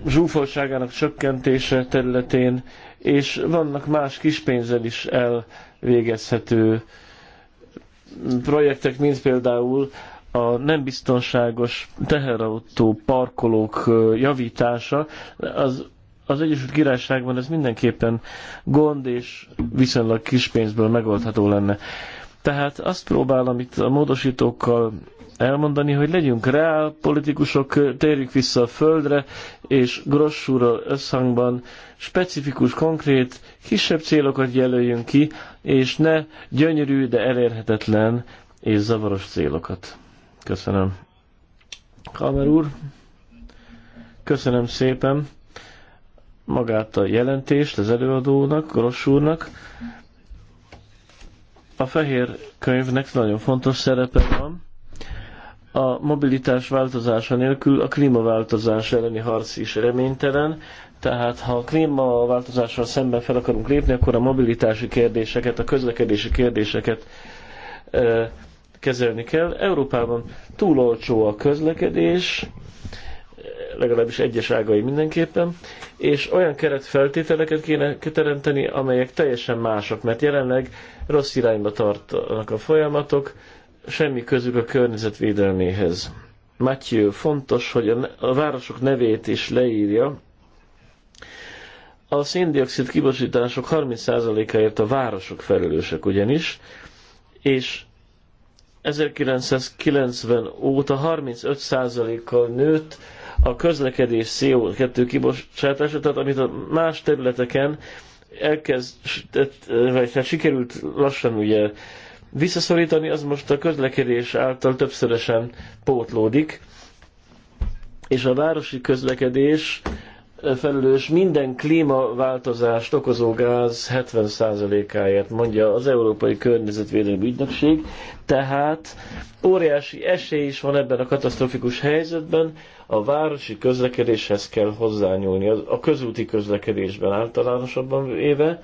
zsúfoltságának csökkentése területén, és vannak más kispénzzel is elvégezhető projektek, mint például a nem biztonságos teherautó parkolók javítása, az, az Egyesült Királyságban ez mindenképpen gond és viszonylag kis pénzből megoldható lenne. Tehát azt próbálom itt a módosítókkal elmondani, hogy legyünk reál politikusok, térjük vissza a földre, és grossúrral összhangban specifikus, konkrét, kisebb célokat jelöljünk ki, és ne gyönyörű, de elérhetetlen és zavaros célokat. Köszönöm. Kamer úr, köszönöm szépen magát a jelentést az előadónak, Gross úrnak a fehér könyvnek nagyon fontos szerepe van. A mobilitás változása nélkül a klímaváltozás elleni harc is reménytelen, tehát ha a klímaváltozással szemben fel akarunk lépni, akkor a mobilitási kérdéseket, a közlekedési kérdéseket e, kezelni kell. Európában túl olcsó a közlekedés, legalábbis egyes ágai mindenképpen, és olyan keretfeltételeket kéne teremteni, amelyek teljesen mások, mert jelenleg rossz irányba tartanak a folyamatok, semmi közük a környezetvédelméhez. Matthew fontos, hogy a, a városok nevét is leírja. A széndiokszid kibosítások 30%-áért a városok felelősek ugyanis, és 1990 óta 35%-kal nőtt a közlekedés CO2 kibocsátása, tehát amit a más területeken elkezdett, vagy hát sikerült lassan ugye visszaszorítani, az most a közlekedés által többszörösen pótlódik, és a városi közlekedés felelős minden klímaváltozást okozó gáz 70%-áért, mondja az Európai Környezetvédelmi Ügynökség. Tehát óriási esély is van ebben a katasztrofikus helyzetben a városi közlekedéshez kell hozzányúlni, a közúti közlekedésben általánosabban éve,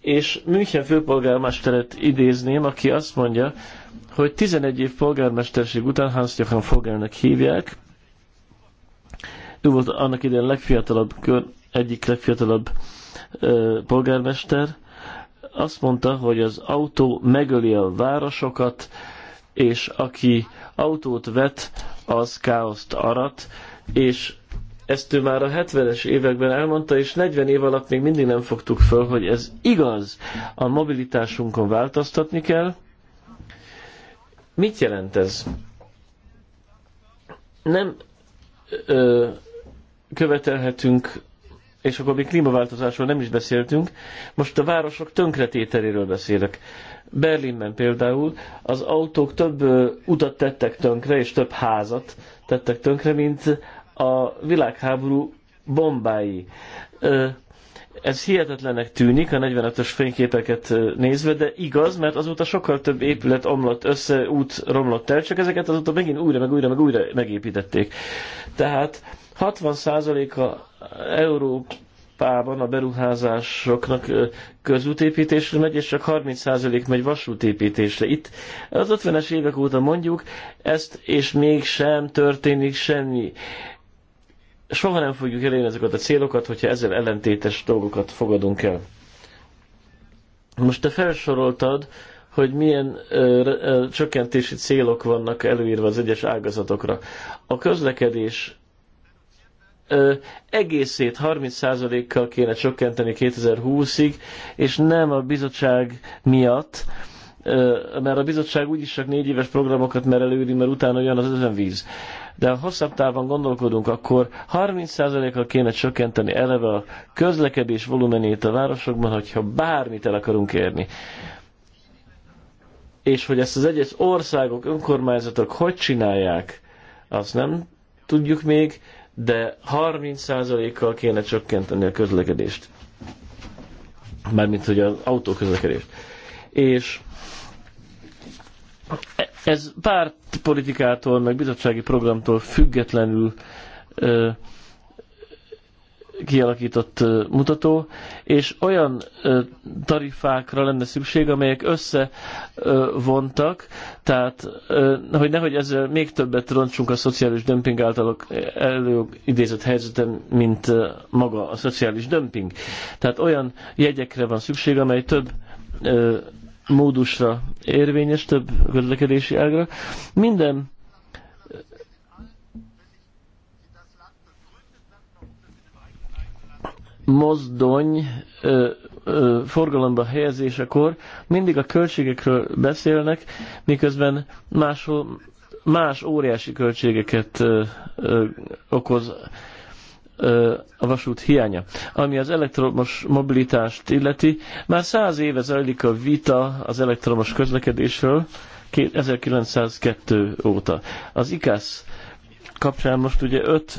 és München főpolgármesteret idézném, aki azt mondja, hogy 11 év polgármesterség után Hans-Johann Fogelnek hívják, ő volt annak idején legfiatalabb, egyik legfiatalabb ö, polgármester, azt mondta, hogy az autó megöli a városokat, és aki autót vet, az káoszt arat, és ezt ő már a 70-es években elmondta, és 40 év alatt még mindig nem fogtuk föl, hogy ez igaz. A mobilitásunkon változtatni kell. Mit jelent ez? Nem ö, követelhetünk, és akkor még klímaváltozásról nem is beszéltünk, most a városok tönkretételéről beszélek. Berlinben például az autók több utat tettek tönkre, és több házat tettek tönkre, mint a világháború bombái. Ez hihetetlenek tűnik a 45-ös fényképeket nézve, de igaz, mert azóta sokkal több épület omlott össze, út romlott el, csak ezeket azóta megint újra, meg újra, meg újra megépítették. Tehát 60%-a Európa Európában a beruházásoknak közútépítésre megy, és csak 30% megy vasútépítésre. Itt az 50-es évek óta mondjuk ezt, és mégsem történik semmi. Soha nem fogjuk elérni ezeket a célokat, hogyha ezzel ellentétes dolgokat fogadunk el. Most te felsoroltad, hogy milyen ö, ö, csökkentési célok vannak előírva az egyes ágazatokra. A közlekedés egészét 30%-kal kéne csökkenteni 2020-ig, és nem a bizottság miatt, mert a bizottság úgyis csak négy éves programokat mer előri, mert utána jön az özenvíz. De ha hosszabb távon gondolkodunk, akkor 30%-kal kéne csökkenteni eleve a közlekedés volumenét a városokban, hogyha bármit el akarunk érni. És hogy ezt az egyes országok, önkormányzatok hogy csinálják, azt nem tudjuk még, de 30%-kal kéne csökkenteni a közlekedést. Mármint, hogy az autóközlekedést. És ez pártpolitikától, meg bizottsági programtól függetlenül ö, kialakított mutató, és olyan tarifákra lenne szükség, amelyek összevontak, tehát hogy nehogy ezzel még többet roncsunk a szociális dömping által előidézett helyzetem, mint maga a szociális dömping. Tehát olyan jegyekre van szükség, amely több módusra érvényes, több közlekedési ágra. Minden mozdony ö, ö, forgalomba helyezésekor mindig a költségekről beszélnek, miközben máshol más óriási költségeket ö, ö, okoz ö, a vasút hiánya. Ami az elektromos mobilitást illeti, már száz éve zajlik a vita az elektromos közlekedésről, 1902 óta. Az ICASZ kapcsán most ugye öt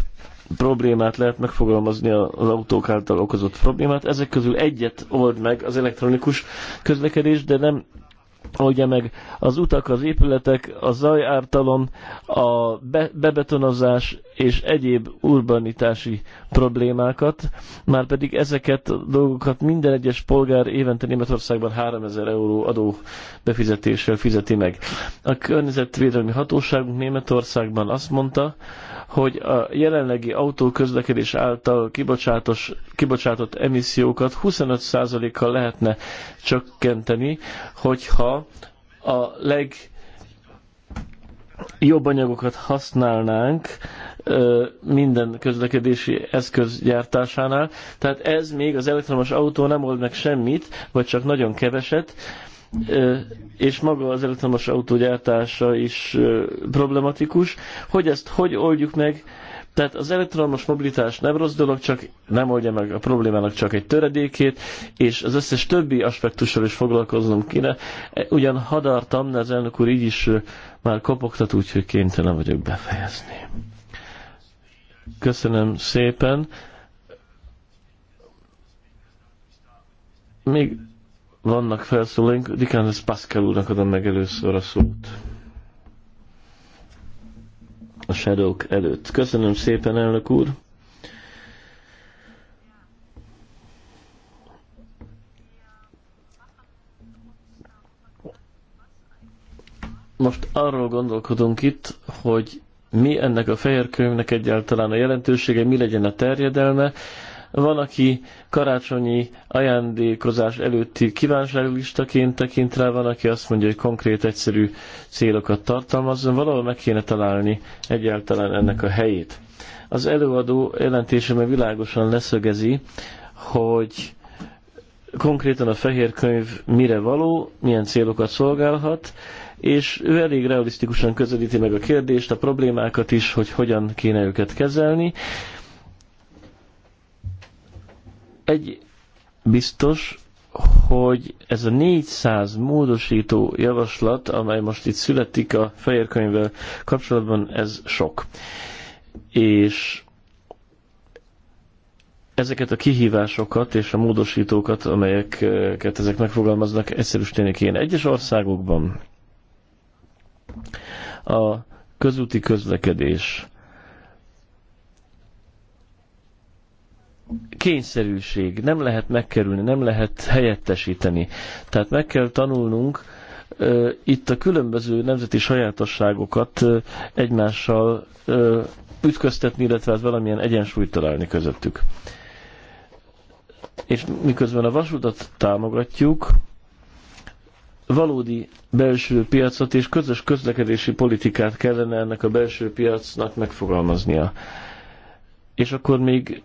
problémát lehet megfogalmazni az autók által okozott problémát. Ezek közül egyet old meg az elektronikus közlekedés, de nem oldja meg az utak, az épületek, a zajártalom, a be- bebetonozás és egyéb urbanitási problémákat, már pedig ezeket a dolgokat minden egyes polgár évente Németországban 3000 euró adó befizetéssel fizeti meg. A környezetvédelmi hatóságunk Németországban azt mondta, hogy a jelenlegi autóközlekedés által kibocsátos, kibocsátott emissziókat 25%-kal lehetne csökkenteni, hogyha a leg jobb anyagokat használnánk minden közlekedési eszköz gyártásánál. Tehát ez még az elektromos autó nem old meg semmit, vagy csak nagyon keveset, és maga az elektromos autógyártása is problematikus. Hogy ezt hogy oldjuk meg? Tehát az elektromos mobilitás nem rossz dolog, csak nem oldja meg a problémának csak egy töredékét, és az összes többi aspektussal is foglalkoznom kéne. E, ugyan hadartam, de az elnök úr így is már kopogtat, úgyhogy kénytelen vagyok befejezni. Köszönöm szépen. Még vannak felszólalóink. Dikánez Pascal úrnak adom meg először a szót. A shadow előtt. Köszönöm szépen, elnök úr. Most arról gondolkodunk itt, hogy mi ennek a fehér könyvnek egyáltalán a jelentősége, mi legyen a terjedelme, van, aki karácsonyi ajándékozás előtti kívánságlistaként tekint rá, van, aki azt mondja, hogy konkrét, egyszerű célokat tartalmaz. Valahol meg kéne találni egyáltalán ennek a helyét. Az előadó meg világosan leszögezi, hogy konkrétan a fehér könyv mire való, milyen célokat szolgálhat, és ő elég realisztikusan közelíti meg a kérdést, a problémákat is, hogy hogyan kéne őket kezelni, egy biztos, hogy ez a 400 módosító javaslat, amely most itt születik a fehér kapcsolatban, ez sok. És ezeket a kihívásokat és a módosítókat, amelyeket ezek megfogalmaznak, egyszerűsíteni kéne. Egyes országokban a közúti közlekedés kényszerűség, nem lehet megkerülni, nem lehet helyettesíteni. Tehát meg kell tanulnunk ö, itt a különböző nemzeti sajátosságokat ö, egymással ö, ütköztetni, illetve hát valamilyen egyensúlyt találni közöttük. És miközben a vasutat támogatjuk, valódi belső piacot és közös közlekedési politikát kellene ennek a belső piacnak megfogalmaznia. És akkor még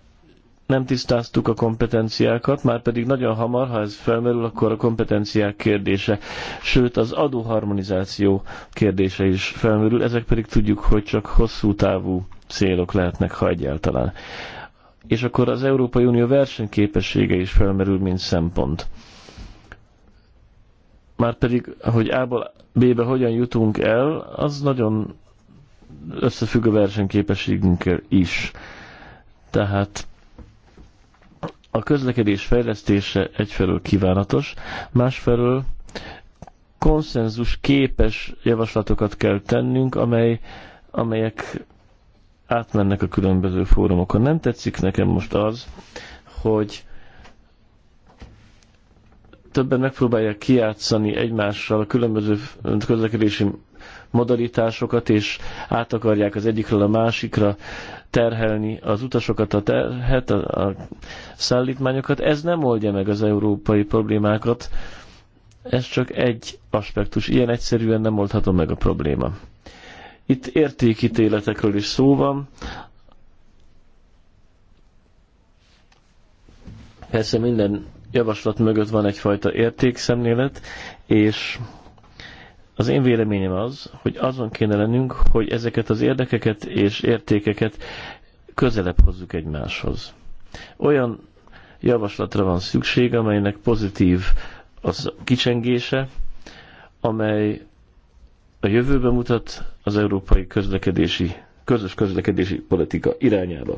nem tisztáztuk a kompetenciákat, már pedig nagyon hamar, ha ez felmerül, akkor a kompetenciák kérdése, sőt az adóharmonizáció kérdése is felmerül, ezek pedig tudjuk, hogy csak hosszú távú célok lehetnek, ha egyáltalán. És akkor az Európai Unió versenyképessége is felmerül, mint szempont. Már pedig, hogy A-ból B-be hogyan jutunk el, az nagyon összefügg a versenyképességünkkel is. Tehát a közlekedés fejlesztése egyfelől kívánatos, másfelől konszenzus képes javaslatokat kell tennünk, amely, amelyek átmennek a különböző fórumokon. Nem tetszik nekem most az, hogy többen megpróbálják kiátszani egymással a különböző közlekedési modalitásokat, és át akarják az egyikről a másikra terhelni az utasokat, a terhet, a, a szállítmányokat. Ez nem oldja meg az európai problémákat. Ez csak egy aspektus. Ilyen egyszerűen nem oldható meg a probléma. Itt értékítéletekről is szó van. Persze minden javaslat mögött van egyfajta értékszemlélet, és az én véleményem az, hogy azon kéne lennünk, hogy ezeket az érdekeket és értékeket közelebb hozzuk egymáshoz. Olyan javaslatra van szükség, amelynek pozitív az kicsengése, amely a jövőbe mutat az európai közlekedési, közös közlekedési politika irányába.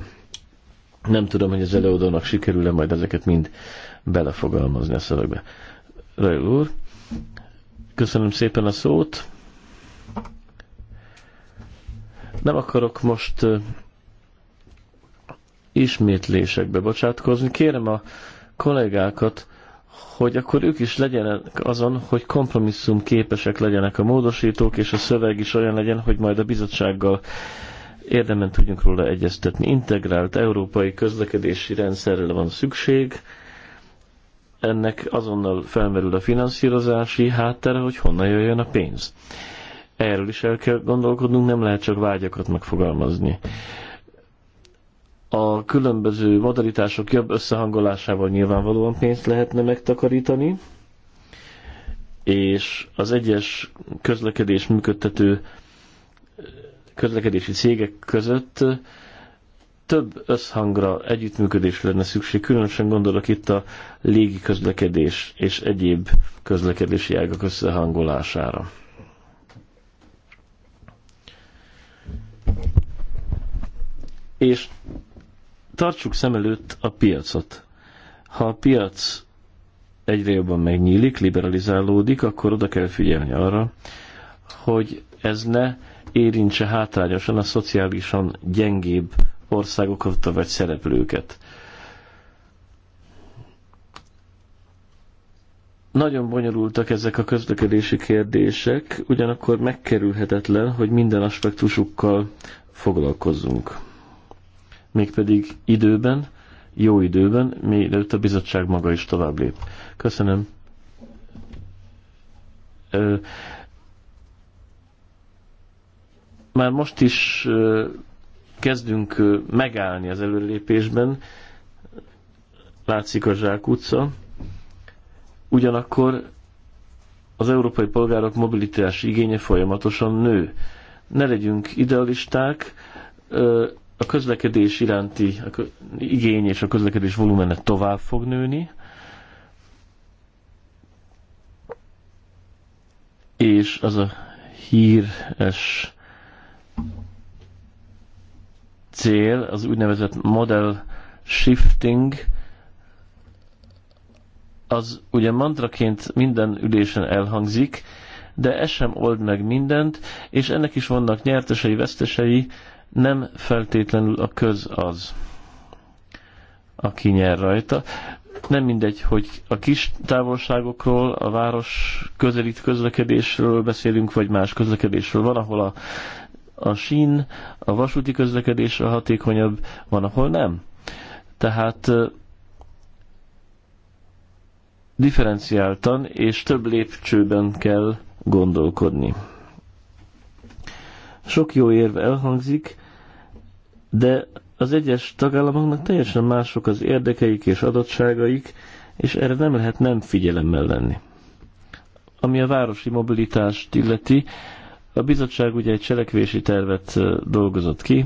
Nem tudom, hogy az előadónak sikerül-e majd ezeket mind belefogalmazni a szövegbe. Rajul úr, Köszönöm szépen a szót. Nem akarok most ismétlésekbe bocsátkozni. Kérem a kollégákat, hogy akkor ők is legyenek azon, hogy kompromisszum képesek legyenek a módosítók, és a szöveg is olyan legyen, hogy majd a bizottsággal érdemben tudjunk róla egyeztetni. Integrált európai közlekedési rendszerre van szükség, ennek azonnal felmerül a finanszírozási háttere, hogy honnan jöjjön a pénz. Erről is el kell gondolkodnunk, nem lehet csak vágyakat megfogalmazni. A különböző modalitások jobb összehangolásával nyilvánvalóan pénzt lehetne megtakarítani, és az egyes közlekedés működtető közlekedési cégek között több összhangra, együttműködés lenne szükség, különösen gondolok itt a légi közlekedés és egyéb közlekedési ágak összehangolására. És tartsuk szem előtt a piacot. Ha a piac egyre jobban megnyílik, liberalizálódik, akkor oda kell figyelni arra, hogy ez ne érintse hátrányosan a szociálisan gyengébb országokat vagy szereplőket. Nagyon bonyolultak ezek a közlekedési kérdések, ugyanakkor megkerülhetetlen, hogy minden aspektusukkal foglalkozzunk. Mégpedig időben, jó időben, mielőtt a bizottság maga is tovább lép. Köszönöm. Már most is kezdünk megállni az előrelépésben, látszik a Zsák utca, ugyanakkor az európai polgárok mobilitási igénye folyamatosan nő. Ne legyünk idealisták, a közlekedés iránti igény és a közlekedés volumene tovább fog nőni, és az a híres cél, az úgynevezett model shifting, az ugye mantraként minden ülésen elhangzik, de ez sem old meg mindent, és ennek is vannak nyertesei, vesztesei, nem feltétlenül a köz az, aki nyer rajta. Nem mindegy, hogy a kis távolságokról, a város közelít közlekedésről beszélünk, vagy más közlekedésről. Van, ahol a a sín, a vasúti közlekedés a hatékonyabb, van, ahol nem. Tehát differenciáltan és több lépcsőben kell gondolkodni. Sok jó érve elhangzik, de az egyes tagállamoknak teljesen mások az érdekeik és adottságaik, és erre nem lehet nem figyelemmel lenni. Ami a városi mobilitást illeti, a bizottság ugye egy cselekvési tervet dolgozott ki,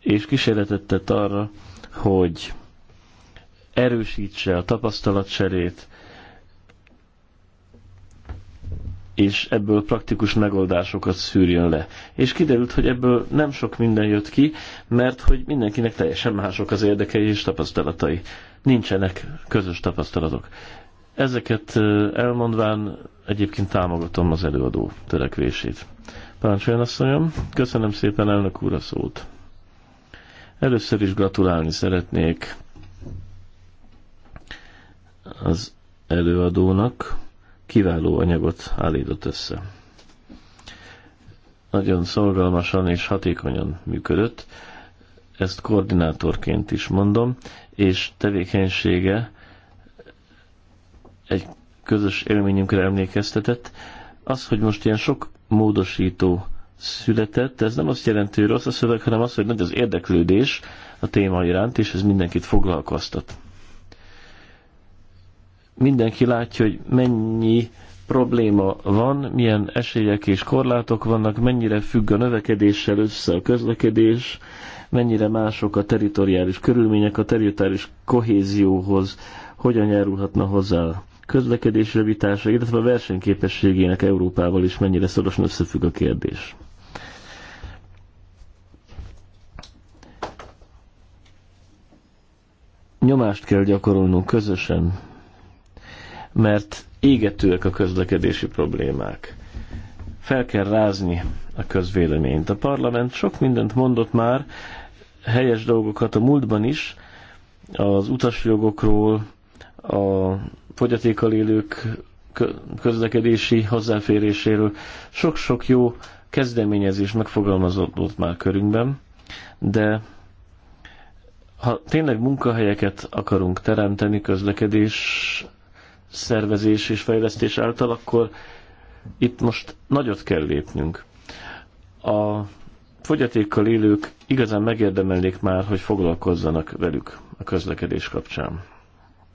és kísérletet tett arra, hogy erősítse a tapasztalatcserét, és ebből praktikus megoldásokat szűrjön le. És kiderült, hogy ebből nem sok minden jött ki, mert hogy mindenkinek teljesen mások az érdekei és tapasztalatai. Nincsenek közös tapasztalatok. Ezeket elmondván egyébként támogatom az előadó törekvését. Páncsolyan asszonyom, köszönöm szépen elnök úr a szót. Először is gratulálni szeretnék az előadónak, kiváló anyagot állított össze. Nagyon szolgalmasan és hatékonyan működött, ezt koordinátorként is mondom, és tevékenysége egy közös élményünkre emlékeztetett. Az, hogy most ilyen sok módosító született, ez nem azt jelenti, hogy rossz a szöveg, hanem az, hogy nagy az érdeklődés a téma iránt, és ez mindenkit foglalkoztat. Mindenki látja, hogy mennyi probléma van, milyen esélyek és korlátok vannak, mennyire függ a növekedéssel össze a közlekedés, mennyire mások a teritoriális körülmények, a teritoriális kohézióhoz, hogyan járulhatna hozzá közlekedés javítása, illetve a versenyképességének Európával is mennyire szorosan összefügg a kérdés. Nyomást kell gyakorolnunk közösen, mert égetőek a közlekedési problémák. Fel kell rázni a közvéleményt. A parlament sok mindent mondott már, helyes dolgokat a múltban is, az utasjogokról, a fogyatékkal élők közlekedési hozzáféréséről. Sok-sok jó kezdeményezés megfogalmazott már körünkben, de ha tényleg munkahelyeket akarunk teremteni közlekedés szervezés és fejlesztés által, akkor itt most nagyot kell lépnünk. A fogyatékkal élők igazán megérdemelnék már, hogy foglalkozzanak velük a közlekedés kapcsán.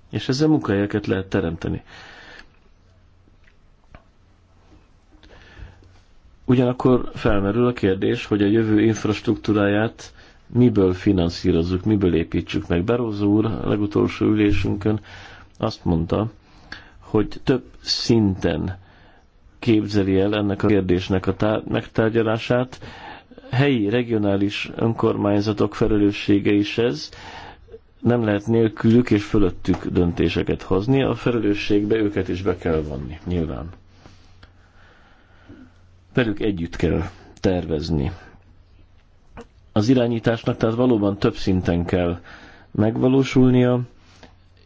És ezzel munkahelyeket lehet teremteni. Ugyanakkor felmerül a kérdés, hogy a jövő infrastruktúráját miből finanszírozzuk, miből építsük meg. Barózó úr a legutolsó ülésünkön azt mondta, hogy több szinten képzeli el ennek a kérdésnek a tá- megtárgyalását. Helyi, regionális önkormányzatok felelőssége is ez, nem lehet nélkülük és fölöttük döntéseket hozni, a felelősségbe őket is be kell vonni, nyilván. Velük együtt kell tervezni. Az irányításnak tehát valóban több szinten kell megvalósulnia,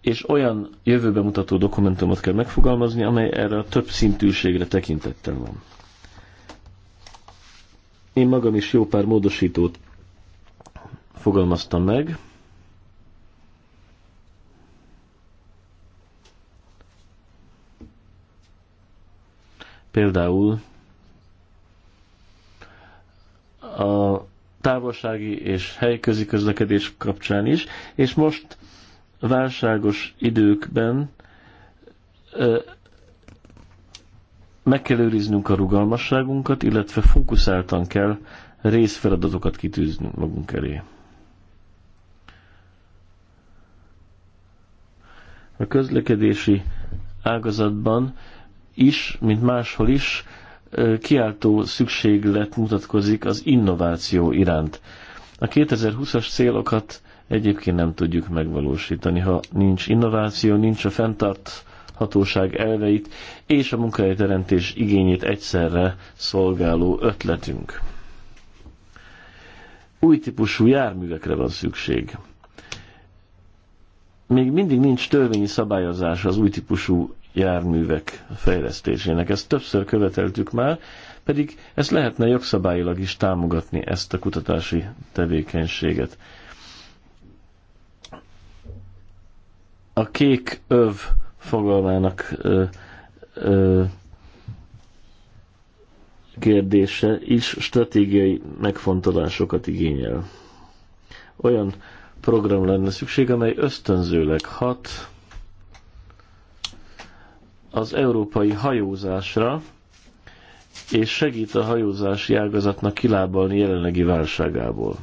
és olyan jövőbe mutató dokumentumot kell megfogalmazni, amely erre a több szintűségre tekintettel van. Én magam is jó pár módosítót fogalmaztam meg, Például a távolsági és helyközi közlekedés kapcsán is, és most válságos időkben ö, meg kell őriznünk a rugalmasságunkat, illetve fókuszáltan kell részfeladatokat kitűznünk magunk elé. A közlekedési ágazatban is, mint máshol is, kiáltó szükséglet mutatkozik az innováció iránt. A 2020-as célokat egyébként nem tudjuk megvalósítani, ha nincs innováció, nincs a fenntarthatóság elveit és a munkahelyteremtés igényét egyszerre szolgáló ötletünk. Új típusú járművekre van szükség. Még mindig nincs törvényi szabályozás az új típusú járművek fejlesztésének. Ezt többször követeltük már, pedig ezt lehetne jogszabályilag is támogatni, ezt a kutatási tevékenységet. A kék öv fogalmának ö, ö, kérdése is stratégiai megfontolásokat igényel. Olyan program lenne szükség, amely ösztönzőleg hat, az európai hajózásra, és segít a hajózási ágazatnak kilábalni jelenlegi válságából.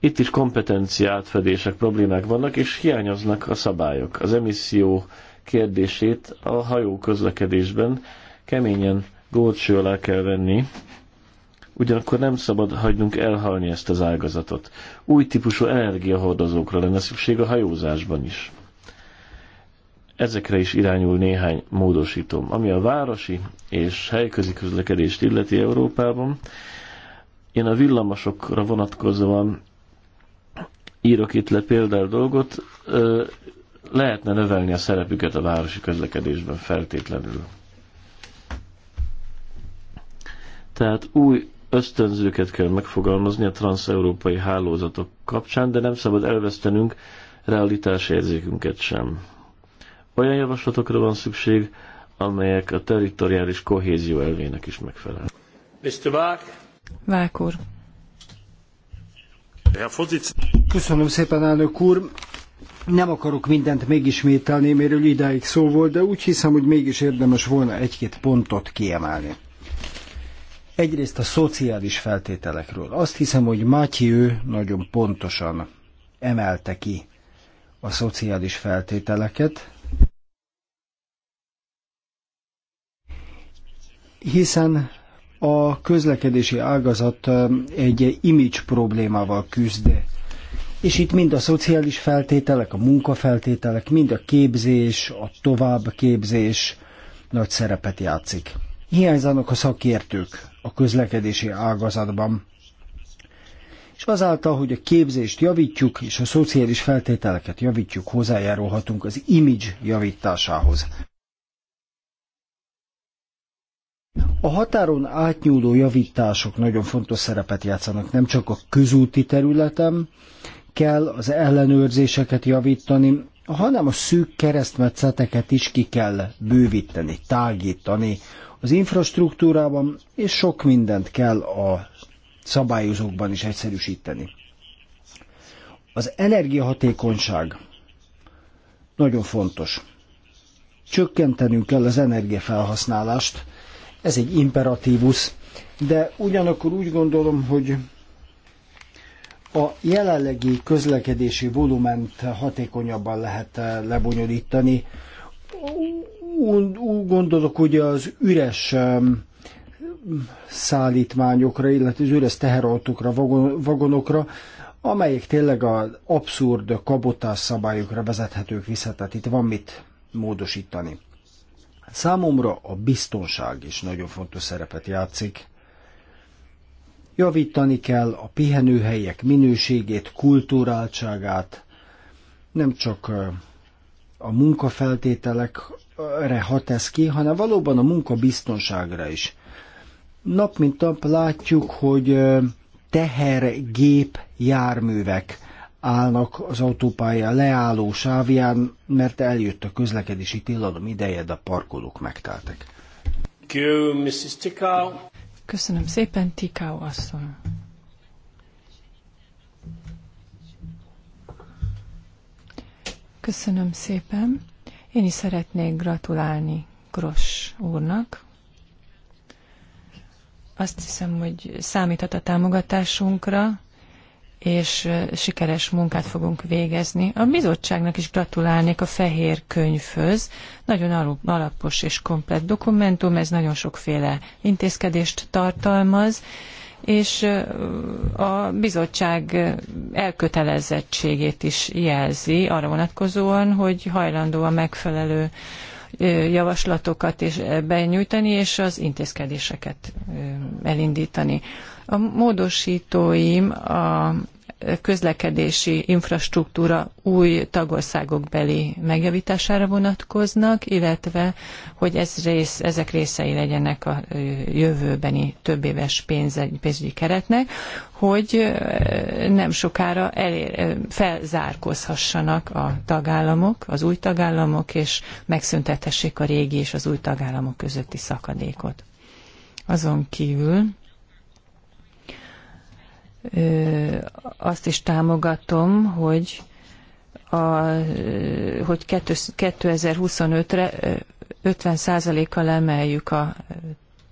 Itt is kompetencia átfedések, problémák vannak, és hiányoznak a szabályok. Az emisszió kérdését a hajó közlekedésben keményen górcső alá kell venni, ugyanakkor nem szabad hagynunk elhalni ezt az ágazatot. Új típusú energiahordozókra lenne szükség a hajózásban is. Ezekre is irányul néhány módosítom. Ami a városi és helyközi közlekedést illeti Európában, én a villamosokra vonatkozóan írok itt le például dolgot, lehetne növelni a szerepüket a városi közlekedésben feltétlenül. Tehát új ösztönzőket kell megfogalmazni a transeurópai hálózatok kapcsán, de nem szabad elvesztenünk érzékünket sem. Olyan javaslatokra van szükség, amelyek a territoriális kohézió elvének is megfelel. Mr. Bach. Bach úr. Köszönöm szépen, elnök úr. Nem akarok mindent megismételni, miről idáig szó volt, de úgy hiszem, hogy mégis érdemes volna egy-két pontot kiemelni. Egyrészt a szociális feltételekről. Azt hiszem, hogy Mátyő nagyon pontosan emelte ki a szociális feltételeket, hiszen a közlekedési ágazat egy image problémával küzd. És itt mind a szociális feltételek, a munkafeltételek, mind a képzés, a továbbképzés nagy szerepet játszik. Hiányzanak a szakértők a közlekedési ágazatban. És azáltal, hogy a képzést javítjuk, és a szociális feltételeket javítjuk, hozzájárulhatunk az image javításához. A határon átnyúló javítások nagyon fontos szerepet játszanak, nem csak a közúti területen kell az ellenőrzéseket javítani, hanem a szűk keresztmetszeteket is ki kell bővíteni, tágítani az infrastruktúrában, és sok mindent kell a szabályozókban is egyszerűsíteni. Az energiahatékonyság nagyon fontos. Csökkentenünk kell az energiafelhasználást, ez egy imperatívus, de ugyanakkor úgy gondolom, hogy a jelenlegi közlekedési volument hatékonyabban lehet eh, lebonyolítani. Úgy gondolok, hogy az üres szállítmányokra, illetve az üres teherautókra, vagonokra, amelyek tényleg az abszurd kabotás szabályokra vezethetők vissza, tehát itt van mit módosítani. Számomra a biztonság is nagyon fontos szerepet játszik. Javítani kell a pihenőhelyek minőségét, kulturáltságát, nem csak a munkafeltételekre hat ez ki, hanem valóban a munkabiztonságra is. Nap mint nap látjuk, hogy tehergép járművek állnak az autópálya leálló sávján, mert eljött a közlekedési tilalom ideje, de a parkolók megteltek. Köszönöm szépen, Tikau asszony. Köszönöm szépen. Én is szeretnék gratulálni Gross úrnak. Azt hiszem, hogy számíthat a támogatásunkra és sikeres munkát fogunk végezni. A bizottságnak is gratulálnék a fehér könyvhöz. Nagyon alapos és komplett dokumentum, ez nagyon sokféle intézkedést tartalmaz, és a bizottság elkötelezettségét is jelzi arra vonatkozóan, hogy hajlandó a megfelelő javaslatokat és benyújtani, és az intézkedéseket elindítani. A módosítóim a közlekedési infrastruktúra új tagországok beli megjavítására vonatkoznak, illetve hogy ez rész, ezek részei legyenek a jövőbeni többéves pénzügyi, pénzügyi keretnek, hogy nem sokára elér, felzárkózhassanak a tagállamok, az új tagállamok, és megszüntethessék a régi és az új tagállamok közötti szakadékot. Azon kívül azt is támogatom, hogy, a, hogy 2025-re 50%-kal emeljük a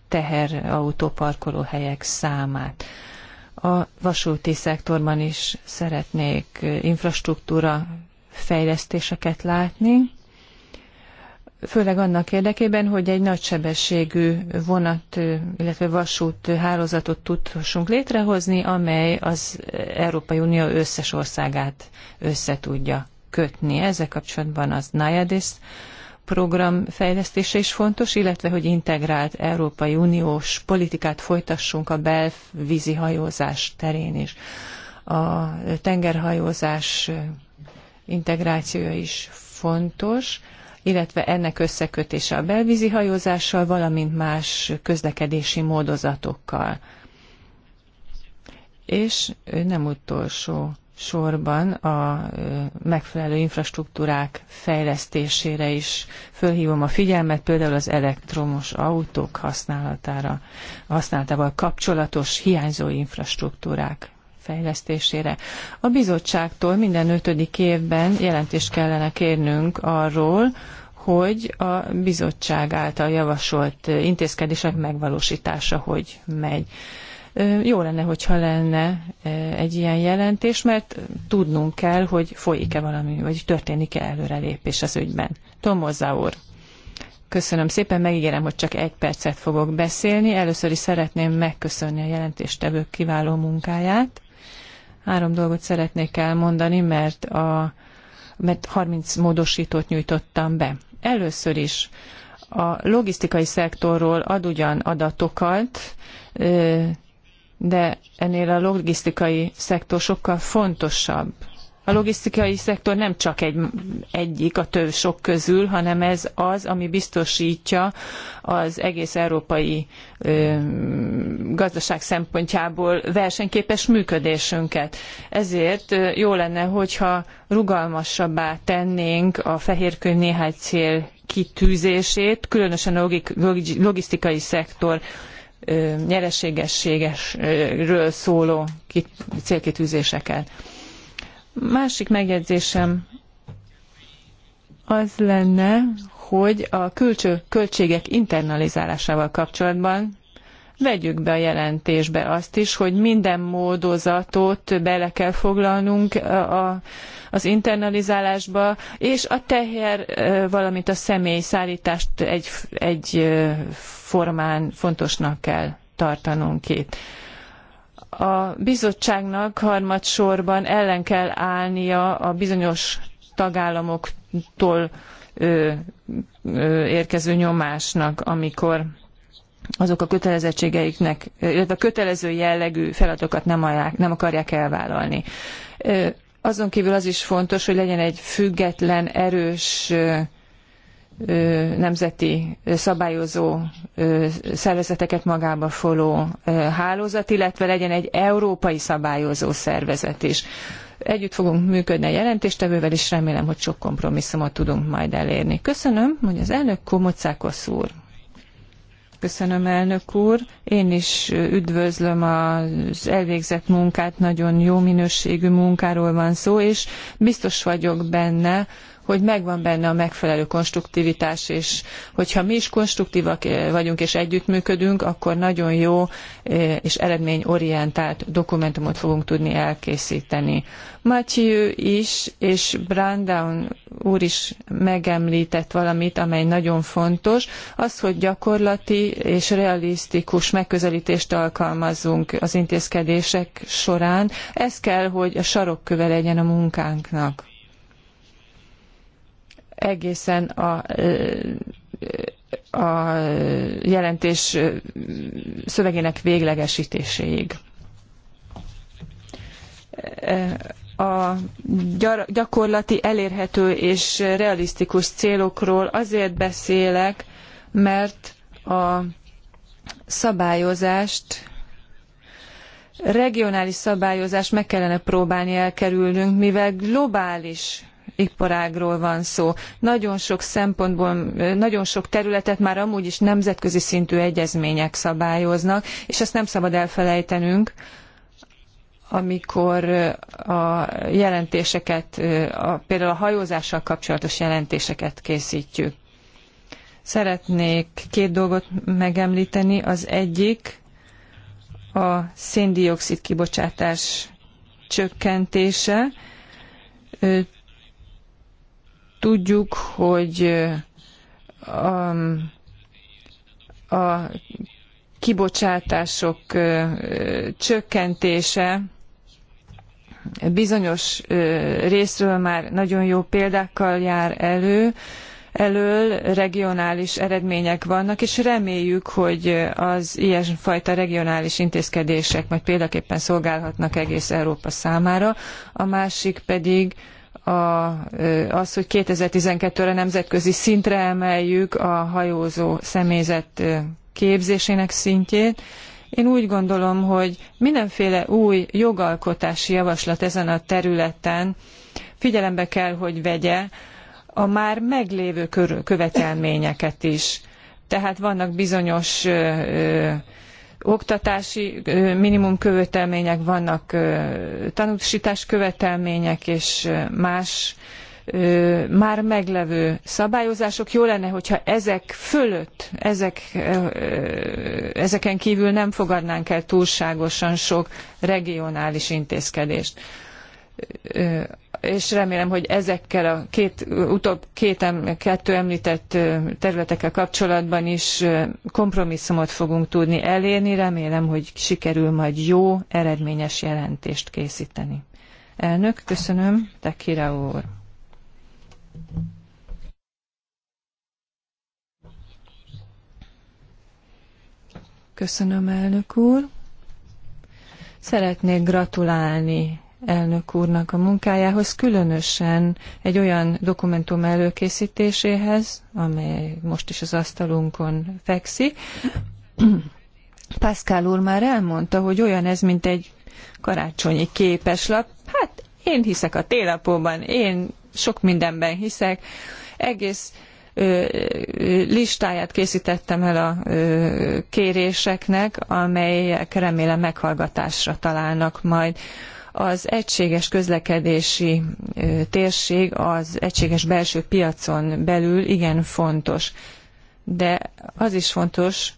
teherautóparkoló helyek számát. A vasúti szektorban is szeretnék infrastruktúra fejlesztéseket látni, főleg annak érdekében, hogy egy nagysebességű vonat, illetve vasút hálózatot tudhassunk létrehozni, amely az Európai Unió összes országát összetudja kötni. Ezzel kapcsolatban az NIADIS program fejlesztése is fontos, illetve hogy integrált Európai Uniós politikát folytassunk a belvízi hajózás terén is. A tengerhajózás integrációja is fontos illetve ennek összekötése a belvízi hajózással, valamint más közlekedési módozatokkal. És nem utolsó sorban a megfelelő infrastruktúrák fejlesztésére is fölhívom a figyelmet, például az elektromos autók használatára, használatával kapcsolatos hiányzó infrastruktúrák fejlesztésére. A bizottságtól minden ötödik évben jelentést kellene kérnünk arról, hogy a bizottság által javasolt intézkedések megvalósítása hogy megy. Jó lenne, hogyha lenne egy ilyen jelentés, mert tudnunk kell, hogy folyik-e valami, vagy történik-e előrelépés az ügyben. Tomozza úr. Köszönöm szépen, megígérem, hogy csak egy percet fogok beszélni. Először is szeretném megköszönni a jelentéstevők kiváló munkáját. Három dolgot szeretnék elmondani, mert, a, mert 30 módosítót nyújtottam be. Először is a logisztikai szektorról ad ugyan adatokat, de ennél a logisztikai szektor sokkal fontosabb a logisztikai szektor nem csak egy, egyik a több sok közül, hanem ez az, ami biztosítja az egész európai ö, gazdaság szempontjából versenyképes működésünket. Ezért jó lenne, hogyha rugalmasabbá tennénk a fehérkönyv néhány cél kitűzését, különösen a logik, logisztikai szektor nyereségességesről szóló kit, célkitűzéseket. Másik megjegyzésem az lenne, hogy a külső költségek internalizálásával kapcsolatban vegyük be a jelentésbe azt is, hogy minden módozatot bele kell foglalnunk a, az internalizálásba, és a teher, valamint a személy szállítást egy, egy formán fontosnak kell tartanunk itt a bizottságnak harmadsorban ellen kell állnia a bizonyos tagállamoktól ö, ö, érkező nyomásnak, amikor azok a kötelezettségeiknek, illetve a kötelező jellegű feladatokat nem, ajánl, nem akarják elvállalni. Azon kívül az is fontos, hogy legyen egy független, erős nemzeti szabályozó szervezeteket magába foló hálózat, illetve legyen egy európai szabályozó szervezet is. Együtt fogunk működni a jelentéstevővel, és remélem, hogy sok kompromisszumot tudunk majd elérni. Köszönöm, hogy az elnök Komocákos úr. Köszönöm, elnök úr. Én is üdvözlöm az elvégzett munkát, nagyon jó minőségű munkáról van szó, és biztos vagyok benne, hogy megvan benne a megfelelő konstruktivitás, és hogyha mi is konstruktívak eh, vagyunk és együttműködünk, akkor nagyon jó eh, és eredményorientált dokumentumot fogunk tudni elkészíteni. Matthew is, és Brandown úr is megemlített valamit, amely nagyon fontos, az, hogy gyakorlati és realisztikus megközelítést alkalmazzunk az intézkedések során. Ez kell, hogy a sarokköve legyen a munkánknak egészen a a jelentés szövegének véglegesítéséig. A gyakorlati elérhető és realisztikus célokról azért beszélek, mert a szabályozást, regionális szabályozást meg kellene próbálni elkerülnünk, mivel globális iparágról van szó. Nagyon sok szempontból, nagyon sok területet már amúgy is nemzetközi szintű egyezmények szabályoznak, és ezt nem szabad elfelejtenünk, amikor a jelentéseket, a, például a hajózással kapcsolatos jelentéseket készítjük. Szeretnék két dolgot megemlíteni. Az egyik a széndiokszid kibocsátás csökkentése. Tudjuk, hogy a, um, a kibocsátások csökkentése bizonyos részről már nagyon jó példákkal jár elő, elől regionális eredmények vannak, és reméljük, hogy az ilyenfajta regionális intézkedések majd példaképpen szolgálhatnak egész Európa számára. A másik pedig a, az, hogy 2012-re nemzetközi szintre emeljük a hajózó személyzet képzésének szintjét. Én úgy gondolom, hogy mindenféle új jogalkotási javaslat ezen a területen figyelembe kell, hogy vegye a már meglévő követelményeket is. Tehát vannak bizonyos oktatási minimum követelmények, vannak tanúsítás követelmények és más már meglevő szabályozások. Jó lenne, hogyha ezek fölött, ezek, ezeken kívül nem fogadnánk el túlságosan sok regionális intézkedést és remélem, hogy ezekkel a két, utóbb két, kettő említett területekkel kapcsolatban is kompromisszumot fogunk tudni elérni. Remélem, hogy sikerül majd jó, eredményes jelentést készíteni. Elnök, köszönöm, úr. Köszönöm, elnök úr. Szeretnék gratulálni elnök úrnak a munkájához, különösen egy olyan dokumentum előkészítéséhez, amely most is az asztalunkon fekszik. Pascal úr már elmondta, hogy olyan ez, mint egy karácsonyi képeslap. Hát én hiszek a télapóban, én sok mindenben hiszek. Egész listáját készítettem el a kéréseknek, amelyek remélem meghallgatásra találnak majd az egységes közlekedési térség az egységes belső piacon belül igen fontos. De az is fontos,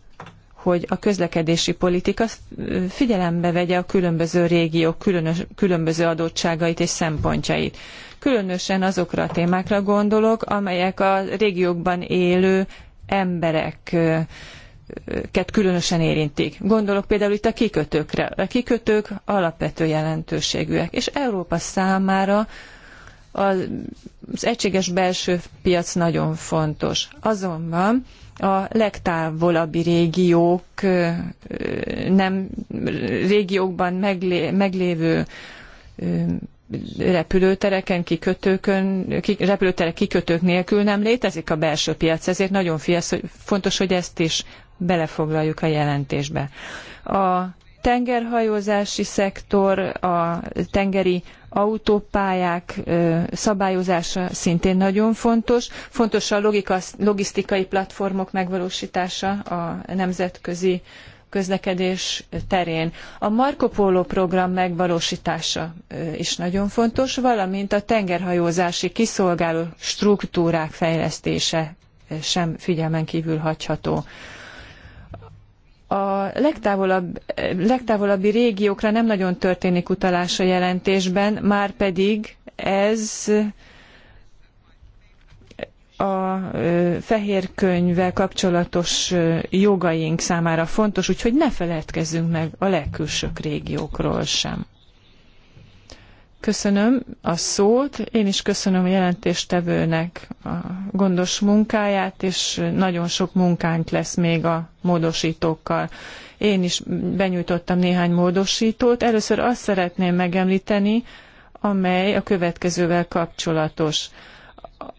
hogy a közlekedési politika figyelembe vegye a különböző régiók különös, különböző adottságait és szempontjait. Különösen azokra a témákra gondolok, amelyek a régiókban élő emberek ket különösen érintik. Gondolok például itt a kikötőkre. A kikötők alapvető jelentőségűek, és Európa számára az egységes belső piac nagyon fontos. Azonban a legtávolabbi régiók nem régiókban meglé, meglévő repülőtereken, kikötőkön, kik, repülőterek kikötők nélkül nem létezik a belső piac, ezért nagyon fiasz, hogy fontos, hogy ezt is belefoglaljuk a jelentésbe. A tengerhajózási szektor, a tengeri autópályák szabályozása szintén nagyon fontos. Fontos a logika, logisztikai platformok megvalósítása a nemzetközi közlekedés terén. A Marco Polo program megvalósítása is nagyon fontos, valamint a tengerhajózási kiszolgáló struktúrák fejlesztése sem figyelmen kívül hagyható a legtávolabb, legtávolabbi régiókra nem nagyon történik utalás a jelentésben, már pedig ez a fehér könyvvel kapcsolatos jogaink számára fontos, úgyhogy ne feledkezzünk meg a legkülsők régiókról sem. Köszönöm a szót, én is köszönöm a jelentéstevőnek a gondos munkáját, és nagyon sok munkánk lesz még a módosítókkal. Én is benyújtottam néhány módosítót. Először azt szeretném megemlíteni, amely a következővel kapcsolatos.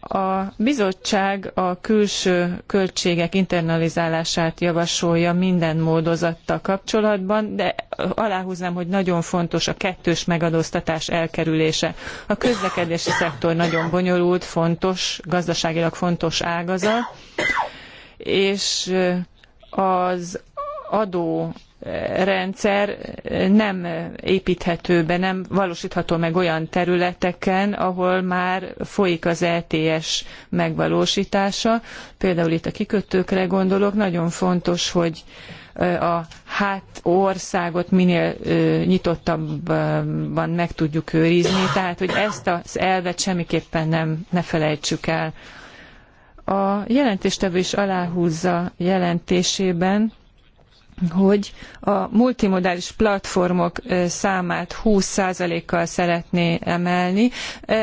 A bizottság a külső költségek internalizálását javasolja minden módozattal kapcsolatban, de aláhúznám, hogy nagyon fontos a kettős megadóztatás elkerülése. A közlekedési szektor nagyon bonyolult, fontos, gazdaságilag fontos ágazat, és az adó rendszer nem építhető be, nem valósítható meg olyan területeken, ahol már folyik az ETS megvalósítása. Például itt a kikötőkre gondolok, nagyon fontos, hogy a hát országot minél nyitottabban meg tudjuk őrizni, tehát hogy ezt az elvet semmiképpen nem, ne felejtsük el. A jelentéstevő is aláhúzza jelentésében, hogy a multimodális platformok számát 20%-kal szeretné emelni.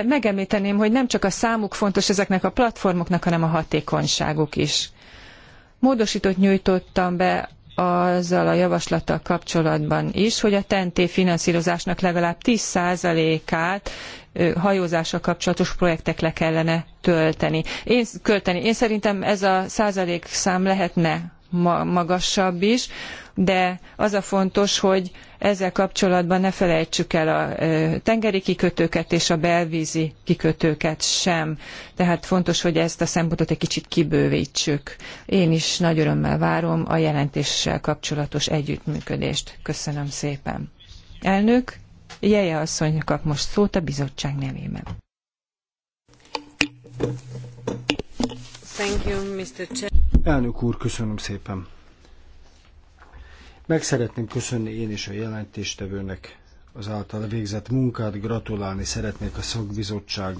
Megemlíteném, hogy nem csak a számuk fontos ezeknek a platformoknak, hanem a hatékonyságuk is. Módosítót nyújtottam be azzal a javaslattal kapcsolatban is, hogy a TNT finanszírozásnak legalább 10%-át hajózással kapcsolatos projektekre kellene tölteni. Én, költeni. Én szerintem ez a százalékszám lehetne magasabb is, de az a fontos, hogy ezzel kapcsolatban ne felejtsük el a tengeri kikötőket és a belvízi kikötőket sem. Tehát fontos, hogy ezt a szempontot egy kicsit kibővítsük. Én is nagy örömmel várom a jelentéssel kapcsolatos együttműködést. Köszönöm szépen. Elnök, Jeje asszony kap most szót a bizottság nevében. Elnök úr, köszönöm szépen. Meg szeretném köszönni én is a jelentéstevőnek az által végzett munkát, gratulálni szeretnék a szakbizottság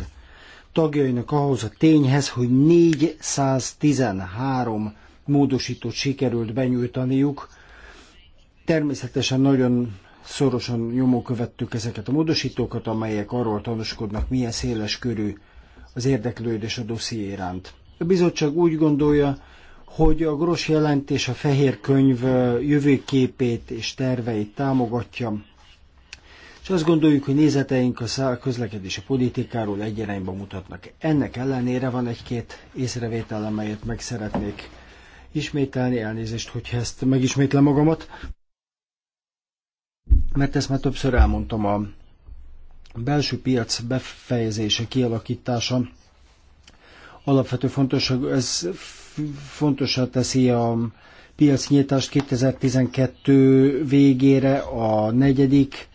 tagjainak ahhoz a tényhez, hogy 413 módosítót sikerült benyújtaniuk. Természetesen nagyon szorosan nyomó követtük ezeket a módosítókat, amelyek arról tanúskodnak, milyen széles körű az érdeklődés a dosszié iránt. A bizottság úgy gondolja, hogy a Gros jelentés a fehér könyv jövőképét és terveit támogatja, és azt gondoljuk, hogy nézeteink a közlekedési politikáról egy mutatnak. Ennek ellenére van egy-két észrevétel, amelyet meg szeretnék ismételni, elnézést, hogyha ezt megismétlem magamat, mert ezt már többször elmondtam a belső piac befejezése, kialakítása alapvető fontosság ez fontosra teszi a piacnyitást 2012 végére a negyedik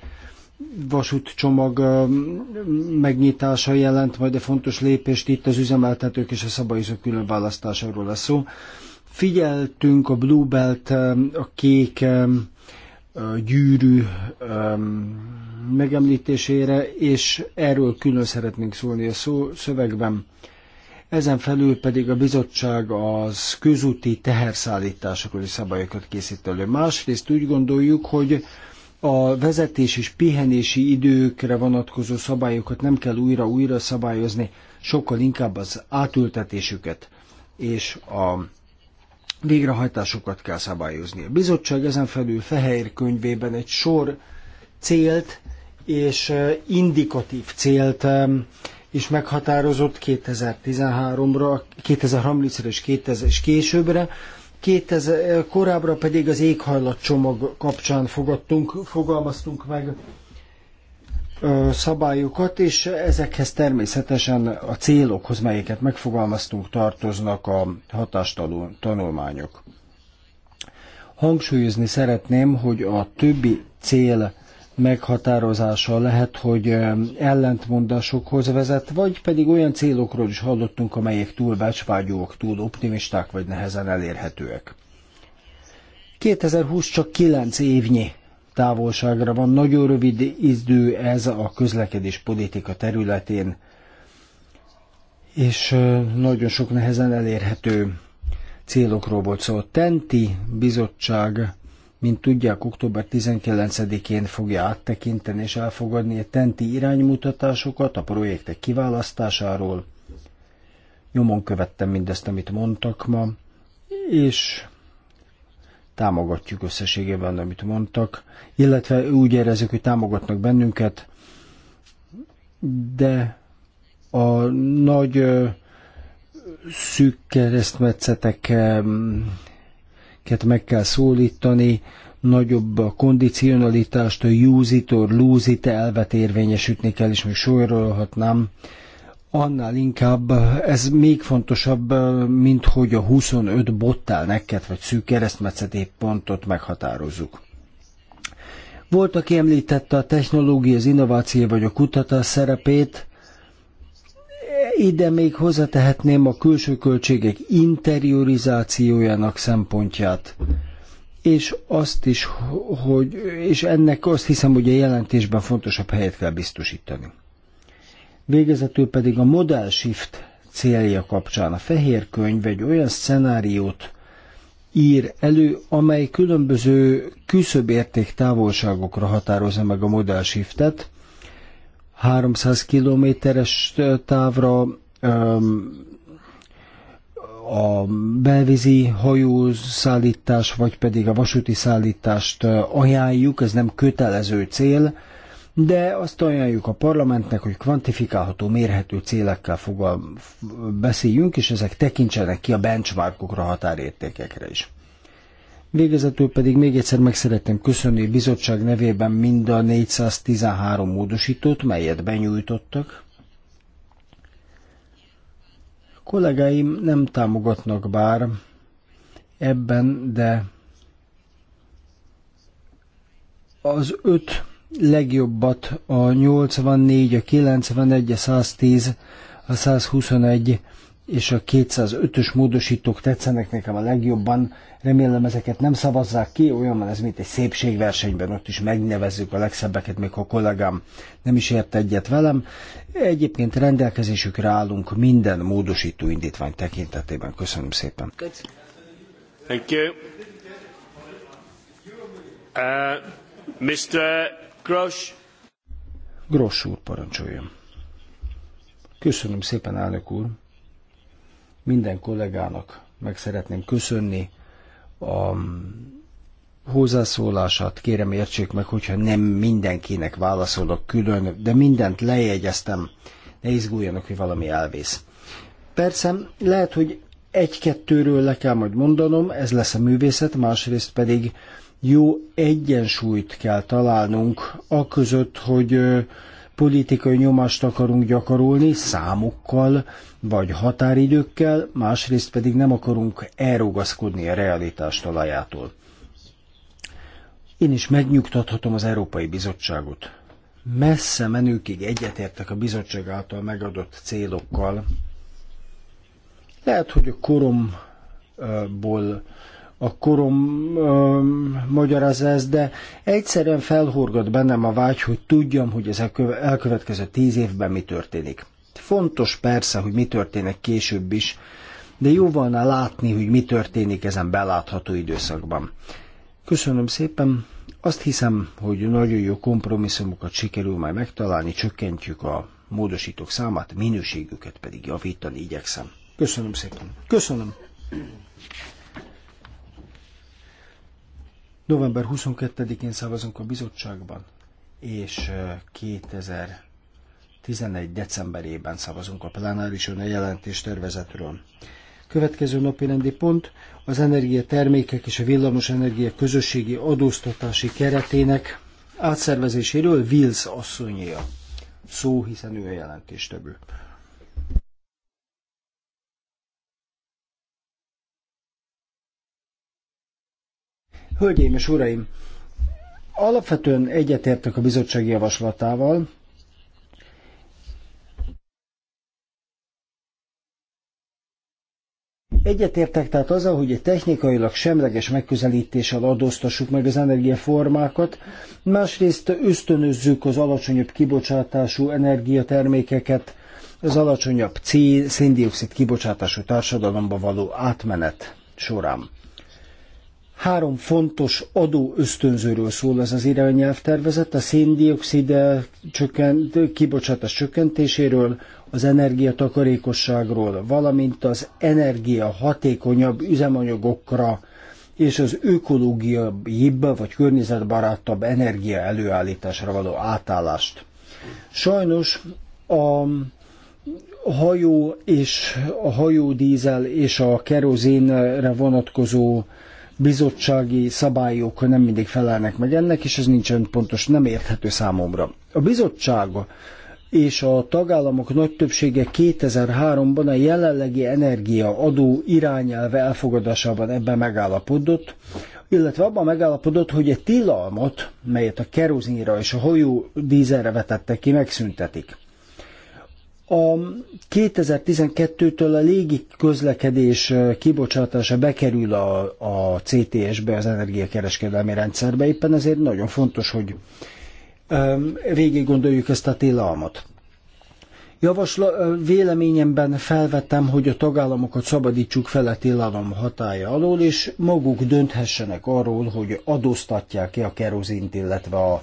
vasútcsomag um, megnyitása jelent majd a fontos lépést, itt az üzemeltetők és a szabályozók választásáról lesz szó. Figyeltünk a Blue Belt, um, a kék um, gyűrű megemlítésére, és erről külön szeretnénk szólni a szó szövegben. Ezen felül pedig a bizottság az közúti teherszállításokról is szabályokat készít elő. Másrészt úgy gondoljuk, hogy a vezetés és pihenési időkre vonatkozó szabályokat nem kell újra-újra szabályozni, sokkal inkább az átültetésüket és a végrehajtásokat kell szabályozni. A bizottság ezen felül fehér könyvében egy sor célt és eh, indikatív célt is meghatározott 2013-ra, 2030-ra és 2000 és későbbre, 2000, korábbra pedig az éghajlatcsomag kapcsán fogadtunk, fogalmaztunk meg szabályokat, és ezekhez természetesen a célokhoz, melyeket megfogalmaztunk, tartoznak a hatástanulmányok. Hangsúlyozni szeretném, hogy a többi cél meghatározása lehet, hogy eh, ellentmondásokhoz vezet, vagy pedig olyan célokról is hallottunk, amelyek túl becsvágyóak, túl optimisták, vagy nehezen elérhetőek. 2020 csak 9 évnyi távolságra van, nagyon rövid idő ez a közlekedés politika területén, és eh, nagyon sok nehezen elérhető célokról volt szó. Szóval a Tenti bizottság mint tudják, október 19-én fogja áttekinteni és elfogadni a tenti iránymutatásokat a projektek kiválasztásáról. Nyomon követtem mindezt, amit mondtak ma, és támogatjuk összességében, amit mondtak, illetve úgy érezzük, hogy támogatnak bennünket, de a nagy szűk keresztmetszetek meg kell szólítani, nagyobb a kondicionalitást, a use it or lose it elvet érvényesütni kell, és még sorolhatnám. Annál inkább ez még fontosabb, mint hogy a 25 bottál neked, vagy szűk keresztmetszeti pontot meghatározzuk. Volt, aki említette a technológia, az innováció vagy a kutatás szerepét, ide még hozzátehetném a külső költségek interiorizációjának szempontját, és azt is, hogy, és ennek azt hiszem, hogy a jelentésben fontosabb helyet kell biztosítani. Végezetül pedig a model shift célja kapcsán a fehér könyv egy olyan szenáriót ír elő, amely különböző küszöbérték távolságokra határozza meg a modell shiftet, 300 kilométeres távra a belvízi szállítás, vagy pedig a vasúti szállítást ajánljuk, ez nem kötelező cél, de azt ajánljuk a parlamentnek, hogy kvantifikálható, mérhető célekkel fogal beszéljünk, és ezek tekintsenek ki a benchmarkokra, határértékekre is. Végezetül pedig még egyszer meg szeretném köszönni a bizottság nevében mind a 413 módosítót, melyet benyújtottak. kollégáim nem támogatnak bár ebben, de az öt legjobbat a 84, a 91, a 110, a 121 és a 205-ös módosítók tetszenek nekem a legjobban. Remélem ezeket nem szavazzák ki, olyan van ez, mint egy szépségversenyben, ott is megnevezzük a legszebbeket, még ha kollégám nem is ért egyet velem. Egyébként rendelkezésükre állunk minden módosító indítvány tekintetében. Köszönöm szépen. Thank you. Uh, Mr. Grosch. Grosch úr, parancsoljon. Köszönöm szépen, elnök úr. Minden kollégának meg szeretném köszönni a hozzászólását. Kérem értsék meg, hogyha nem mindenkinek válaszolok külön, de mindent lejegyeztem. Ne izguljanak, hogy valami elvész. Persze, lehet, hogy egy-kettőről le kell majd mondanom, ez lesz a művészet, másrészt pedig jó egyensúlyt kell találnunk, a között hogy politikai nyomást akarunk gyakorolni számokkal vagy határidőkkel, másrészt pedig nem akarunk elrugaszkodni a realitás talajától. Én is megnyugtathatom az Európai Bizottságot. Messze menőkig egyetértek a bizottság által megadott célokkal. Lehet, hogy a koromból a korom öm, magyarázza ezt, de egyszerűen felhorgat bennem a vágy, hogy tudjam, hogy ez elkövetkező tíz évben mi történik. Fontos persze, hogy mi történik később is, de jó volna látni, hogy mi történik ezen belátható időszakban. Köszönöm szépen, azt hiszem, hogy nagyon jó kompromisszumokat sikerül majd megtalálni, csökkentjük a módosítók számát, minőségüket pedig javítani igyekszem. Köszönöm szépen. Köszönöm. November 22-én szavazunk a bizottságban, és 2011. decemberében szavazunk a plenárison a jelentés tervezetről. Következő napi rendi pont az energiatermékek és a villamos energia közösségi adóztatási keretének átszervezéséről Vils asszonyéja. Szó, hiszen ő a jelentéstevő. Hölgyeim és uraim, alapvetően egyetértek a bizottság javaslatával, Egyetértek tehát azzal, hogy egy technikailag semleges megközelítéssel adóztassuk meg az energiaformákat, másrészt ösztönözzük az alacsonyabb kibocsátású energiatermékeket, az alacsonyabb C széndiokszid kibocsátású társadalomba való átmenet során. Három fontos adó ösztönzőről szól ez az irányelvtervezet, a széndiokszid csökkent, kibocsátás csökkentéséről, az energiatakarékosságról, valamint az energia hatékonyabb üzemanyagokra és az ökológiaibb vagy környezetbarátabb energia előállításra való átállást. Sajnos a hajó és a hajódízel és a kerozénre vonatkozó bizottsági szabályok nem mindig felelnek meg ennek, és ez nincsen pontos, nem érthető számomra. A bizottság és a tagállamok nagy többsége 2003-ban a jelenlegi energiaadó irányelve elfogadásában ebben megállapodott, illetve abban megállapodott, hogy egy tilalmat, melyet a kerozinra és a hajó dízelre vetettek ki, megszüntetik a 2012-től a légi közlekedés kibocsátása bekerül a, a CTS-be, az energiakereskedelmi rendszerbe, éppen ezért nagyon fontos, hogy um, végig gondoljuk ezt a tilalmat. Javasló véleményemben felvettem, hogy a tagállamokat szabadítsuk fel a tilalom hatája alól, és maguk dönthessenek arról, hogy adóztatják-e a kerozint, illetve a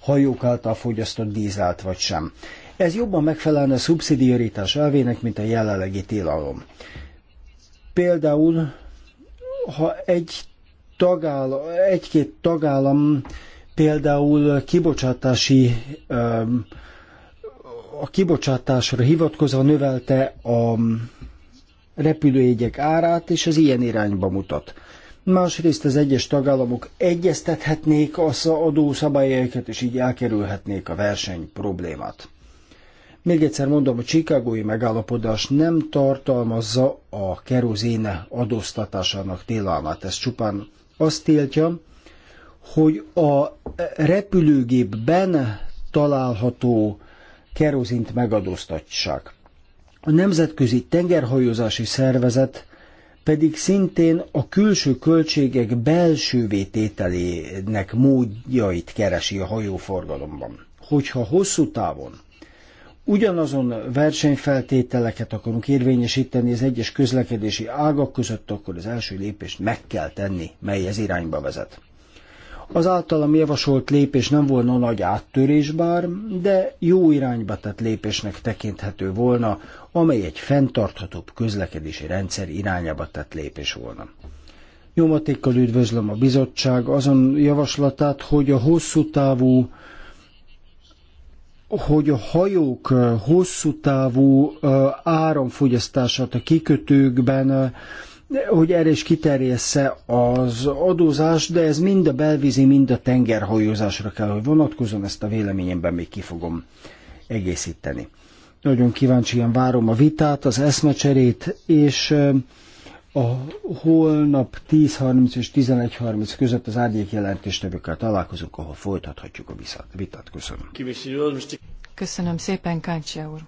hajók által fogyasztott dízelt vagy sem. Ez jobban megfelelne a szubszidiaritás elvének, mint a jelenlegi tilalom. Például, ha egy tagállam, egy-két tagállam például kibocsátási a kibocsátásra hivatkozva növelte a repülőjegyek árát, és ez ilyen irányba mutat. Másrészt az egyes tagállamok egyeztethetnék az adószabályaikat, és így elkerülhetnék a verseny problémát. Még egyszer mondom, a Csikágói megállapodás nem tartalmazza a kerozéne adóztatásának tilalmát. Ez csupán azt tiltja, hogy a repülőgépben található kerozint megadóztatják. A Nemzetközi Tengerhajózási Szervezet pedig szintén a külső költségek belső vétételének módjait keresi a hajóforgalomban. Hogyha hosszú távon ugyanazon versenyfeltételeket akarunk érvényesíteni az egyes közlekedési ágak között, akkor az első lépést meg kell tenni, mely ez irányba vezet. Az általam javasolt lépés nem volna nagy áttörés bár, de jó irányba tett lépésnek tekinthető volna, amely egy fenntarthatóbb közlekedési rendszer irányába tett lépés volna. Nyomatékkal üdvözlöm a bizottság azon javaslatát, hogy a hosszú távú hogy a hajók hosszú távú áramfogyasztását a kikötőkben hogy erre is kiterjessze az adózás, de ez mind a belvízi, mind a tengerhajózásra kell, hogy vonatkozom, ezt a véleményemben még kifogom egészíteni. Nagyon kíváncsian várom a vitát, az eszmecserét, és a holnap 10.30 és 11.30 között az árnyék jelentéstevőkkel találkozunk, ahol folytathatjuk a vitat. Köszönöm. Köszönöm szépen, Káncsia úr.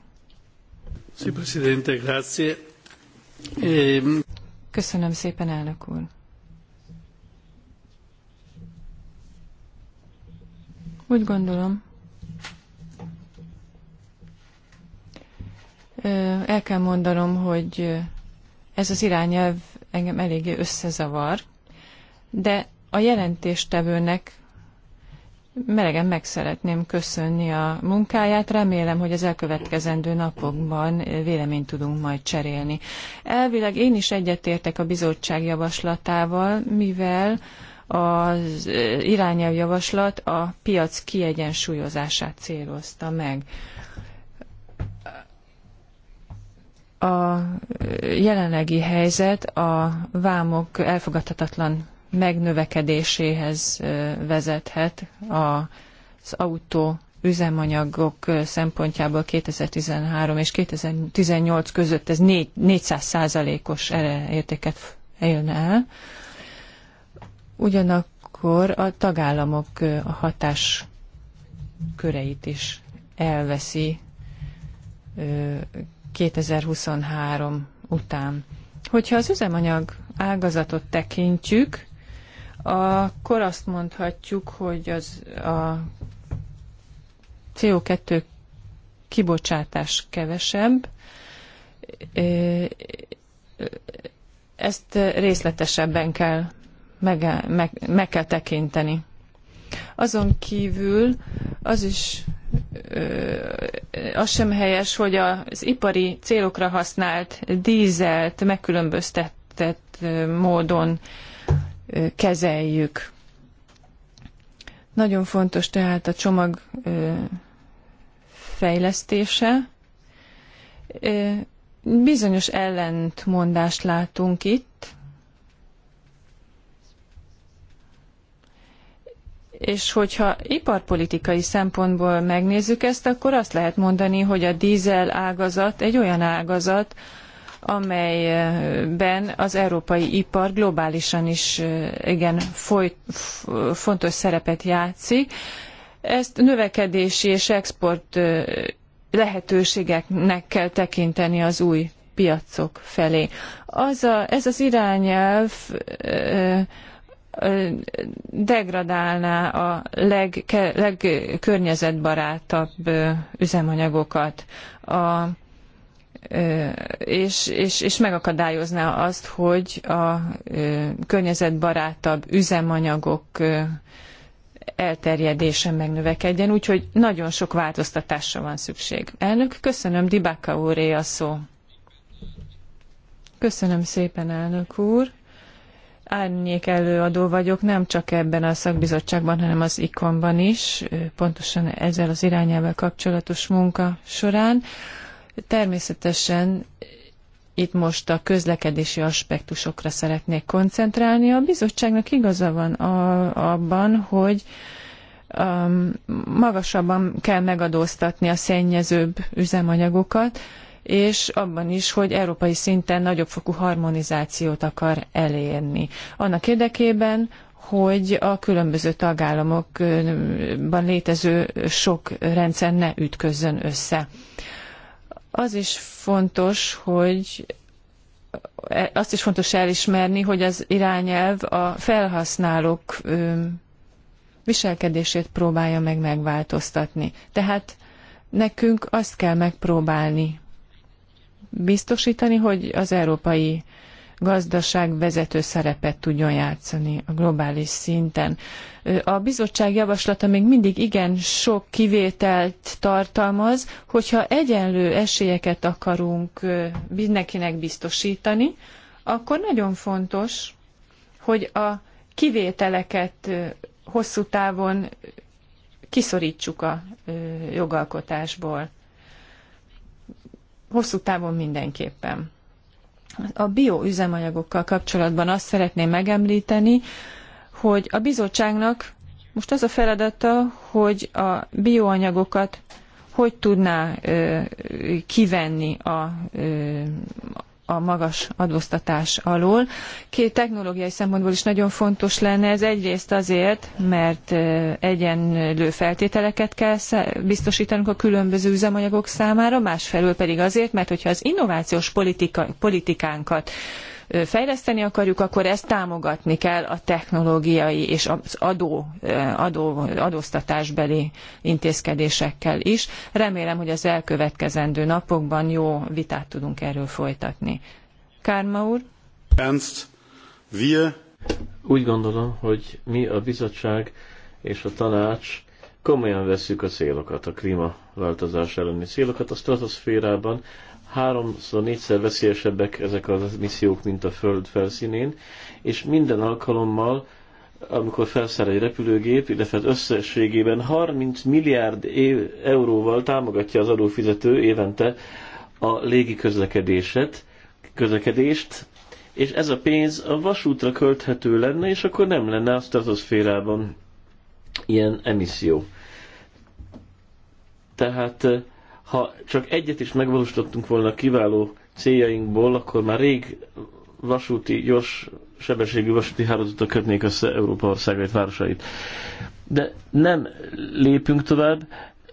Köszönöm szépen, elnök úr. Úgy gondolom, el kell mondanom, hogy ez az irányelv engem eléggé összezavar, de a jelentéstevőnek melegen meg szeretném köszönni a munkáját. Remélem, hogy az elkövetkezendő napokban véleményt tudunk majd cserélni. Elvileg én is egyetértek a bizottság javaslatával, mivel az eh, irányelvjavaslat a piac kiegyensúlyozását célozta meg. a jelenlegi helyzet a vámok elfogadhatatlan megnövekedéséhez vezethet az autó üzemanyagok szempontjából 2013 és 2018 között ez 4, 400 százalékos értéket élne el. Ugyanakkor a tagállamok a hatás köreit is elveszi 2023 után. Hogyha az üzemanyag ágazatot tekintjük, akkor azt mondhatjuk, hogy az a CO2 kibocsátás kevesebb. Ezt részletesebben kell meg, meg, meg kell tekinteni. Azon kívül az is az sem helyes, hogy az ipari célokra használt dízelt megkülönböztetett módon kezeljük. Nagyon fontos tehát a csomag fejlesztése. Bizonyos ellentmondást látunk itt, És hogyha iparpolitikai szempontból megnézzük ezt, akkor azt lehet mondani, hogy a dízel ágazat egy olyan ágazat, amelyben az európai ipar globálisan is eh, igen foly, fontos szerepet játszik. Ezt növekedési és export eh, lehetőségeknek kell tekinteni az új piacok felé. Az a, ez az irányelv eh, degradálná a legkörnyezetbarátabb üzemanyagokat. A, és, és, és megakadályozná azt, hogy a környezetbarátabb üzemanyagok elterjedése megnövekedjen, úgyhogy nagyon sok változtatásra van szükség. Elnök, köszönöm, Dibaka úré a szó. Köszönöm szépen, elnök úr árnyék előadó vagyok, nem csak ebben a szakbizottságban, hanem az ikonban is, pontosan ezzel az irányával kapcsolatos munka során. Természetesen itt most a közlekedési aspektusokra szeretnék koncentrálni. A bizottságnak igaza van a, abban, hogy um, magasabban kell megadóztatni a szennyezőbb üzemanyagokat, és abban is, hogy európai szinten nagyobb fokú harmonizációt akar elérni. Annak érdekében, hogy a különböző tagállamokban létező sok rendszer ne ütközzön össze. Az is fontos, hogy e, azt is fontos elismerni, hogy az irányelv a felhasználók viselkedését próbálja meg megváltoztatni. Tehát nekünk azt kell megpróbálni biztosítani, hogy az európai gazdaság vezető szerepet tudjon játszani a globális szinten. A bizottság javaslata még mindig igen sok kivételt tartalmaz, hogyha egyenlő esélyeket akarunk mindenkinek biztosítani, akkor nagyon fontos, hogy a kivételeket hosszú távon kiszorítsuk a jogalkotásból hosszú távon mindenképpen. A bioüzemanyagokkal kapcsolatban azt szeretném megemlíteni, hogy a bizottságnak most az a feladata, hogy a bioanyagokat hogy tudná ö, kivenni a, ö, a magas adóztatás alól. Két technológiai szempontból is nagyon fontos lenne ez egyrészt azért, mert egyenlő feltételeket kell biztosítanunk a különböző üzemanyagok számára, másfelől pedig azért, mert hogyha az innovációs politika, politikánkat fejleszteni akarjuk, akkor ezt támogatni kell a technológiai és az adó, adó, adóztatásbeli intézkedésekkel is. Remélem, hogy az elkövetkezendő napokban jó vitát tudunk erről folytatni. Kárma úr? Ernst, wir... Úgy gondolom, hogy mi a bizottság és a tanács komolyan vesszük a célokat, a klímaváltozás elleni célokat a stratoszférában, háromszor, négyszer veszélyesebbek ezek az missziók, mint a Föld felszínén, és minden alkalommal, amikor felszáll egy repülőgép, illetve hát összességében 30 milliárd év, euróval támogatja az adófizető évente a légi közlekedéset, közlekedést, és ez a pénz a vasútra költhető lenne, és akkor nem lenne a stratoszférában ilyen emisszió. Tehát ha csak egyet is megvalósítottunk volna kiváló céljainkból, akkor már rég vasúti, gyors sebességű vasúti hálózatok kötnék össze Európa országait, városait. De nem lépünk tovább,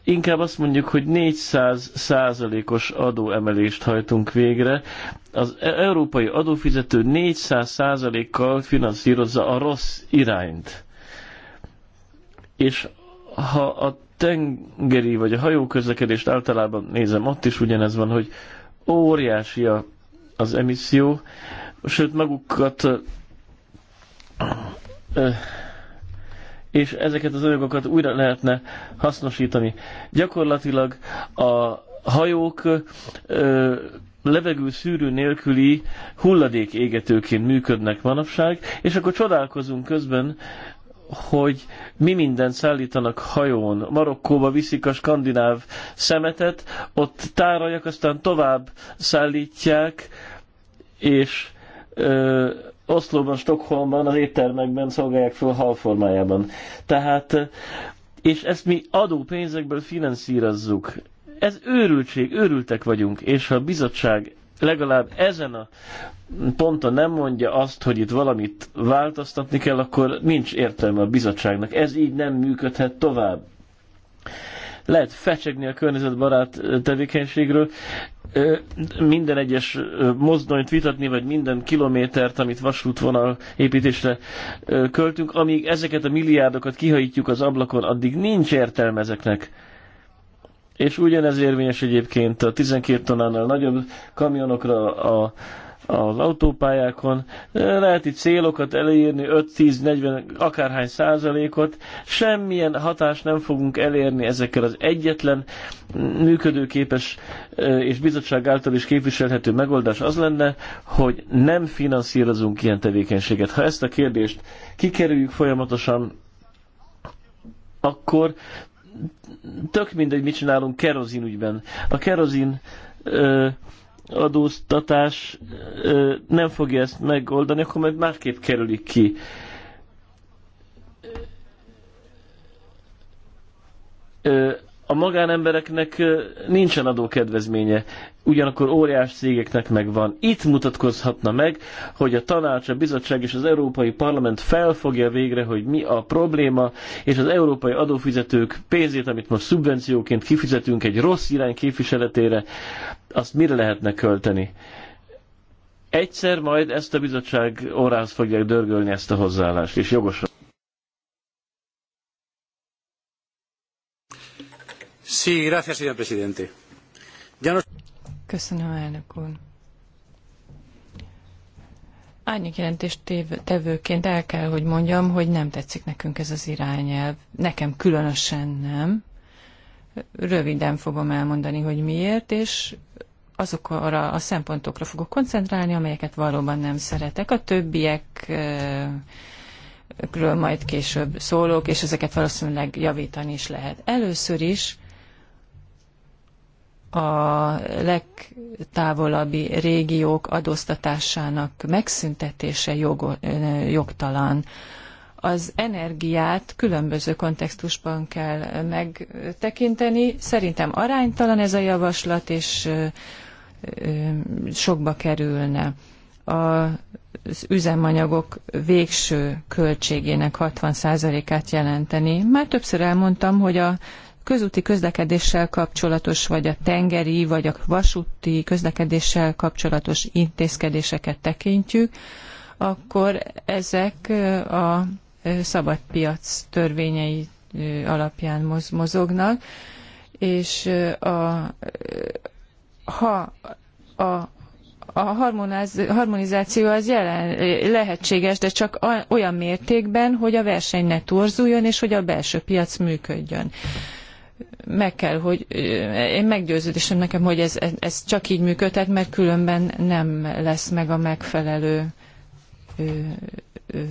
inkább azt mondjuk, hogy 400 százalékos adóemelést hajtunk végre. Az e- európai adófizető 400 százalékkal finanszírozza a rossz irányt. És ha a tengeri vagy a közlekedést általában nézem, ott is ugyanez van, hogy óriási a, az emisszió, sőt magukat és ezeket az anyagokat újra lehetne hasznosítani. Gyakorlatilag a hajók levegő szűrő nélküli hulladék égetőként működnek manapság, és akkor csodálkozunk közben, hogy mi mindent szállítanak hajón. Marokkóba viszik a skandináv szemetet, ott tárolják, aztán tovább szállítják, és ö, Oszlóban, Stockholmban, az éttermekben szolgálják fel halformájában. Tehát, és ezt mi adópénzekből finanszírozzuk. Ez őrültség, őrültek vagyunk, és ha a bizottság legalább ezen a ponton nem mondja azt, hogy itt valamit változtatni kell, akkor nincs értelme a bizottságnak. Ez így nem működhet tovább. Lehet fecsegni a környezetbarát tevékenységről, minden egyes mozdonyt vitatni, vagy minden kilométert, amit vasútvonal építésre költünk, amíg ezeket a milliárdokat kihajítjuk az ablakon, addig nincs értelme ezeknek és ugyanez érvényes egyébként a 12 tonnánál nagyobb kamionokra a, az autópályákon. Lehet itt célokat elérni, 5-10-40, akárhány százalékot. Semmilyen hatást nem fogunk elérni ezekkel az egyetlen működőképes és bizottság által is képviselhető megoldás az lenne, hogy nem finanszírozunk ilyen tevékenységet. Ha ezt a kérdést kikerüljük folyamatosan, akkor tök mindegy, mit csinálunk kerozin ügyben. A kerozin ö, adóztatás ö, nem fogja ezt megoldani, akkor majd másképp kerülik ki. Ö, a magánembereknek nincsen adókedvezménye, ugyanakkor óriás cégeknek megvan. Itt mutatkozhatna meg, hogy a tanács, a bizottság és az Európai Parlament felfogja végre, hogy mi a probléma, és az európai adófizetők pénzét, amit most szubvencióként kifizetünk egy rossz irány képviseletére, azt mire lehetne költeni. Egyszer majd ezt a bizottság óráz fogják dörgölni ezt a hozzáállást, és jogosan. árnyékjelentéstevőként Köszönöm, tevőként el kell, hogy mondjam, hogy nem tetszik nekünk ez az irányelv. Nekem különösen nem. Röviden fogom elmondani, hogy miért, és azokra a szempontokra fogok koncentrálni, amelyeket valóban nem szeretek. A többiekről majd később szólok, és ezeket valószínűleg javítani is lehet. Először is a legtávolabbi régiók adóztatásának megszüntetése jogo, jogtalan. Az energiát különböző kontextusban kell megtekinteni. Szerintem aránytalan ez a javaslat, és sokba kerülne. Az üzemanyagok végső költségének 60%-át jelenteni. Már többször elmondtam, hogy a közúti közlekedéssel kapcsolatos, vagy a tengeri, vagy a vasúti közlekedéssel kapcsolatos intézkedéseket tekintjük, akkor ezek a szabadpiac törvényei alapján mozognak, és a, ha a a harmonizáció az jelen, lehetséges, de csak olyan mértékben, hogy a verseny ne torzuljon, és hogy a belső piac működjön meg kell, hogy én meggyőződésem nekem, hogy ez, ez csak így működhet, mert különben nem lesz meg a megfelelő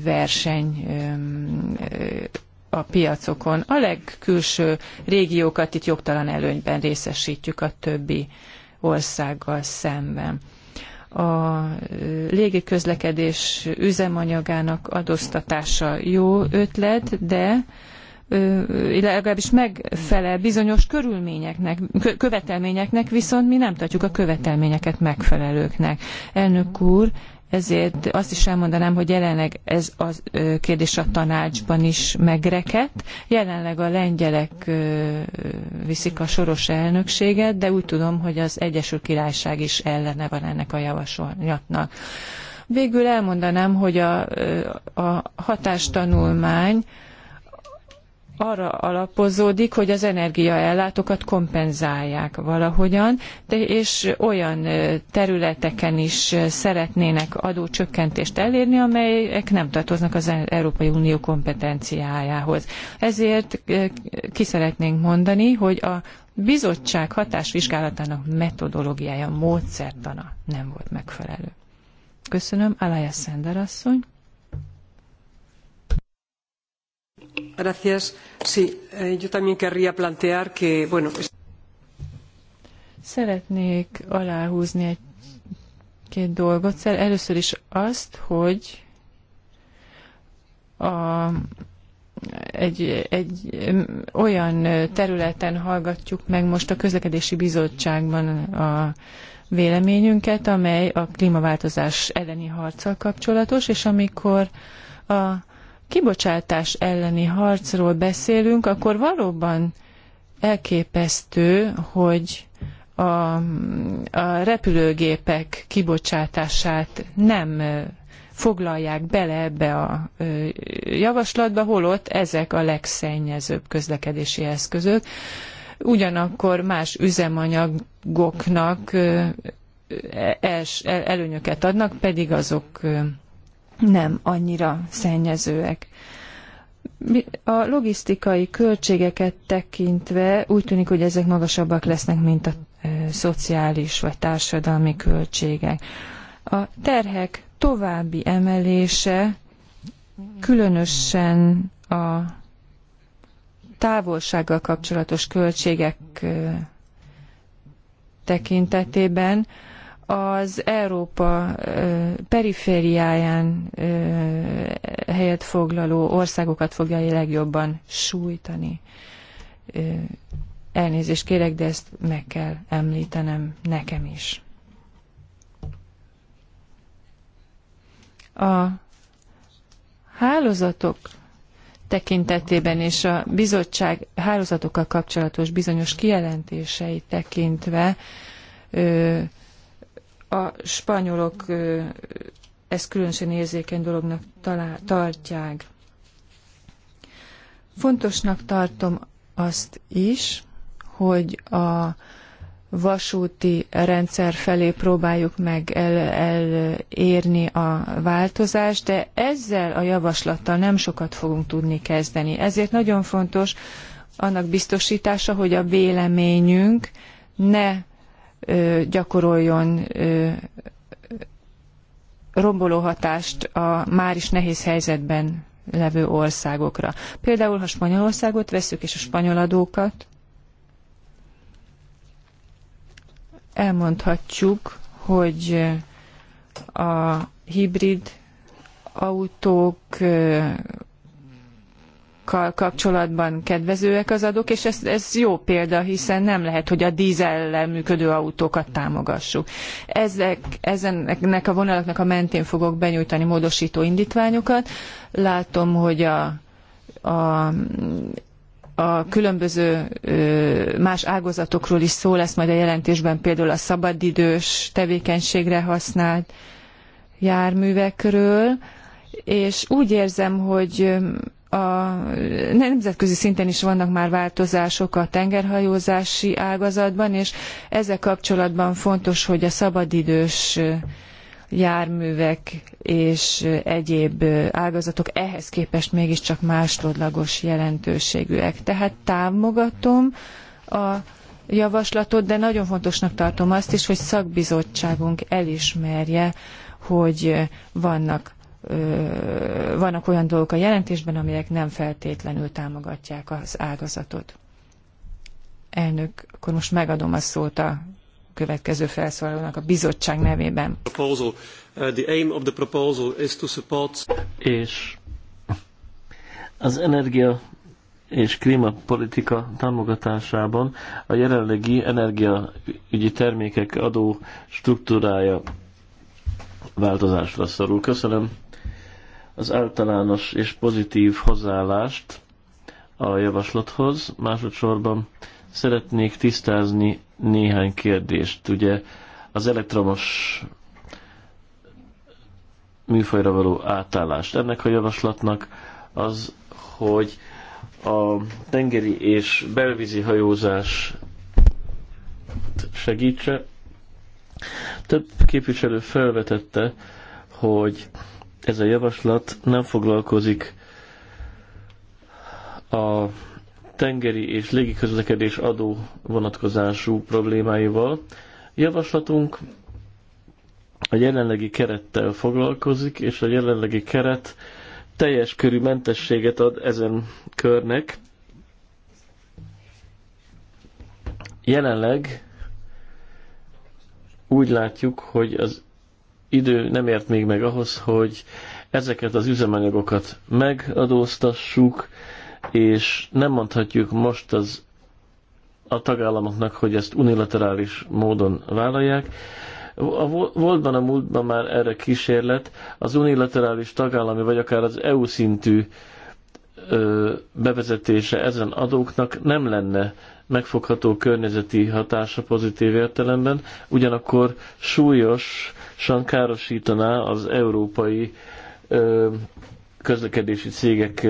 verseny a piacokon. A legkülső régiókat itt jogtalan előnyben részesítjük a többi országgal szemben. A légiközlekedés üzemanyagának adóztatása jó ötlet, de legalábbis megfelel bizonyos körülményeknek, követelményeknek, viszont mi nem tartjuk a követelményeket megfelelőknek. Elnök úr, ezért azt is elmondanám, hogy jelenleg ez a kérdés a tanácsban is megrekedt. Jelenleg a lengyelek viszik a soros elnökséget, de úgy tudom, hogy az Egyesült Királyság is ellene van ennek a javaslatnak. Végül elmondanám, hogy a, a hatástanulmány, arra alapozódik, hogy az energiaellátókat kompenzálják valahogyan, de és olyan területeken is szeretnének adócsökkentést elérni, amelyek nem tartoznak az Európai Unió kompetenciájához. Ezért ki szeretnénk mondani, hogy a bizottság hatásvizsgálatának metodológiája, módszertana nem volt megfelelő. Köszönöm, Alája Szender asszony. Eh, Szeretnék aláhúzni egy, két dolgot. Először is azt, hogy a, egy, egy olyan területen hallgatjuk meg most a közlekedési bizottságban a véleményünket, amely a klímaváltozás elleni harccal kapcsolatos, és amikor a kibocsátás elleni harcról beszélünk, akkor valóban elképesztő, hogy a, a repülőgépek kibocsátását nem foglalják bele ebbe a javaslatba, holott ezek a legszennyezőbb közlekedési eszközök. Ugyanakkor más üzemanyagoknak előnyöket adnak, pedig azok nem annyira szennyezőek. A logisztikai költségeket tekintve úgy tűnik, hogy ezek magasabbak lesznek, mint a szociális vagy társadalmi költségek. A terhek további emelése különösen a távolsággal kapcsolatos költségek tekintetében az Európa perifériáján helyet foglaló országokat fogja legjobban sújtani. Elnézést kérek, de ezt meg kell említenem nekem is. A hálózatok tekintetében és a bizottság hálózatokkal kapcsolatos bizonyos kijelentéseit tekintve a spanyolok ezt különösen érzékeny dolognak talál, tartják. Fontosnak tartom azt is, hogy a vasúti rendszer felé próbáljuk meg elérni el a változást, de ezzel a javaslattal nem sokat fogunk tudni kezdeni. Ezért nagyon fontos annak biztosítása, hogy a véleményünk ne gyakoroljon romboló hatást a már is nehéz helyzetben levő országokra. Például, ha Spanyolországot vesszük, és a spanyol adókat, elmondhatjuk, hogy a hibrid autók autókkal kapcsolatban kedvezőek az adók, és ez, ez jó példa, hiszen nem lehet, hogy a dízellel működő autókat támogassuk. Ezek, ezennek a vonalaknak a mentén fogok benyújtani módosító indítványokat. Látom, hogy a, a a különböző más ágazatokról is szó lesz majd a jelentésben, például a szabadidős tevékenységre használt járművekről, és úgy érzem, hogy a nemzetközi szinten is vannak már változások a tengerhajózási ágazatban, és ezzel kapcsolatban fontos, hogy a szabadidős járművek és egyéb ágazatok ehhez képest mégiscsak másodlagos jelentőségűek. Tehát támogatom a javaslatot, de nagyon fontosnak tartom azt is, hogy szakbizottságunk elismerje, hogy vannak vannak olyan dolgok a jelentésben, amelyek nem feltétlenül támogatják az ágazatot. Elnök, akkor most megadom a szót a következő felszólalónak a bizottság nevében. Uh, és az energia és klímapolitika támogatásában a jelenlegi energiaügyi termékek adó struktúrája változásra szorul. Köszönöm az általános és pozitív hozzáállást a javaslathoz. Másodszorban szeretnék tisztázni néhány kérdést. Ugye az elektromos műfajra való átállást. Ennek a javaslatnak az, hogy a tengeri és belvízi hajózás segítse. Több képviselő felvetette, hogy ez a javaslat nem foglalkozik a tengeri és légiközlekedés adó vonatkozású problémáival. Javaslatunk a jelenlegi kerettel foglalkozik, és a jelenlegi keret teljes körű mentességet ad ezen körnek. Jelenleg úgy látjuk, hogy az idő nem ért még meg ahhoz, hogy ezeket az üzemanyagokat megadóztassuk, és nem mondhatjuk most az a tagállamoknak, hogy ezt unilaterális módon vállalják. A voltban a múltban már erre kísérlet, az unilaterális tagállami vagy akár az EU szintű ö, bevezetése ezen adóknak nem lenne megfogható környezeti hatása pozitív értelemben, ugyanakkor súlyos károsítaná az európai közlekedési cégek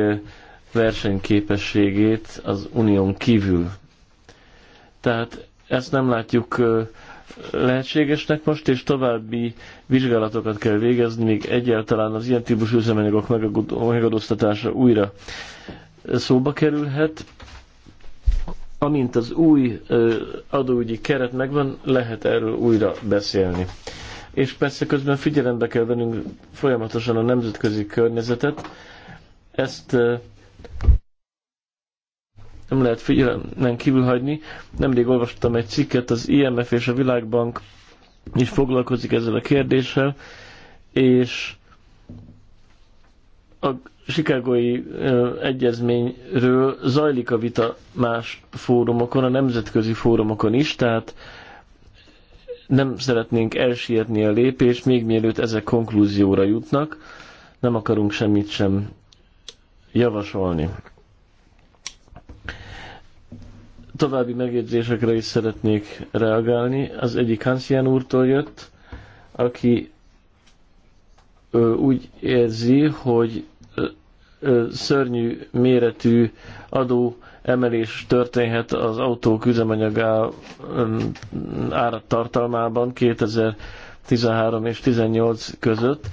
versenyképességét az unión kívül. Tehát ezt nem látjuk lehetségesnek most, és további vizsgálatokat kell végezni, még egyáltalán az ilyen típusú üzemanyagok megadóztatása újra szóba kerülhet. Amint az új adóügyi keret megvan, lehet erről újra beszélni és persze közben figyelembe kell vennünk folyamatosan a nemzetközi környezetet. Ezt nem lehet figyelmen kívül hagyni. Nemrég olvastam egy cikket, az IMF és a Világbank is foglalkozik ezzel a kérdéssel, és a Chicagói egyezményről zajlik a vita más fórumokon, a nemzetközi fórumokon is, tehát nem szeretnénk elsietni a lépést, még mielőtt ezek konklúzióra jutnak, nem akarunk semmit sem javasolni. További megjegyzésekre is szeretnék reagálni. Az egyik Hansian úrtól jött, aki ö, úgy érzi, hogy ö, ö, szörnyű méretű adó emelés történhet az autók üzemanyag tartalmában 2013 és 18 között.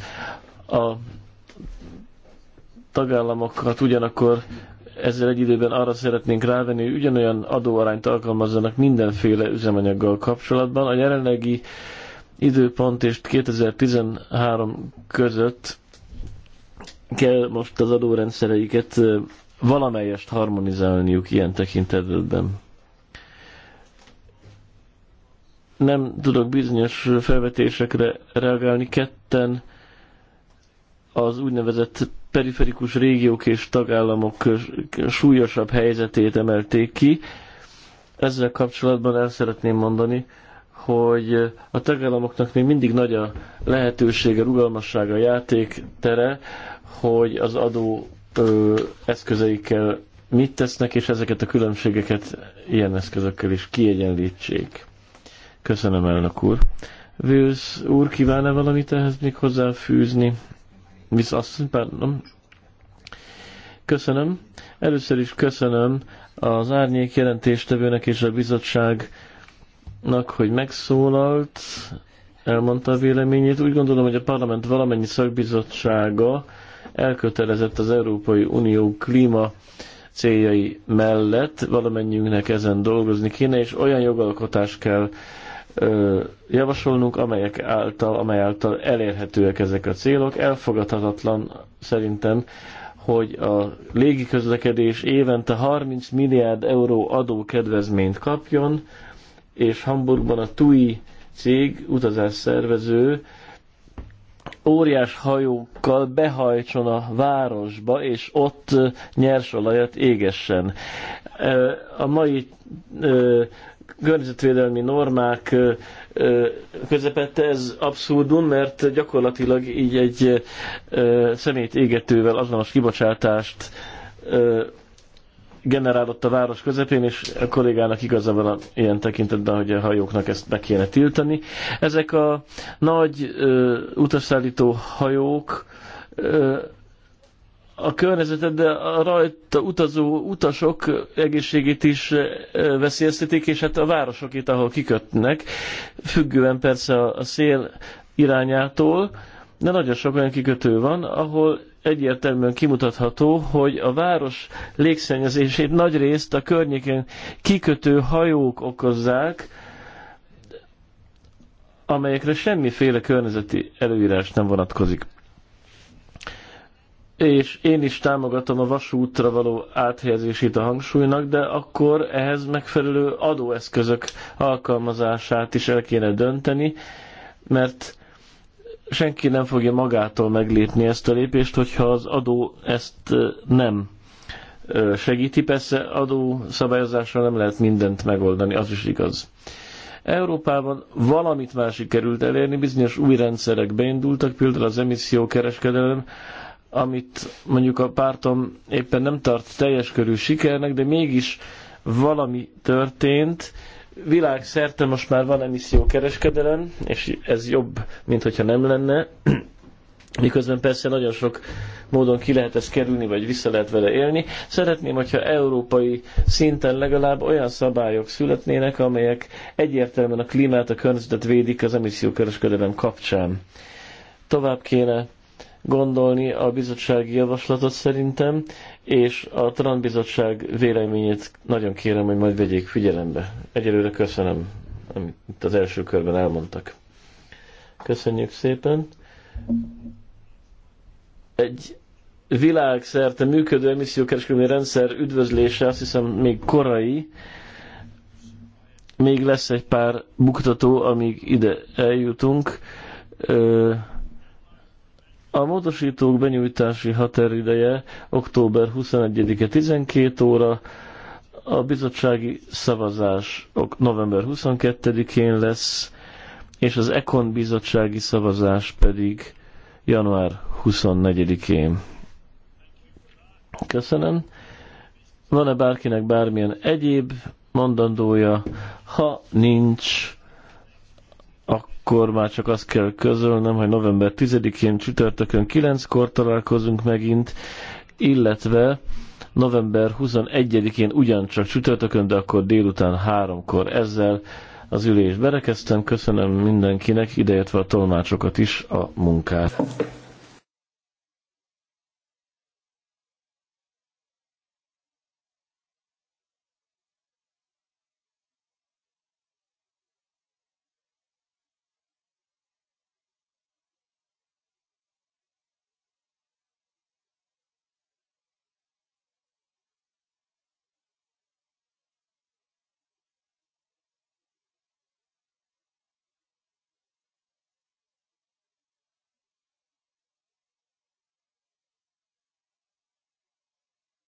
A tagállamokat ugyanakkor ezzel egy időben arra szeretnénk rávenni, hogy ugyanolyan adóarányt alkalmazzanak mindenféle üzemanyaggal kapcsolatban. A jelenlegi időpont és 2013 között kell most az adórendszereiket valamelyest harmonizálniuk ilyen tekintetben. Nem tudok bizonyos felvetésekre reagálni. Ketten az úgynevezett periferikus régiók és tagállamok súlyosabb helyzetét emelték ki. Ezzel kapcsolatban el szeretném mondani, hogy a tagállamoknak még mindig nagy a lehetősége, rugalmassága, játéktere, hogy az adó ö, eszközeikkel mit tesznek, és ezeket a különbségeket ilyen eszközökkel is kiegyenlítsék. Köszönöm, elnök úr. Vősz úr, kíván-e valamit ehhez még hozzáfűzni? Visz azt, pardon. Köszönöm. Először is köszönöm az árnyék jelentéstevőnek és a bizottságnak, hogy megszólalt, elmondta a véleményét. Úgy gondolom, hogy a parlament valamennyi szakbizottsága elkötelezett az Európai Unió klíma céljai mellett, valamennyünknek ezen dolgozni kéne, és olyan jogalkotás kell ö, javasolnunk, amelyek által, amely által elérhetőek ezek a célok. Elfogadhatatlan szerintem, hogy a légiközlekedés évente 30 milliárd euró adókedvezményt kapjon, és Hamburgban a TUI cég, utazásszervező óriás hajókkal behajtson a városba, és ott nyersolajat égessen. A mai környezetvédelmi normák közepette ez abszurdum, mert gyakorlatilag így egy szemét égetővel azonos kibocsátást generálott a város közepén, és a kollégának igaza van a, ilyen tekintetben, hogy a hajóknak ezt be kéne tiltani. Ezek a nagy ö, utasszállító hajók ö, a környezetet, de a rajta utazó utasok egészségét is veszélyeztetik, és hát a városok itt, ahol kikötnek, függően persze a szél irányától, de nagyon sok olyan kikötő van, ahol egyértelműen kimutatható, hogy a város légszennyezését nagy részt a környéken kikötő hajók okozzák, amelyekre semmiféle környezeti előírás nem vonatkozik. És én is támogatom a vasútra való áthelyezését a hangsúlynak, de akkor ehhez megfelelő adóeszközök alkalmazását is el kéne dönteni, mert senki nem fogja magától meglépni ezt a lépést, hogyha az adó ezt nem segíti. Persze adó szabályozással nem lehet mindent megoldani, az is igaz. Európában valamit már sikerült elérni, bizonyos új rendszerek beindultak, például az kereskedelem, amit mondjuk a pártom éppen nem tart teljes körű sikernek, de mégis valami történt, világszerte most már van kereskedelem, és ez jobb, mint hogyha nem lenne. Miközben persze nagyon sok módon ki lehet ezt kerülni, vagy vissza lehet vele élni. Szeretném, hogyha európai szinten legalább olyan szabályok születnének, amelyek egyértelműen a klímát, a környezetet védik az kereskedelem kapcsán. Tovább kéne gondolni a bizottsági javaslatot szerintem, és a tanbizottság Bizottság véleményét nagyon kérem, hogy majd vegyék figyelembe. Egyelőre köszönöm, amit itt az első körben elmondtak. Köszönjük szépen. Egy világszerte működő emissziókereskedelmi rendszer üdvözlése azt hiszem még korai, még lesz egy pár buktató, amíg ide eljutunk. Ö- a módosítók benyújtási határideje október 21-e 12 óra, a bizottsági szavazás november 22-én lesz, és az Ekon bizottsági szavazás pedig január 24-én. Köszönöm. Van-e bárkinek bármilyen egyéb mondandója? Ha nincs, akkor már csak azt kell közölnem, hogy november 10-én csütörtökön 9-kor találkozunk megint, illetve november 21-én ugyancsak csütörtökön, de akkor délután 3-kor ezzel az ülés berekeztem. Köszönöm mindenkinek, ideértve a tolmácsokat is a munkát.